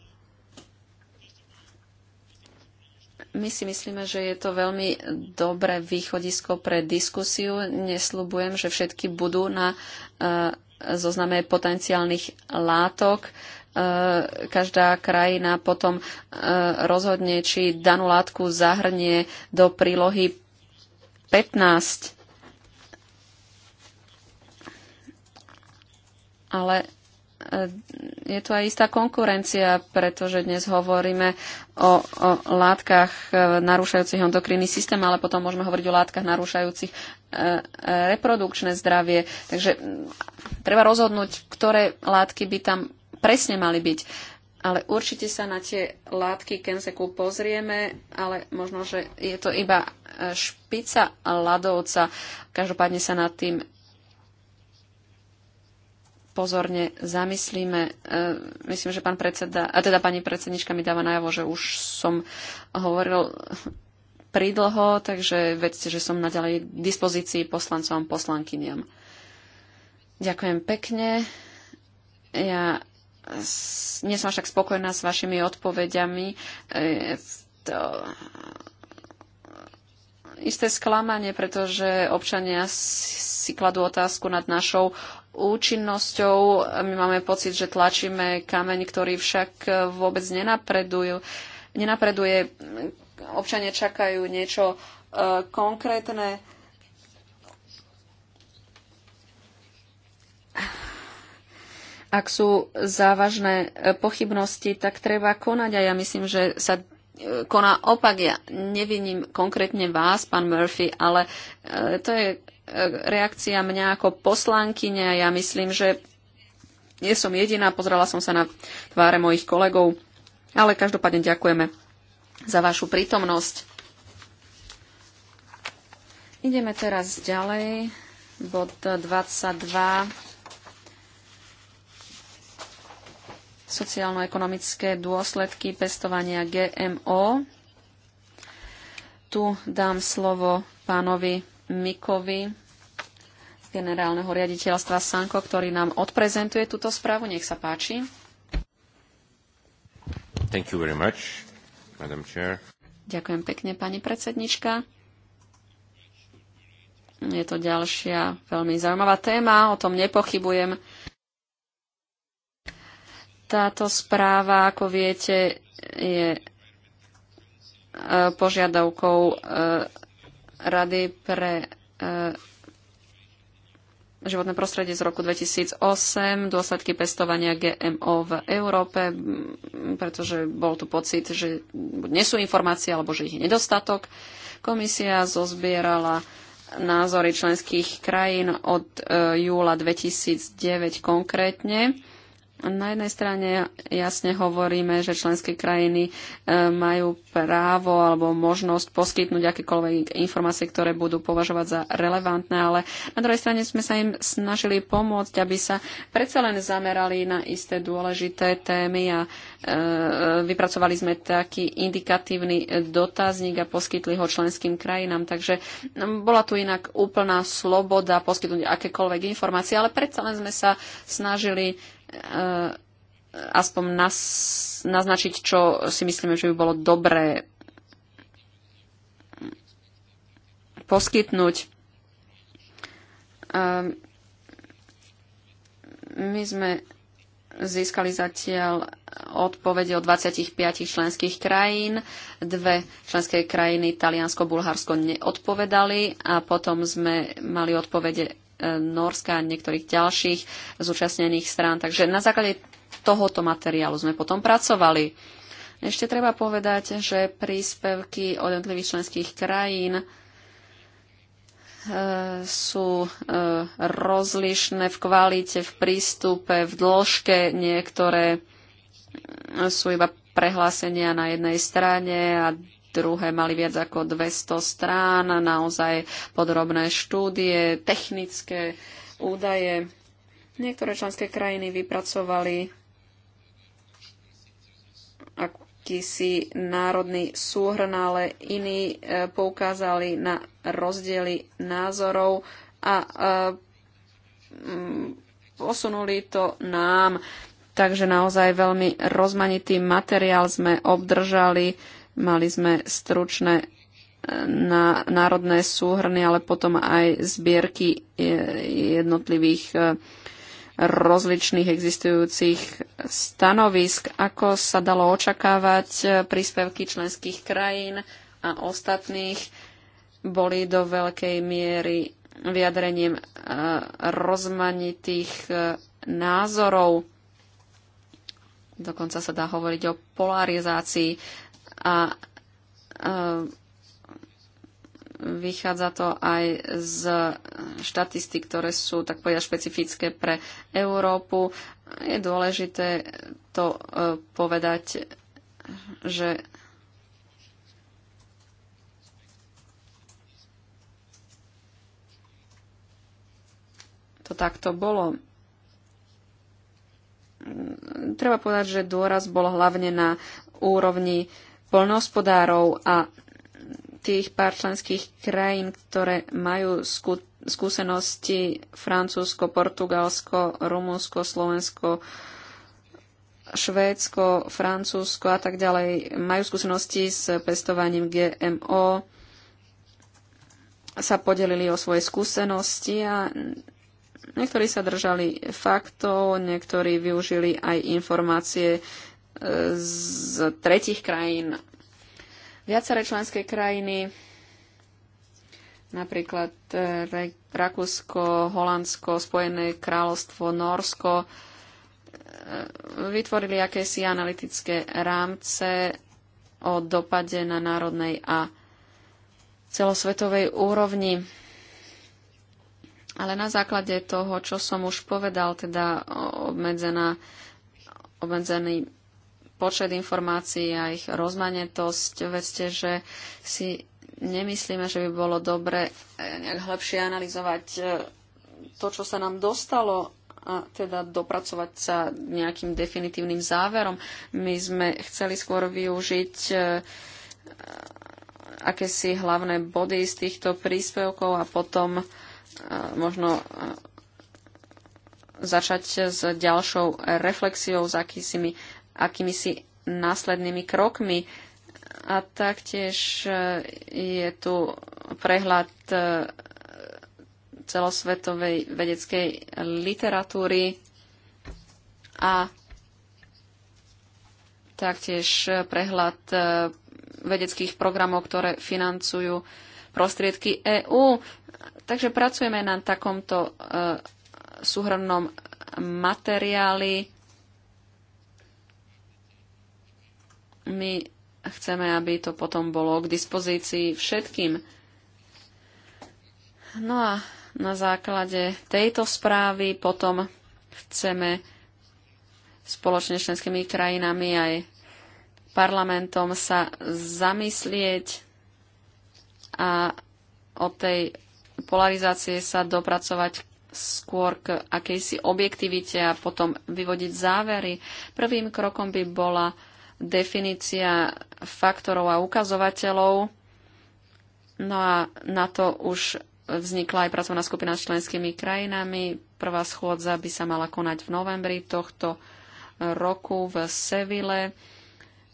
My si myslíme, že je to veľmi dobré východisko pre diskusiu. Nesľubujem, že všetky budú na eh, zozname potenciálnych látok každá krajina potom rozhodne, či danú látku zahrnie do prílohy 15. ale e, je tu aj istá konkurencia, pretože dnes hovoríme o, o látkach e, narúšajúcich endokrinný systém, ale potom môžeme hovoriť o látkach narúšajúcich e, reprodukčné zdravie. Takže mm, treba rozhodnúť, ktoré látky by tam presne mali byť. Ale určite sa na tie látky Kenseku pozrieme, ale možno, že je to iba špica ľadovca. Každopádne sa nad tým pozorne zamyslíme. E, myslím, že pán predseda, a teda pani predsednička mi dáva najavo, že už som hovoril pridlho, takže vedzte, že som naďalej dispozícii poslancom a poslankyniam. Ďakujem pekne. Ja nie som však spokojná s vašimi odpovediami. E, to isté sklamanie, pretože občania si kladú otázku nad našou účinnosťou. My máme pocit, že tlačíme kameň, ktorý však vôbec nenapreduje. nenapreduje. Občania čakajú niečo e, konkrétne. Ak sú závažné e, pochybnosti, tak treba konať a ja myslím, že sa koná opak. Ja neviním konkrétne vás, pán Murphy, ale e, to je e, reakcia mňa ako poslankyňa. Ja myslím, že nie som jediná, pozrela som sa na tváre mojich kolegov, ale každopádne ďakujeme za vašu prítomnosť. Ideme teraz ďalej. Bod 22 sociálno-ekonomické dôsledky pestovania GMO. Tu dám slovo pánovi Mikovi z generálneho riaditeľstva Sanko, ktorý nám odprezentuje túto správu. Nech sa páči. Thank you very much, Madam Chair. Ďakujem pekne, pani predsednička. Je to ďalšia veľmi zaujímavá téma, o tom nepochybujem. Táto správa, ako viete, je e, požiadavkou e, Rady pre e, životné prostredie z roku 2008, dôsledky pestovania GMO v Európe, pretože bol tu pocit, že nie sú informácie alebo že ich je nedostatok. Komisia zozbierala názory členských krajín od e, júla 2009 konkrétne na jednej strane jasne hovoríme, že členské krajiny e, majú právo alebo možnosť poskytnúť akékoľvek informácie, ktoré budú považovať za relevantné, ale na druhej strane sme sa im snažili pomôcť, aby sa predsa len zamerali na isté dôležité témy a e, vypracovali sme taký indikatívny dotazník a poskytli ho členským krajinám. Takže no, bola tu inak úplná sloboda poskytnúť akékoľvek informácie, ale predsa len sme sa snažili Eh, aspoň naznačiť, čo si myslíme, že by bolo dobré poskytnúť. Eh, my sme získali zatiaľ odpovede od 25 členských krajín. Dve členské krajiny, Taliansko, Bulharsko, neodpovedali a potom sme mali odpovede Norska a niektorých ďalších zúčastnených strán. Takže na základe tohoto materiálu sme potom pracovali. Ešte treba povedať, že príspevky od jednotlivých členských krajín e, sú e, rozlišné v kvalite, v prístupe, v dĺžke. Niektoré e, sú iba prehlásenia na jednej strane a druhé mali viac ako 200 strán, naozaj podrobné štúdie, technické údaje. Niektoré členské krajiny vypracovali akýsi národný súhrn, ale iní e, poukázali na rozdiely názorov a posunuli e, mm, to nám. Takže naozaj veľmi rozmanitý materiál sme obdržali Mali sme stručné e, na národné súhrny, ale potom aj zbierky e, jednotlivých e, rozličných existujúcich stanovisk, ako sa dalo očakávať príspevky členských krajín a ostatných boli do veľkej miery vyjadrením rozmanitých názorov. Dokonca sa dá hovoriť o polarizácii a e, vychádza to aj z štatistik, ktoré sú tak povedať špecifické pre Európu. Je dôležité to e, povedať, že to takto bolo. Treba povedať, že dôraz bol hlavne na úrovni polnohospodárov a tých pár členských krajín, ktoré majú skú, skúsenosti Francúzsko, Portugalsko, Rumunsko, Slovensko, Švédsko, Francúzsko a tak ďalej, majú skúsenosti s pestovaním GMO, sa podelili o svoje skúsenosti a niektorí sa držali faktov, niektorí využili aj informácie z tretich krajín. Viaceré členské krajiny, napríklad e, Rakúsko, Holandsko, Spojené kráľovstvo, Norsko, e, vytvorili akési analytické rámce o dopade na národnej a celosvetovej úrovni. Ale na základe toho, čo som už povedal, teda obmedzená, obmedzený počet informácií a ich rozmanitosť. Vedzte, že si nemyslíme, že by bolo dobre eh, nejak lepšie analyzovať eh, to, čo sa nám dostalo a teda dopracovať sa nejakým definitívnym záverom. My sme chceli skôr využiť eh, akési hlavné body z týchto príspevkov a potom možno začať s ďalšou reflexiou, s akýsimi si následnými krokmi. A taktiež e, je tu prehľad e, celosvetovej vedeckej literatúry a taktiež e, prehľad vedeckých programov, ktoré financujú prostriedky EÚ. Takže pracujeme na takomto súhrnom materiáli My chceme, aby to potom bolo k dispozícii všetkým. No a na základe tejto správy potom chceme spoločne s členskými krajinami aj parlamentom sa zamyslieť a od tej polarizácie sa dopracovať skôr k akejsi objektivite a potom vyvodiť závery. Prvým krokom by bola definícia faktorov a ukazovateľov. No a na to už vznikla aj pracovná skupina s členskými krajinami. Prvá schôdza by sa mala konať v novembri tohto roku v Sevile.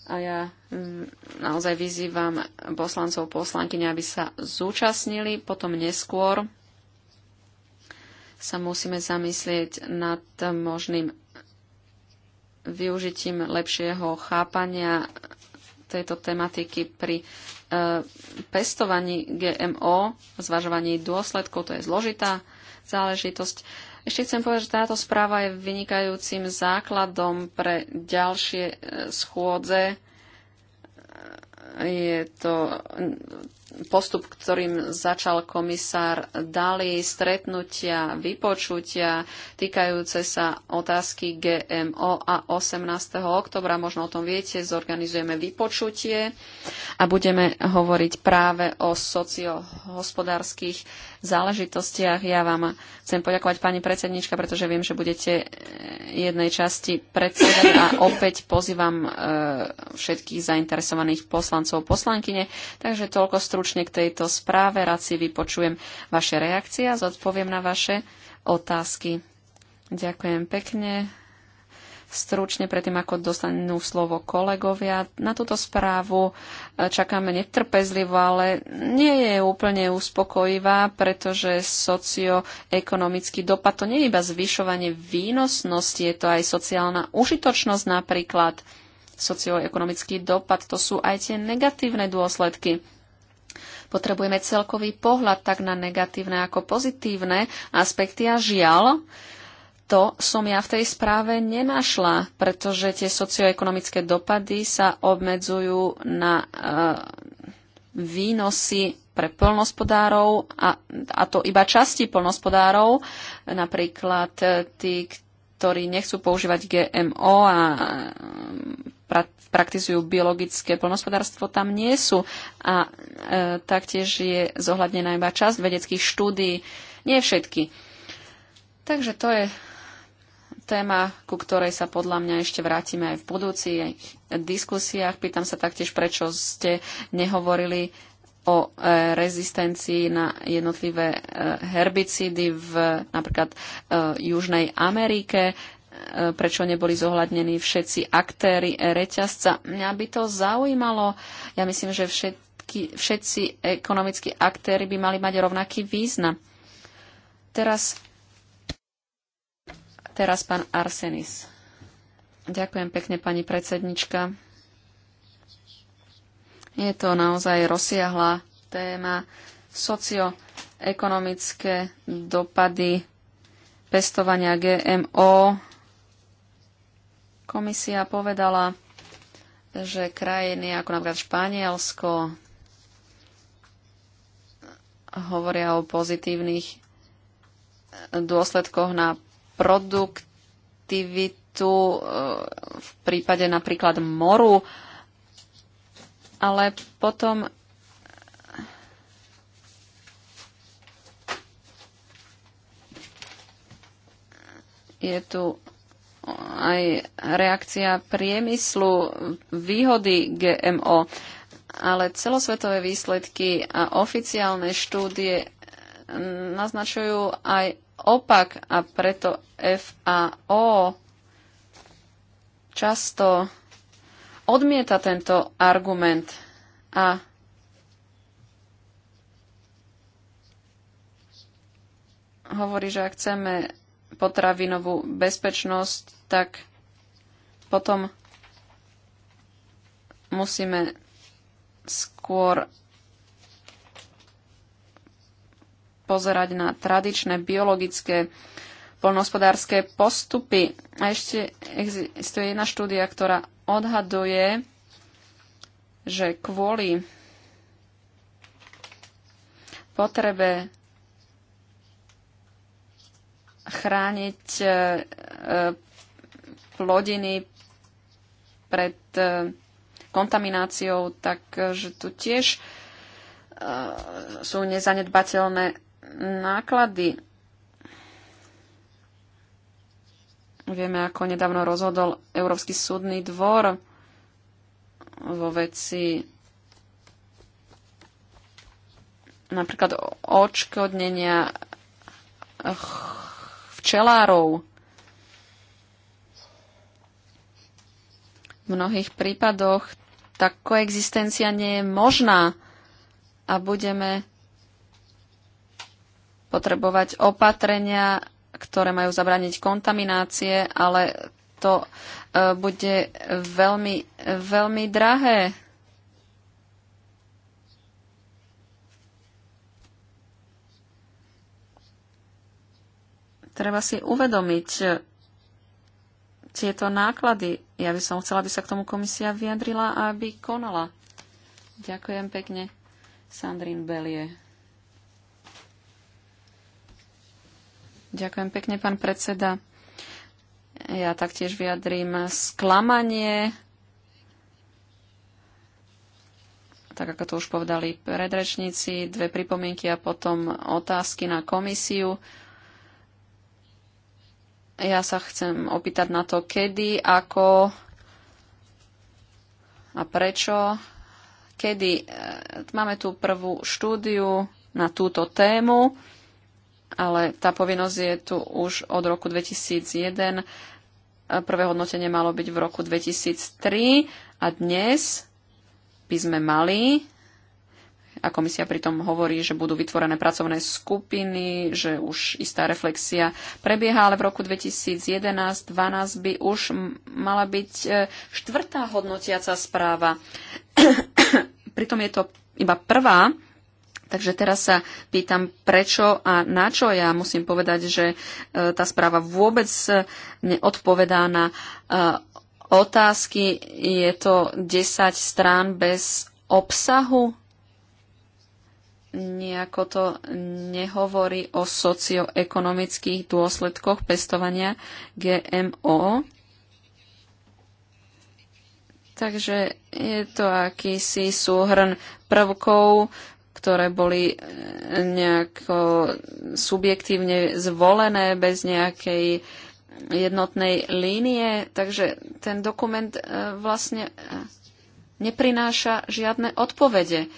A ja mm, naozaj vyzývam poslancov poslankyne, aby sa zúčastnili. Potom neskôr sa musíme zamyslieť nad možným využitím lepšieho chápania tejto tematiky pri e, pestovaní GMO, zvažovaní dôsledkov, to je zložitá záležitosť. Ešte chcem povedať, že táto správa je vynikajúcim základom pre ďalšie e, schôdze. E, je to postup, ktorým začal komisár Dali, stretnutia, vypočutia týkajúce sa otázky GMO a 18. oktobra, možno o tom viete, zorganizujeme vypočutie a budeme hovoriť práve o sociohospodárskych záležitostiach. Ja vám chcem poďakovať pani predsednička, pretože viem, že budete eh, jednej časti predsedať a opäť pozývam eh, všetkých zainteresovaných poslancov poslankyne. Takže toľko stručne k tejto správe. Rád si vypočujem vaše reakcie a zodpoviem na vaše otázky. Ďakujem pekne stručne predtým, ako dostanú slovo kolegovia. Na túto správu e, čakáme netrpezlivo, ale nie je úplne uspokojivá, pretože socioekonomický dopad to nie je iba zvyšovanie výnosnosti, je to aj sociálna užitočnosť napríklad. Socioekonomický dopad to sú aj tie negatívne dôsledky. Potrebujeme celkový pohľad tak na negatívne ako pozitívne aspekty a žiaľ, to som ja v tej správe nenašla, pretože tie socioekonomické dopady sa obmedzujú na e, výnosy pre plnospodárov a, a to iba časti plnospodárov, napríklad e, tí, ktorí nechcú používať GMO a e, pra, praktizujú biologické plnospodárstvo, tam nie sú. A e, taktiež je zohľadnená iba časť vedeckých štúdí, nie všetky. Takže to je téma, ku ktorej sa podľa mňa ešte vrátime aj v budúcich diskusiách. Pýtam sa taktiež, prečo ste nehovorili o e, rezistencii na jednotlivé e, herbicídy v napríklad e, Južnej Amerike, prečo neboli zohľadnení všetci aktéry reťazca. Mňa by to zaujímalo. Ja myslím, že všetky, všetci ekonomickí aktéry by mali mať rovnaký význam. Teraz Teraz pán Arsenis. Ďakujem pekne, pani predsednička. Je to naozaj rozsiahla téma socioekonomické dopady pestovania GMO. Komisia povedala, že krajiny ako napríklad Španielsko hovoria o pozitívnych dôsledkoch na produktivitu e, v prípade napríklad moru, ale potom je tu aj reakcia priemyslu, výhody GMO, ale celosvetové výsledky a oficiálne štúdie naznačujú aj opak a preto FAO často odmieta tento argument a hovorí, že ak chceme potravinovú bezpečnosť, tak potom musíme skôr pozerať na tradičné biologické poľnohospodárske postupy. A ešte existuje jedna štúdia, ktorá odhaduje, že kvôli potrebe chrániť e, e, plodiny pred e, kontamináciou, takže tu tiež sú nezanedbateľné náklady. Vieme, ako nedávno rozhodol Európsky súdny dvor vo veci napríklad očkodnenia včelárov. V mnohých prípadoch tá koexistencia nie je možná a budeme potrebovať opatrenia, ktoré majú zabrániť kontaminácie, ale to e, bude veľmi, veľmi drahé. Treba si uvedomiť e, tieto náklady. Ja by som chcela, aby sa k tomu komisia vyjadrila a aby konala. Ďakujem pekne. Sandrine Belie. Ďakujem pekne, pán predseda. Ja taktiež vyjadrím sklamanie, tak ako to už povedali predrečníci, dve pripomienky a potom otázky na komisiu. Ja sa chcem opýtať na to, kedy, ako a prečo. Kedy e, máme tu prvú štúdiu na túto tému ale tá povinnosť je tu už od roku 2001. Prvé hodnotenie malo byť v roku 2003 a dnes by sme mali a komisia pritom hovorí, že budú vytvorené pracovné skupiny, že už istá reflexia prebieha, ale v roku 2011-2012 by už mala byť e, štvrtá hodnotiaca správa. [clears throat] pritom je to iba prvá Takže teraz sa pýtam, prečo a na čo. Ja musím povedať, že e, tá správa vôbec neodpovedá na e, otázky. Je to 10 strán bez obsahu. Nejako to nehovorí o socioekonomických dôsledkoch pestovania GMO. Takže je to akýsi súhrn prvkov, ktoré boli e, nejako subjektívne zvolené bez nejakej jednotnej línie. Takže ten dokument e, vlastne e, neprináša žiadne odpovede.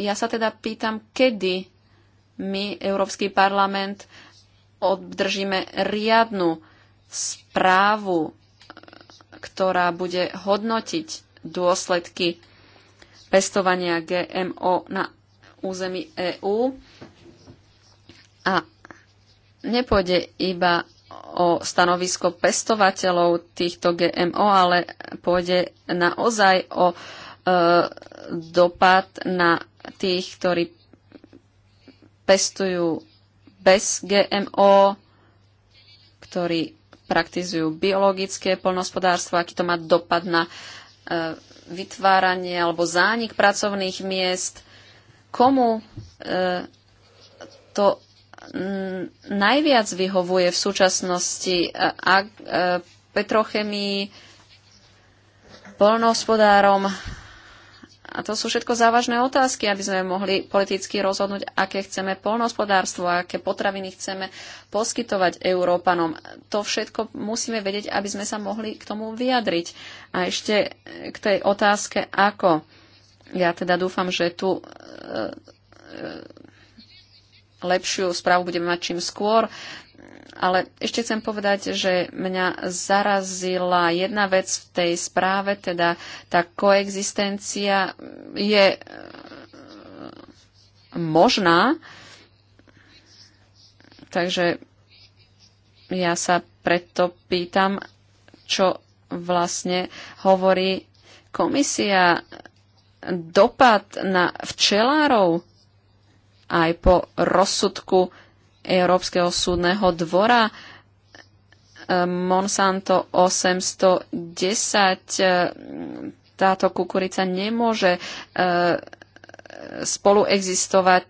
Ja sa teda pýtam, kedy my, Európsky parlament, obdržíme riadnu správu, ktorá bude hodnotiť dôsledky pestovania GMO na území EÚ. A nepôjde iba o stanovisko pestovateľov týchto GMO, ale pôjde naozaj o e, dopad na tých, ktorí pestujú bez GMO, ktorí praktizujú biologické polnospodárstvo, aký to má dopad na e, vytváranie alebo zánik pracovných miest. Komu e, to najviac vyhovuje v súčasnosti a, e, petrochemii, polnohospodárom, a to sú všetko závažné otázky, aby sme mohli politicky rozhodnúť, aké chceme polnohospodárstvo, aké potraviny chceme poskytovať Európanom. To všetko musíme vedieť, aby sme sa mohli k tomu vyjadriť. A ešte k tej otázke, ako. Ja teda dúfam, že tu e, e, lepšiu správu budeme mať čím skôr. Ale ešte chcem povedať, že mňa zarazila jedna vec v tej správe, teda tá koexistencia je e, možná, takže ja sa preto pýtam, čo vlastne hovorí komisia dopad na včelárov aj po rozsudku Európskeho súdneho dvora. Ehm, Monsanto 810 ehm, táto kukurica nemôže ehm, spolu existovať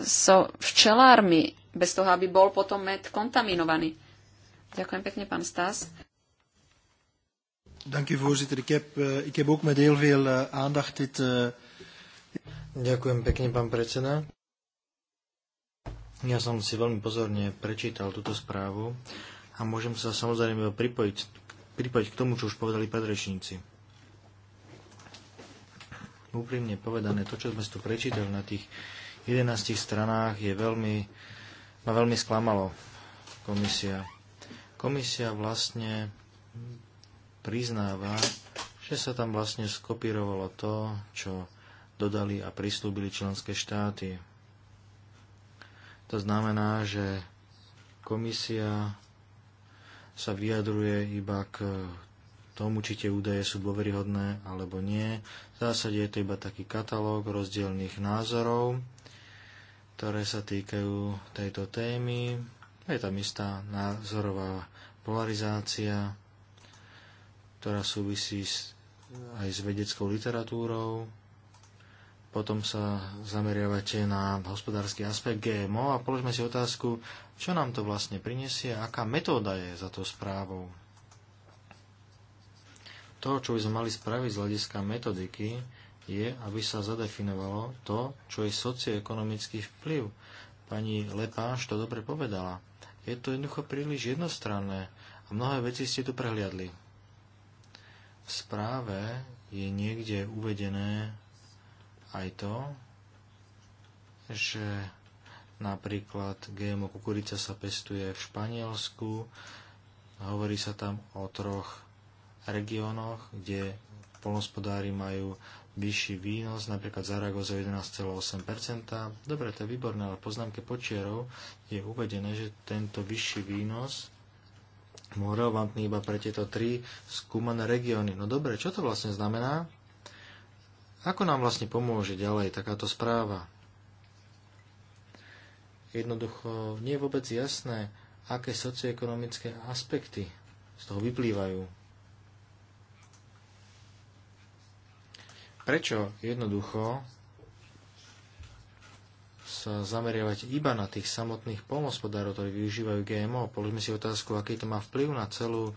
so včelármi, bez toho, aby bol potom med kontaminovaný. Ďakujem pekne, pán Stas. voorzitter. Ik heb, eh, ik heb ook met heel veel eh, aandacht dit... Uh... Ďakujem pekne, pán predseda. Ja som si veľmi pozorne prečítal túto správu a môžem sa samozrejme pripojiť, pripojiť k tomu, čo už povedali predrečníci. Úprimne povedané, to, čo sme tu prečítali na tých 11 stranách, je veľmi, ma veľmi sklamalo komisia. Komisia vlastne priznáva, že sa tam vlastne skopírovalo to, čo dodali a prislúbili členské štáty to znamená, že komisia sa vyjadruje iba k tomu, či tie údaje sú dôveryhodné alebo nie. V zásade je to iba taký katalóg rozdielných názorov, ktoré sa týkajú tejto témy. Je tam istá názorová polarizácia, ktorá súvisí aj s vedeckou literatúrou, potom sa zameriavate na hospodársky aspekt GMO a položme si otázku, čo nám to vlastne prinesie a aká metóda je za to správou. To, čo by sme mali spraviť z hľadiska metodiky, je, aby sa zadefinovalo to, čo je socioekonomický vplyv. Pani Lepáš to dobre povedala. Je to jednoducho príliš jednostranné a mnohé veci ste tu prehliadli. V správe je niekde uvedené aj to, že napríklad GMO kukurica sa pestuje v Španielsku, hovorí sa tam o troch regiónoch, kde polnospodári majú vyšší výnos, napríklad Zaragoza 11,8%. Dobre, to je výborné, ale poznámke počiarov je uvedené, že tento vyšší výnos bol relevantný iba pre tieto tri skúmané regióny. No dobre, čo to vlastne znamená? Ako nám vlastne pomôže ďalej takáto správa? Jednoducho nie je vôbec jasné, aké socioekonomické aspekty z toho vyplývajú. Prečo jednoducho sa zameriavať iba na tých samotných pomospodárov, ktorí využívajú GMO? Položme si otázku, aký to má vplyv na celú,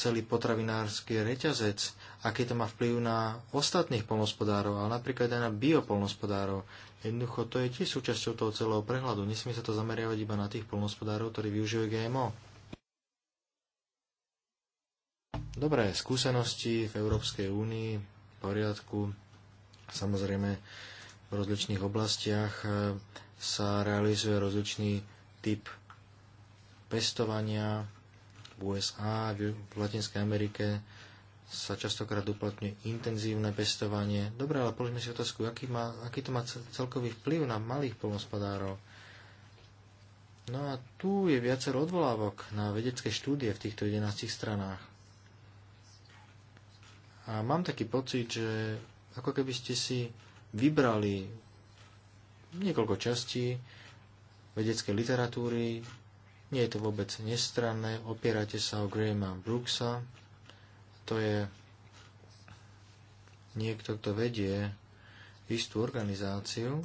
celý potravinársky reťazec aký to má vplyv na ostatných polnospodárov, ale napríklad aj na biopolnospodárov. Jednoducho to je tiež súčasťou toho celého prehľadu. Nesmie sa to zameriavať iba na tých polnospodárov, ktorí využívajú GMO. Dobré skúsenosti v Európskej únii, v poriadku, samozrejme v rozličných oblastiach e, sa realizuje rozličný typ pestovania v USA, v Latinskej Amerike sa častokrát uplatňuje intenzívne pestovanie. Dobre, ale položme si otázku, aký, má, aký to má celkový vplyv na malých polnospodárov. No a tu je viacero odvolávok na vedecké štúdie v týchto 11 stranách. A mám taký pocit, že ako keby ste si vybrali niekoľko častí vedeckej literatúry, nie je to vôbec nestranné, opierate sa o Grahama Brooksa, to je niekto, kto vedie istú organizáciu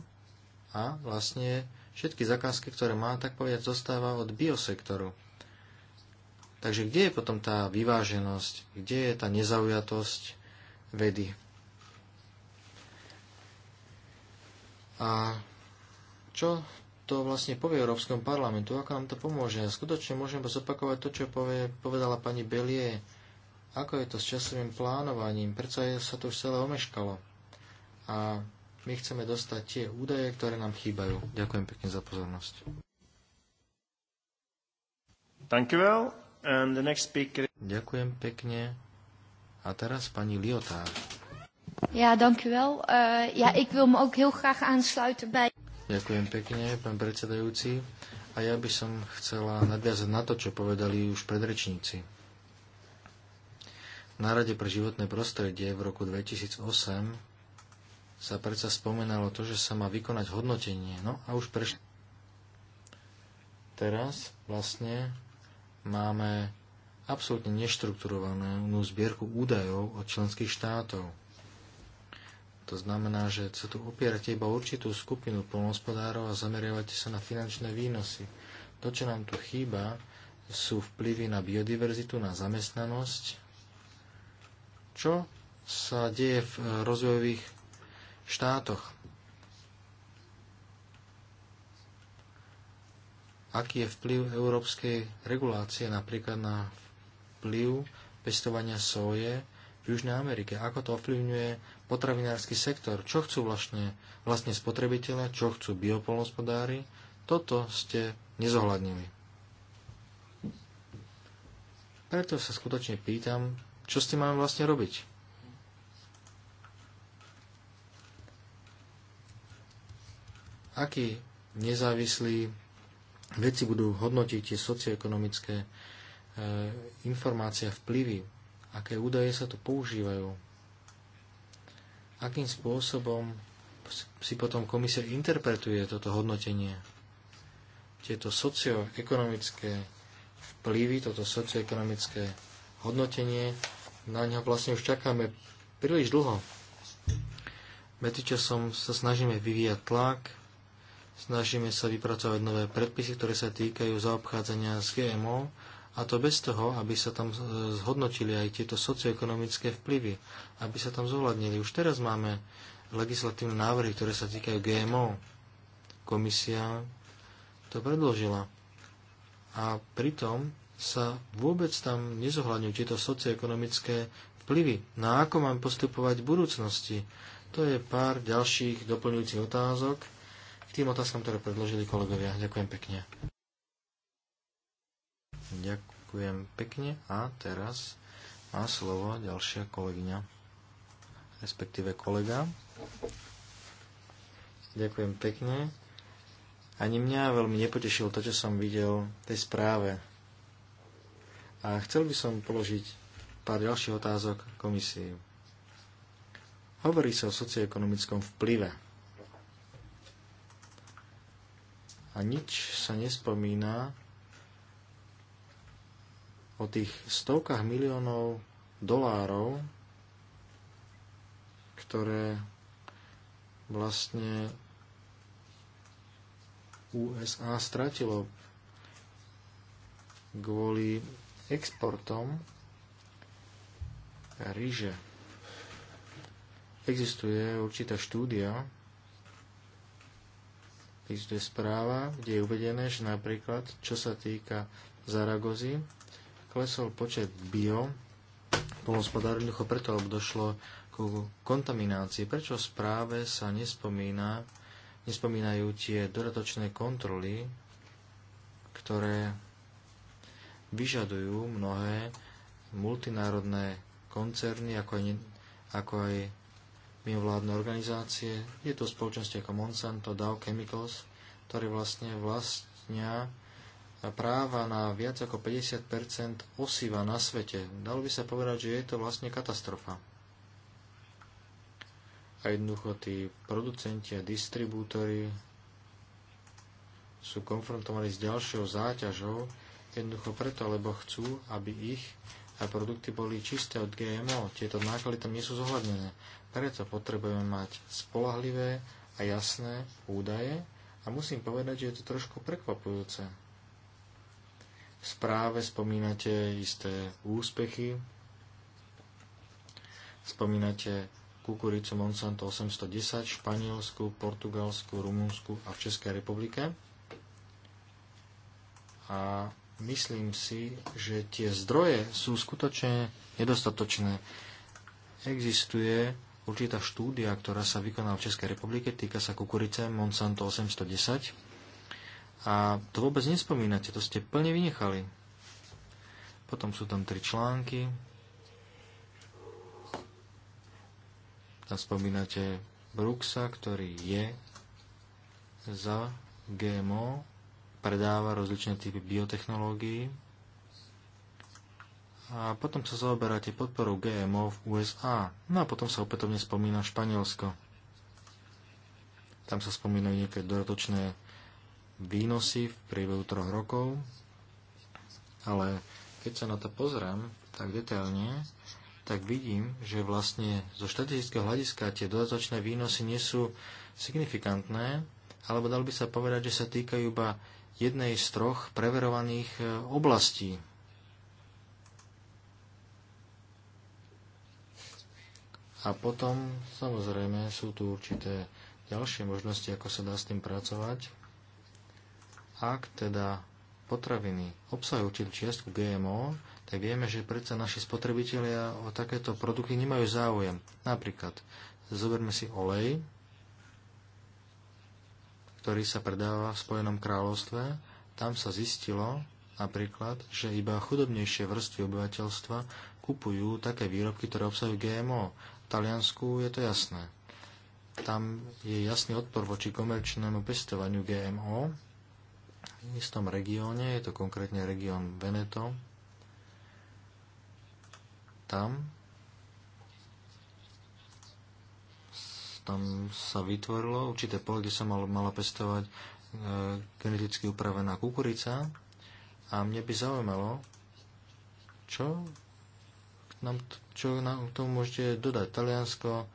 a vlastne všetky zakázky, ktoré má, tak povedať, zostáva od biosektoru. Takže kde je potom tá vyváženosť, kde je tá nezaujatosť vedy? A čo to vlastne povie Európskom parlamentu, ako nám to pomôže. Skutočne môžem zopakovať to, čo povedala pani Belie. Ako je to s časovým plánovaním? Prečo je, sa to už celé omeškalo? A my chceme dostať tie údaje, ktoré nám chýbajú. Ďakujem pekne za pozornosť. Well. Speaker... Ďakujem pekne. A teraz pani Liotá. Ja, dank Uh, ja, ik wil me ook heel graag aansluiten bij... Ďakujem pekne, pán predsedajúci. A ja by som chcela nadviazať na to, čo povedali už predrečníci na Rade pre životné prostredie v roku 2008 sa predsa spomenalo to, že sa má vykonať hodnotenie. No a už prešli. Teraz vlastne máme absolútne neštrukturovanú zbierku údajov od členských štátov. To znamená, že sa tu opierate iba určitú skupinu polnospodárov a zameriavate sa na finančné výnosy. To, čo nám tu chýba, sú vplyvy na biodiverzitu, na zamestnanosť čo sa deje v eh, rozvojových štátoch. Aký je vplyv európskej regulácie napríklad na vplyv pestovania soje v Južnej Amerike? Ako to ovplyvňuje potravinársky sektor? Čo chcú vlastne, vlastne spotrebitelia? Čo chcú biopolnospodári? Toto ste nezohľadnili. Preto sa skutočne pýtam, čo s tým máme vlastne robiť? Akí nezávislí veci budú hodnotiť tie socioekonomické e, informácie a vplyvy? Aké údaje sa tu používajú? Akým spôsobom si potom komisia interpretuje toto hodnotenie? Tieto socioekonomické vplyvy, toto socioekonomické hodnotenie, na ňa vlastne už čakáme príliš dlho. Medzičasom sa snažíme vyvíjať tlak, snažíme sa vypracovať nové predpisy, ktoré sa týkajú zaobchádzania s GMO, a to bez toho, aby sa tam zhodnotili aj tieto socioekonomické vplyvy, aby sa tam zohľadnili. Už teraz máme legislatívne návrhy, ktoré sa týkajú GMO. Komisia to predložila. A pritom sa vôbec tam nezohľadňujú tieto socioekonomické vplyvy. Na no ako mám postupovať v budúcnosti? To je pár ďalších doplňujúcich otázok k tým otázkam, ktoré predložili kolegovia. Ďakujem pekne. Ďakujem pekne. A teraz má slovo ďalšia kolegyňa, respektíve kolega. Ďakujem pekne. Ani mňa veľmi nepotešilo to, čo som videl v tej správe a chcel by som položiť pár ďalších otázok komisii. Hovorí sa o socioekonomickom vplyve. A nič sa nespomína o tých stovkách miliónov dolárov, ktoré vlastne USA stratilo kvôli exportom ríže. Existuje určitá štúdia, existuje správa, kde je uvedené, že napríklad, čo sa týka Zaragozy, klesol počet bio polnospodárov jednoducho preto, lebo došlo ku kontaminácii. Prečo v správe sa nespomína, nespomínajú tie dodatočné kontroly, ktoré vyžadujú mnohé multinárodné koncerny, ako aj, ako aj mimovládne organizácie. Je to spoločnosti ako Monsanto, Dow Chemicals, ktoré vlastne vlastnia práva na viac ako 50 osiva na svete. Dalo by sa povedať, že je to vlastne katastrofa. A jednoducho tí producenti a distribútory sú konfrontovaní s ďalšou záťažou, Jednoducho preto, lebo chcú, aby ich a produkty boli čisté od GMO. Tieto náklady tam nie sú zohľadnené. Preto potrebujeme mať spolahlivé a jasné údaje a musím povedať, že je to trošku prekvapujúce. V správe spomínate isté úspechy, spomínate kukuricu Monsanto 810 v Španielsku, Portugalsku, Rumunsku a v Českej republike. A myslím si, že tie zdroje sú skutočne nedostatočné. Existuje určitá štúdia, ktorá sa vykonala v Českej republike, týka sa kukurice Monsanto 810. A to vôbec nespomínate, to ste plne vynechali. Potom sú tam tri články. Tam spomínate Bruxa, ktorý je za GMO predáva rozličné typy biotechnológií. A potom sa zaoberáte podporou GMO v USA. No a potom sa opätovne spomína Španielsko. Tam sa spomínajú nejaké dodatočné výnosy v priebehu troch rokov. Ale keď sa na to pozriem tak detailne, tak vidím, že vlastne zo štatistického hľadiska tie dodatočné výnosy nie sú signifikantné, alebo dal by sa povedať, že sa týkajú iba jednej z troch preverovaných e, oblastí. A potom, samozrejme, sú tu určité ďalšie možnosti, ako sa dá s tým pracovať. Ak teda potraviny obsahujú určitú čiastku GMO, tak vieme, že predsa naši spotrebitelia o takéto produkty nemajú záujem. Napríklad, zoberme si olej, ktorý sa predáva v Spojenom kráľovstve. Tam sa zistilo napríklad, že iba chudobnejšie vrstvy obyvateľstva kupujú také výrobky, ktoré obsahujú GMO. V Taliansku je to jasné. Tam je jasný odpor voči komerčnému pestovaniu GMO. V istom regióne, je to konkrétne región Veneto, tam tam sa vytvorilo určité pole, kde sa mal, mala pestovať e, geneticky upravená kukurica. A mne by zaujímalo, čo nám čo nám k tomu môžete dodať. Taliansko e,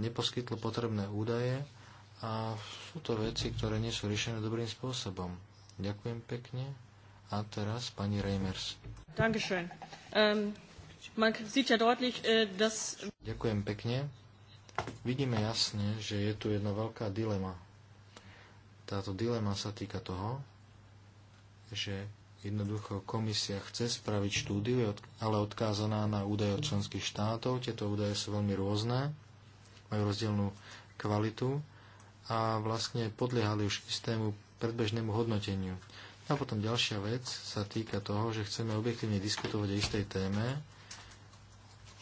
neposkytlo potrebné údaje a sú to veci, ktoré nie sú riešené dobrým spôsobom. Ďakujem pekne. A teraz pani Reimers. Dankeschön. Ähm, man sieht ja deutlich, äh, dass... Ďakujem pekne vidíme jasne, že je tu jedna veľká dilema. Táto dilema sa týka toho, že jednoducho komisia chce spraviť štúdiu, ale odkázaná na údaje od členských štátov. Tieto údaje sú veľmi rôzne, majú rozdielnú kvalitu a vlastne podliehali už istému predbežnému hodnoteniu. A potom ďalšia vec sa týka toho, že chceme objektívne diskutovať o istej téme,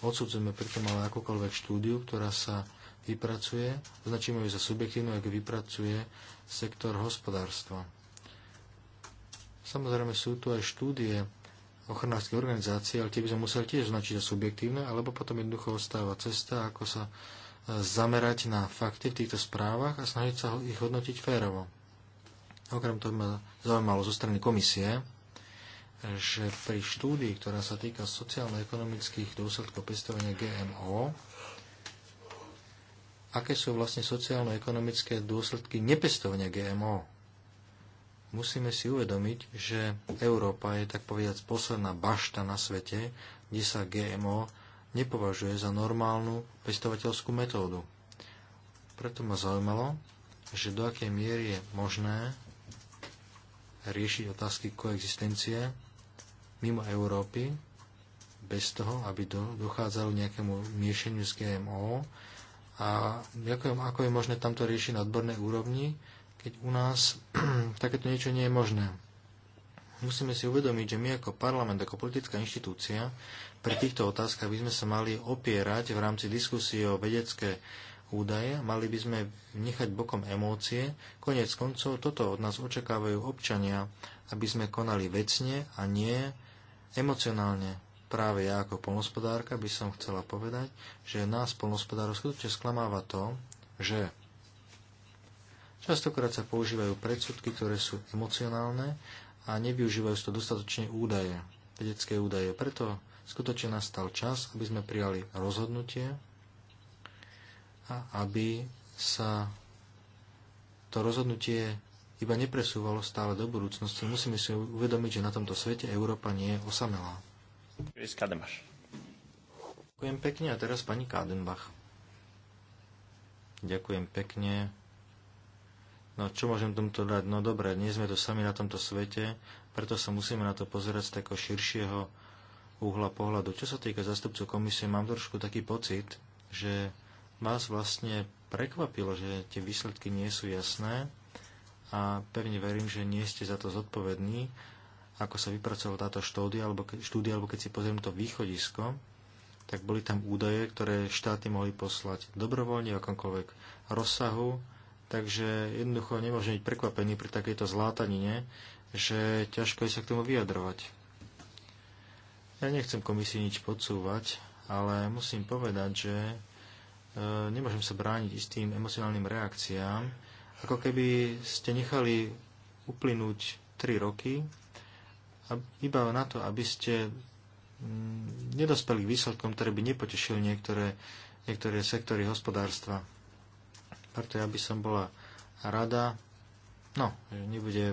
Odsudzujeme pritom ale akúkoľvek štúdiu, ktorá sa vypracuje, označíme ju za subjektívnu, ak vypracuje sektor hospodárstva. Samozrejme sú tu aj štúdie ochranárskej organizácie, ale tie by sme museli tiež značiť za subjektívne, alebo potom jednoducho ostáva cesta, ako sa e, zamerať na fakty v týchto správach a snažiť sa ich hodnotiť férovo. Okrem toho ma zaujímalo zo strany komisie, že pri štúdii, ktorá sa týka sociálno-ekonomických dôsledkov pestovania GMO, aké sú vlastne sociálno-ekonomické dôsledky nepestovania GMO. Musíme si uvedomiť, že Európa je tak povedať posledná bašta na svete, kde sa GMO nepovažuje za normálnu pestovateľskú metódu. Preto ma zaujímalo, že do akej miery je možné riešiť otázky koexistencie mimo Európy, bez toho, aby do, dochádzalo nejakému miešeniu s GMO. A ako, ako je možné tamto riešiť na odbornej úrovni, keď u nás [clears throat] takéto niečo nie je možné. Musíme si uvedomiť, že my ako parlament, ako politická inštitúcia, pri týchto otázkach by sme sa mali opierať v rámci diskusie o vedecké údaje, mali by sme nechať bokom emócie. Konec koncov toto od nás očakávajú občania, aby sme konali vecne a nie Emocionálne práve ja ako polnospodárka by som chcela povedať, že nás polnospodárov skutočne sklamáva to, že častokrát sa používajú predsudky, ktoré sú emocionálne a nevyužívajú to dostatočne údaje, vedecké údaje. Preto skutočne nastal čas, aby sme prijali rozhodnutie a aby sa to rozhodnutie iba nepresúvalo stále do budúcnosti. Musíme si uvedomiť, že na tomto svete Európa nie je osamelá. Ďakujem pekne a teraz pani Kádenbach. Ďakujem pekne. No čo môžem tomuto dať? No dobre, nie sme to sami na tomto svete, preto sa musíme na to pozerať z takého širšieho uhla pohľadu. Čo sa týka zastupcov komisie, mám trošku taký pocit, že vás vlastne prekvapilo, že tie výsledky nie sú jasné a pevne verím, že nie ste za to zodpovední, ako sa vypracovala táto štúdia, alebo, ke, štúdia, alebo keď si pozriem to východisko, tak boli tam údaje, ktoré štáty mohli poslať dobrovoľne v akomkoľvek rozsahu, takže jednoducho nemôžem byť prekvapený pri takejto zlátanine, že ťažko je sa k tomu vyjadrovať. Ja nechcem komisii nič podsúvať, ale musím povedať, že e, nemôžem sa brániť istým emocionálnym reakciám, ako keby ste nechali uplynúť 3 roky iba na to, aby ste mm, nedospeli k výsledkom, ktoré by nepotešili niektoré, niektoré sektory hospodárstva. Preto ja by som bola rada, no, nebude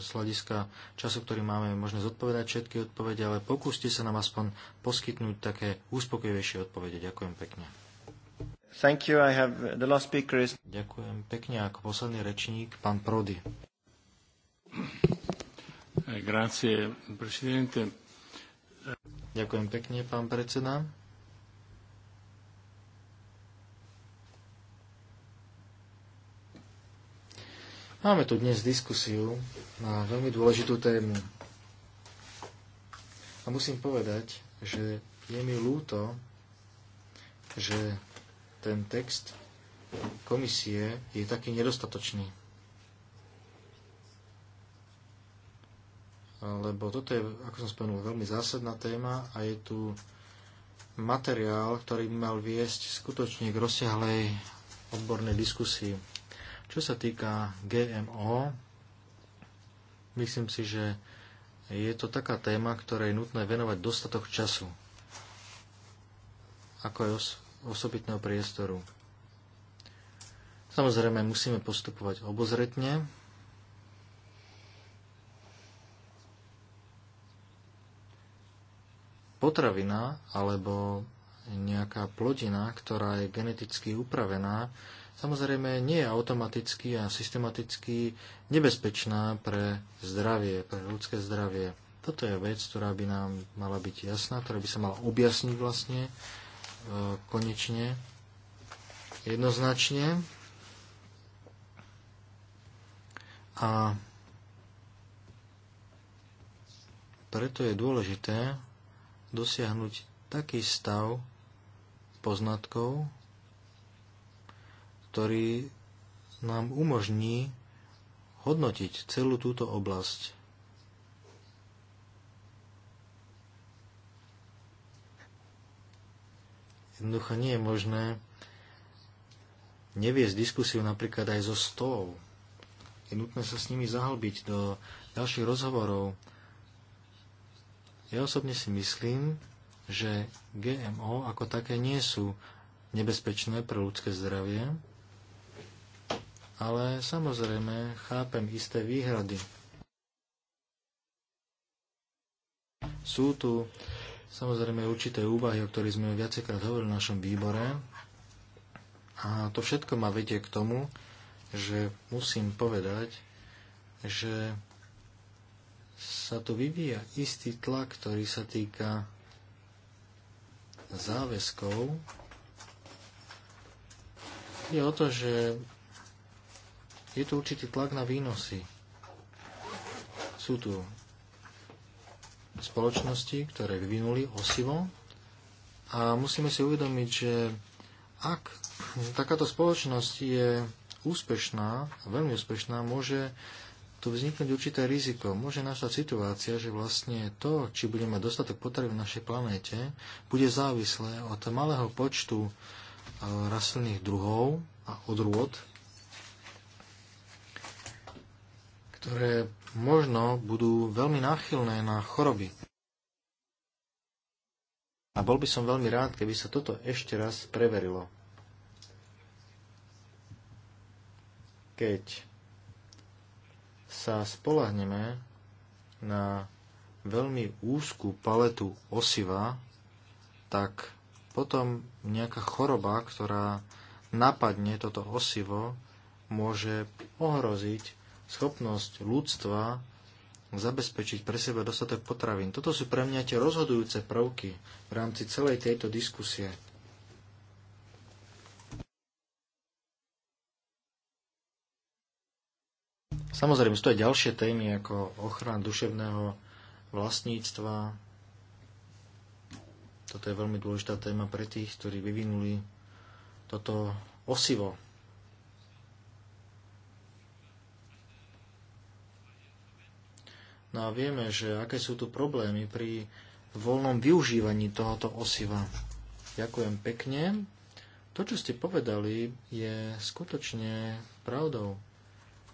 z hľadiska času, ktorý máme, možné zodpovedať všetky odpovede, ale pokúste sa nám aspoň poskytnúť také úspokojivejšie odpovede. Ďakujem pekne. Thank you. I have uh, the last speaker is... Ďakujem pekne. Ako posledný rečník, pán Prody. Eh, grazie, presidente. Ďakujem pekne, pán predseda. Máme tu dnes diskusiu na veľmi dôležitú tému. A musím povedať, že je mi ľúto, že ten text komisie je taký nedostatočný. Lebo toto je, ako som spomenul, veľmi zásadná téma a je tu materiál, ktorý by mal viesť skutočne k rozsiahlej odbornej diskusii. Čo sa týka GMO, myslím si, že je to taká téma, ktorej je nutné venovať dostatok času. Ako aj osobitného priestoru. Samozrejme, musíme postupovať obozretne. Potravina alebo nejaká plodina, ktorá je geneticky upravená, samozrejme nie je automaticky a systematicky nebezpečná pre zdravie, pre ľudské zdravie. Toto je vec, ktorá by nám mala byť jasná, ktorá by sa mala objasniť vlastne E, konečne jednoznačne. A preto je dôležité dosiahnuť taký stav poznatkov, ktorý nám umožní hodnotiť celú túto oblasť Jednoducho nie je možné neviesť diskusiu napríklad aj so stov. Je nutné sa s nimi zahlbiť do ďalších rozhovorov. Ja osobne si myslím, že GMO ako také nie sú nebezpečné pre ľudské zdravie, ale samozrejme chápem isté výhrady. Sú tu Samozrejme určité úvahy, o ktorých sme viacekrát hovorili v našom výbore. A to všetko ma vedie k tomu, že musím povedať, že sa tu vyvíja istý tlak, ktorý sa týka záväzkov. Je o to, že je tu určitý tlak na výnosy. Sú tu spoločnosti, ktoré vyvinuli osivo. A musíme si uvedomiť, že ak takáto spoločnosť je úspešná, veľmi úspešná, môže tu vzniknúť určité riziko. Môže naša situácia, že vlastne to, či budeme mať dostatok potravy na našej planéte, bude závislé od malého počtu e, rastlinných druhov a odrôd, ktoré možno budú veľmi náchylné na choroby. A bol by som veľmi rád, keby sa toto ešte raz preverilo. Keď sa spolahneme na veľmi úzkú paletu osiva, tak potom nejaká choroba, ktorá napadne toto osivo, môže ohroziť schopnosť ľudstva zabezpečiť pre seba dostatok potravín. Toto sú pre mňa tie rozhodujúce prvky v rámci celej tejto diskusie. Samozrejme, sú to aj ďalšie témy ako ochrana duševného vlastníctva. Toto je veľmi dôležitá téma pre tých, ktorí vyvinuli toto osivo No a vieme, že aké sú tu problémy pri voľnom využívaní tohoto osiva. Ďakujem pekne. To, čo ste povedali, je skutočne pravdou.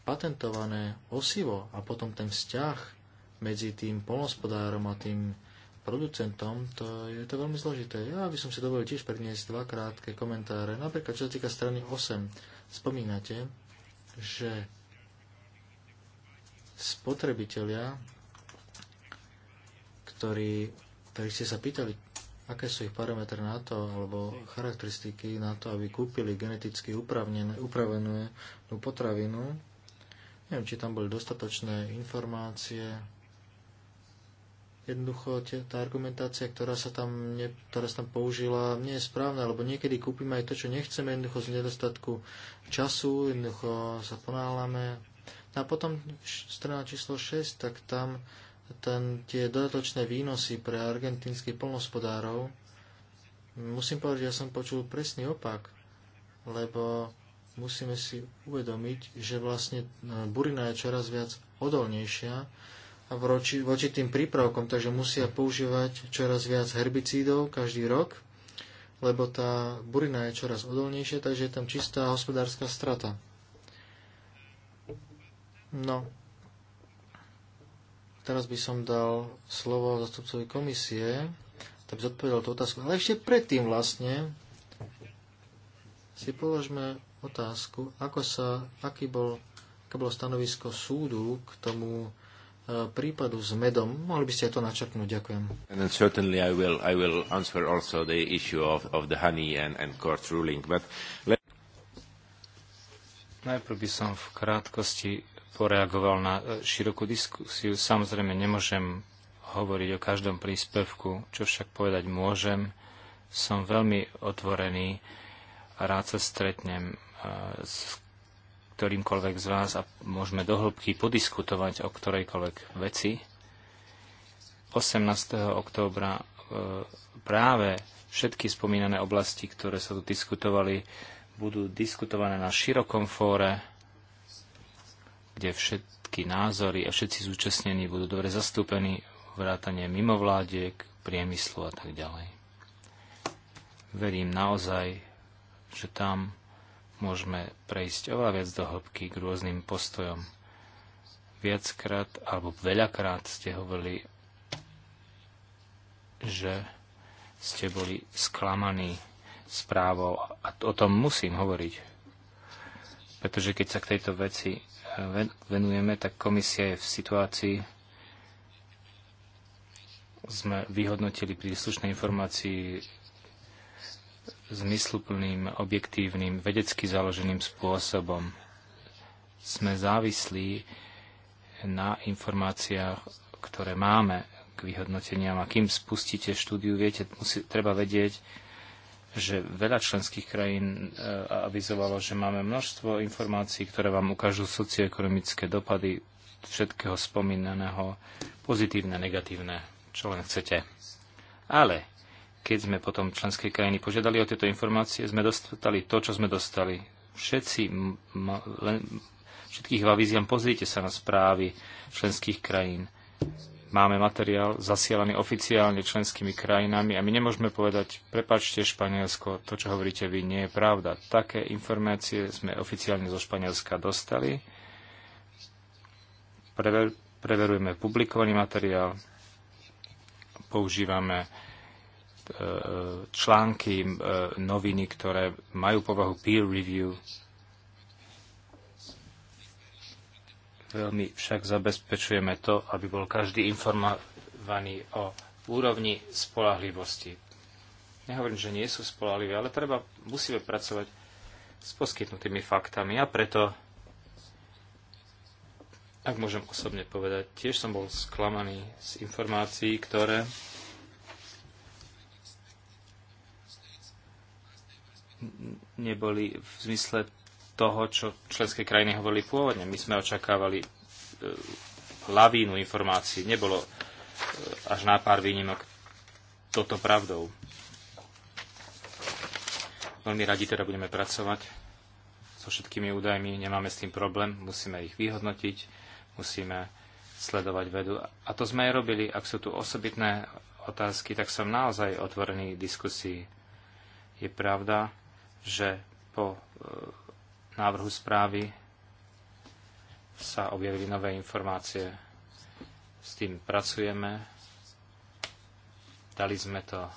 Patentované osivo a potom ten vzťah medzi tým polnospodárom a tým producentom, to je to veľmi zložité. Ja by som si dovolil tiež predniesť dva krátke komentáre. Napríklad, čo sa týka strany 8, spomínate, že spotrebitelia, ktorí, ktorí ste sa pýtali, aké sú ich parametre na to, alebo charakteristiky na to, aby kúpili geneticky upravenú potravinu. Neviem, či tam boli dostatočné informácie. Jednoducho tá argumentácia, ktorá sa tam, ne, ktorá sa tam použila, nie je správna, lebo niekedy kúpime aj to, čo nechceme, jednoducho z nedostatku času, jednoducho sa ponáhľame, No a potom strana číslo 6, tak tam ten, tie dodatočné výnosy pre argentínskych polnospodárov, musím povedať, ja som počul presný opak, lebo musíme si uvedomiť, že vlastne e, burina je čoraz viac odolnejšia a voči, voči tým prípravkom, takže musia používať čoraz viac herbicídov každý rok, lebo tá burina je čoraz odolnejšia, takže je tam čistá hospodárska strata. No, teraz by som dal slovo zastupcovi komisie, aby zodpovedal tú otázku. Ale ešte predtým vlastne si položme otázku, ako sa, aký bol, aké bolo stanovisko súdu k tomu e, prípadu s medom. Mohli by ste aj to načrtnúť. Ďakujem. And then certainly I will, I will answer also the issue of, of the honey and, and court ruling. But let... Najprv by som v krátkosti poreagoval na e, širokú diskusiu. Samozrejme, nemôžem hovoriť o každom príspevku, čo však povedať môžem. Som veľmi otvorený a rád sa stretnem e, s ktorýmkoľvek z vás a môžeme dohlbky podiskutovať o ktorejkoľvek veci. 18. októbra e, práve všetky spomínané oblasti, ktoré sa tu diskutovali, budú diskutované na širokom fóre kde všetky názory a všetci zúčastnení budú dobre zastúpení, vrátanie mimovládiek, priemyslu a tak ďalej. Verím naozaj, že tam môžeme prejsť oveľa viac do hĺbky k rôznym postojom. Viackrát alebo veľakrát ste hovorili, že ste boli sklamaní správou a o tom musím hovoriť. Pretože keď sa k tejto veci venujeme, tak komisia je v situácii, sme vyhodnotili príslušné informácii zmysluplným, objektívnym, vedecky založeným spôsobom. Sme závislí na informáciách, ktoré máme k vyhodnoteniam. A kým spustíte štúdiu, viete, musí, treba vedieť, že veľa členských krajín eh, avizovalo, že máme množstvo informácií, ktoré vám ukážu socioekonomické dopady všetkého spomínaného, pozitívne, negatívne, čo len chcete. Ale keď sme potom členské krajiny požiadali o tieto informácie, sme dostali to, čo sme dostali. Všetci, len, všetkých vám pozrite sa na správy členských krajín máme materiál zasielaný oficiálne členskými krajinami a my nemôžeme povedať, prepačte Španielsko, to, čo hovoríte vy, nie je pravda. Také informácie sme oficiálne zo Španielska dostali. Prever, preverujeme publikovaný materiál, používame e, e, články, e, noviny, ktoré majú povahu peer review Veľmi však zabezpečujeme to, aby bol každý informovaný o úrovni spolahlivosti. Nehovorím, že nie sú spolahlivé, ale treba, musíme pracovať s poskytnutými faktami a preto, ak môžem osobne povedať, tiež som bol sklamaný z informácií, ktoré neboli v zmysle toho, čo členské krajiny hovorili pôvodne. My sme očakávali e, lavínu informácií. Nebolo e, až na pár výnimok toto pravdou. Veľmi radi teda budeme pracovať so všetkými údajmi, nemáme s tým problém, musíme ich vyhodnotiť, musíme sledovať vedu. A to sme aj robili. Ak sú tu osobitné otázky, tak som naozaj otvorený diskusii. Je pravda, že po e, návrhu správy sa objavili nové informácie. S tým pracujeme. Dali sme to. E,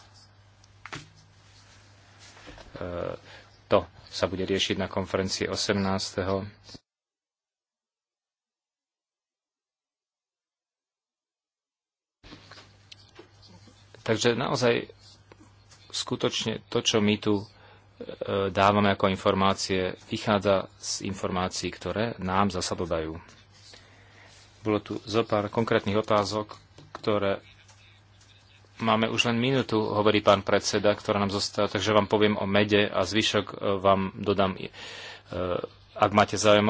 to sa bude riešiť na konferencii 18. Takže naozaj skutočne to, čo my tu E, dávame ako informácie, vychádza z informácií, ktoré nám zasa dodajú. Bolo tu zo pár konkrétnych otázok, ktoré máme už len minútu, hovorí pán predseda, ktorá nám zostáva, takže vám poviem o mede a zvyšok e, vám dodám, e, ak máte záujem,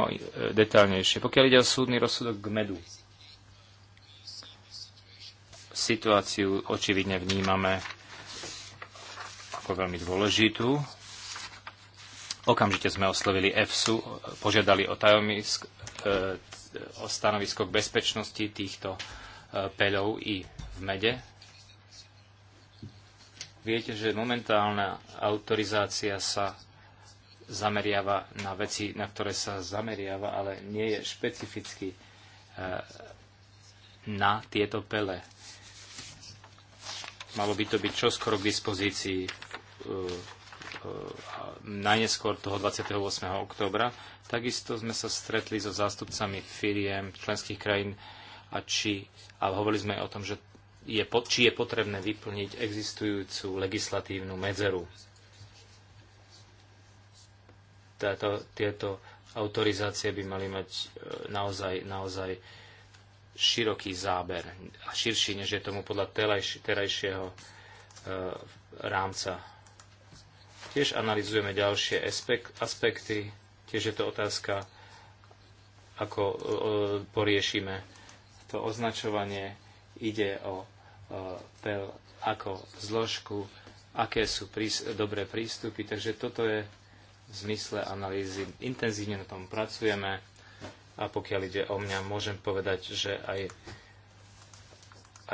detaľnejšie. Pokiaľ ide o súdny rozsudok k medu, situáciu očividne vnímame ako veľmi dôležitú Okamžite sme oslovili EFSU, požiadali o, tajomisk, e, o stanovisko k bezpečnosti týchto e, peľov i v mede. Viete, že momentálna autorizácia sa zameriava na veci, na ktoré sa zameriava, ale nie je špecificky e, na tieto pele. Malo by to byť čoskoro k dispozícii E, najneskôr toho 28. oktobra. Takisto sme sa stretli so zástupcami firiem členských krajín a, či, a hovorili sme o tom, že je, či je potrebné vyplniť existujúcu legislatívnu medzeru. Tato, tieto autorizácie by mali mať e, naozaj, naozaj široký záber a širší, než je tomu podľa terajšieho e, rámca Tiež analizujeme ďalšie aspekty, tiež je to otázka, ako e, e, poriešime to označovanie. Ide o e, PEL ako zložku, aké sú prís- dobré prístupy. Takže toto je v zmysle analýzy. Intenzívne na tom pracujeme a pokiaľ ide o mňa, môžem povedať, že aj,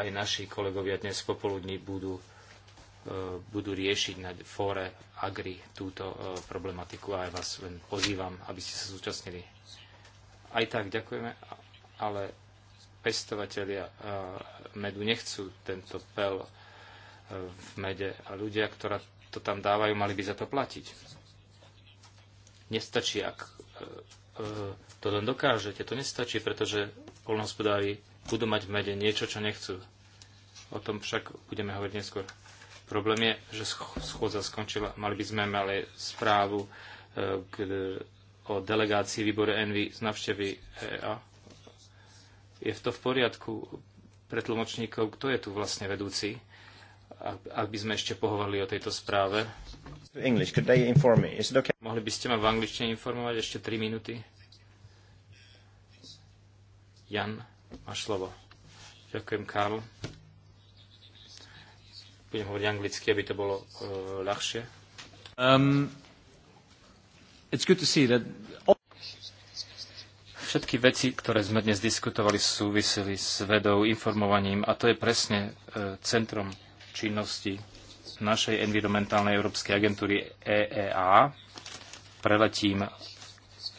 aj naši kolegovia dnes popoludní budú E, budú riešiť na fóre Agri túto e, problematiku a ja vás len pozývam, aby ste sa zúčastnili. Aj tak ďakujeme, ale pestovatelia e, medu nechcú tento pel v mede a ľudia, ktorá to tam dávajú, mali by za to platiť. Nestačí, ak to len dokážete, to nestačí, pretože polnohospodári budú mať v mede niečo, čo nechcú. O tom však budeme hovoriť neskôr. Problém je, že schôdza skončila. Mali by sme mali správu e, k, o delegácii výboru Envy z navštevy EA. Je to v poriadku pre tlmočníkov, kto je tu vlastne vedúci? Ak, ak by sme ešte pohovorili o tejto správe. English, could they inform me? Is it okay? Mohli by ste ma v angličtine informovať ešte 3 minúty? Jan, máš slovo. Ďakujem, Karl. Budem hovoriť anglicky, aby to bolo uh, ľahšie. Um, it's good to see that všetky veci, ktoré sme dnes diskutovali, súviseli s vedou, informovaním a to je presne eh, centrom činnosti našej environmentálnej európskej agentúry EEA. Preletím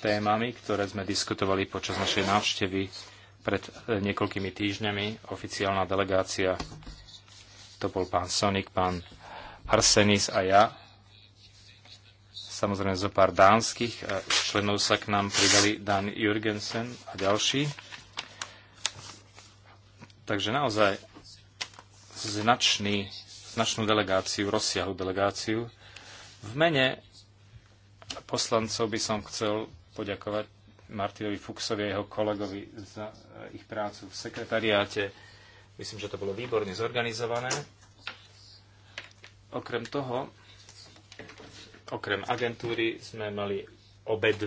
témami, ktoré sme diskutovali počas našej návštevy pred eh, niekoľkými týždňami. Oficiálna delegácia to bol pán Sonik, pán Arsenis a ja. Samozrejme zo pár dánskych e, členov sa k nám pridali Dan Jurgensen a ďalší. Takže naozaj značný, značnú delegáciu, rozsiahlu delegáciu. V mene poslancov by som chcel poďakovať Martinovi Fuxovi a jeho kolegovi za e, ich prácu v sekretariáte Myslím, že to bolo výborne zorganizované. Okrem toho, okrem agentúry sme mali obed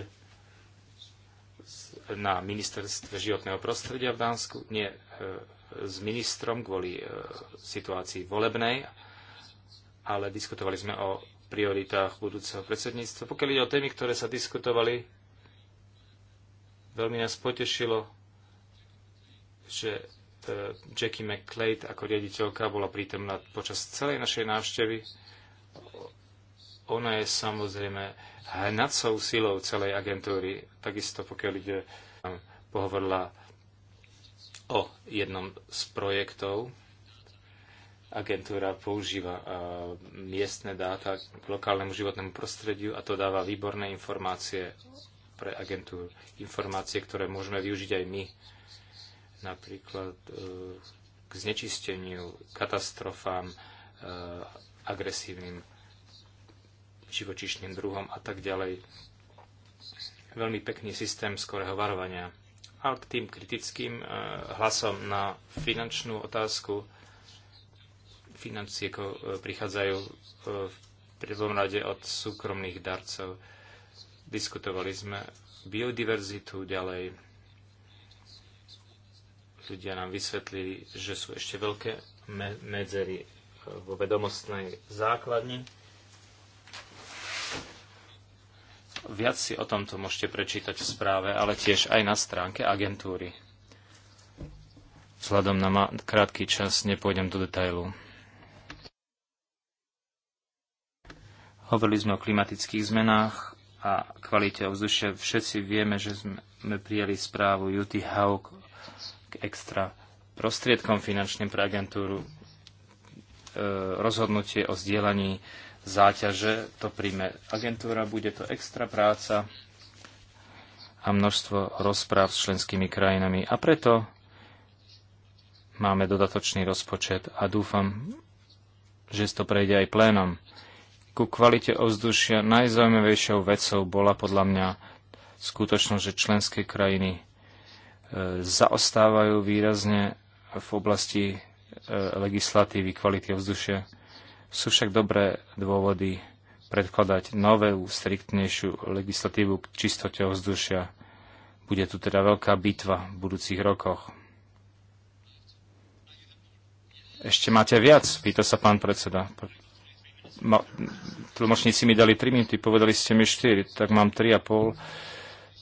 na ministerstve životného prostredia v Dánsku, nie e, s ministrom kvôli e, situácii volebnej, ale diskutovali sme o prioritách budúceho predsedníctva. Pokiaľ ide o témy, ktoré sa diskutovali, veľmi nás potešilo, že E, Jackie McClade ako riaditeľka bola prítomná počas celej našej návštevy. Ona je samozrejme hnacou silou celej agentúry. Takisto pokiaľ ide, um, pohovorila o jednom z projektov. Agentúra používa uh, miestne dáta k lokálnemu životnému prostrediu a to dáva výborné informácie pre agentúru. Informácie, ktoré môžeme využiť aj my napríklad e, k znečisteniu, katastrofám, e, agresívnym živočišným druhom a tak ďalej. Veľmi pekný systém skorého varovania. A k tým kritickým e, hlasom na finančnú otázku financie prichádzajú v prvom rade od súkromných darcov. Diskutovali sme biodiverzitu ďalej, Ľudia nám vysvetlili, že sú ešte veľké me- medzery e, vo vedomostnej základni. Viac si o tomto môžete prečítať v správe, ale tiež aj na stránke agentúry. Vzhľadom na krátky čas nepôjdem do detailu. Hovorili sme o klimatických zmenách a kvalite ovzdušia. Všetci vieme, že sme prijali správu Juty Hawk k extra prostriedkom finančným pre agentúru. E, rozhodnutie o zdieľaní záťaže to príjme agentúra, bude to extra práca a množstvo rozpráv s členskými krajinami. A preto máme dodatočný rozpočet a dúfam, že to prejde aj plénom. Ku kvalite ovzdušia najzaujímavejšou vecou bola podľa mňa skutočnosť, že členské krajiny zaostávajú výrazne v oblasti e, legislatívy kvality ovzdušia. Sú však dobré dôvody predkladať novú, striktnejšiu legislatívu k čistote ovzdušia. Bude tu teda veľká bitva v budúcich rokoch. Ešte máte viac? Pýta sa pán predseda. tlmočníci mi dali 3 minúty, povedali ste mi 4, tak mám 3,5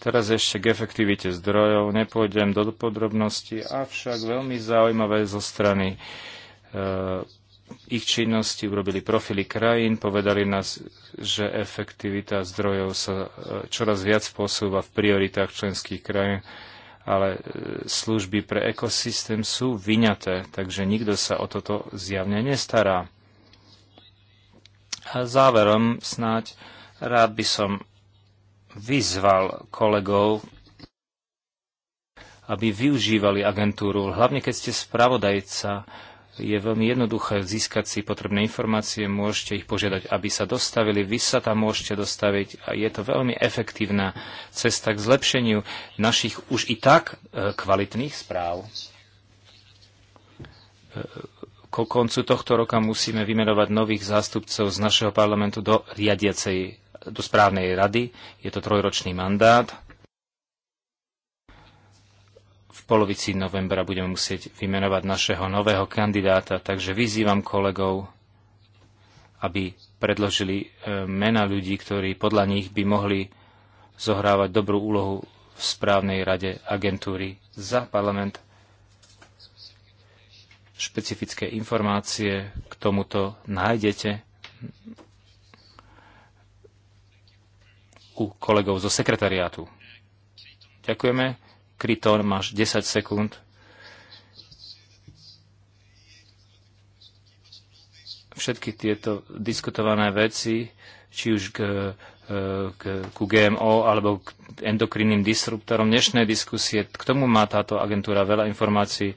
Teraz ešte k efektivite zdrojov. Nepôjdem do podrobností, avšak veľmi zaujímavé zo strany e, ich činnosti urobili profily krajín, povedali nás, že efektivita zdrojov sa eh, čoraz viac posúva v prioritách členských krajín, ale eh, služby pre ekosystém sú vyňaté, takže nikto sa o toto zjavne nestará. A záverom snáď rád by som vyzval kolegov, aby využívali agentúru. Hlavne keď ste spravodajca, je veľmi jednoduché získať si potrebné informácie, môžete ich požiadať, aby sa dostavili, vy sa tam môžete dostaviť a je to veľmi efektívna cesta k zlepšeniu našich už i tak e, kvalitných správ. E, Ko koncu tohto roka musíme vymenovať nových zástupcov z našeho parlamentu do riadiacej do správnej rady. Je to trojročný mandát. V polovici novembra budeme musieť vymenovať našeho nového kandidáta, takže vyzývam kolegov, aby predložili e, mena ľudí, ktorí podľa nich by mohli zohrávať dobrú úlohu v správnej rade agentúry za parlament. Špecifické informácie k tomuto nájdete u kolegov zo sekretariátu. Ďakujeme. Kryton, máš 10 sekúnd. Všetky tieto diskutované veci, či už k, k, ku GMO alebo k endokrinným disruptorom, dnešné diskusie, k tomu má táto agentúra veľa informácií.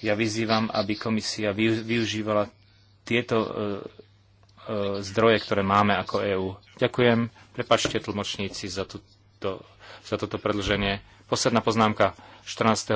Ja vyzývam, aby komisia využívala tieto E, zdroje, ktoré máme ako EÚ. Ďakujem. Prepačte tlmočníci za, tuto, za toto predlženie. Posledná poznámka. 14.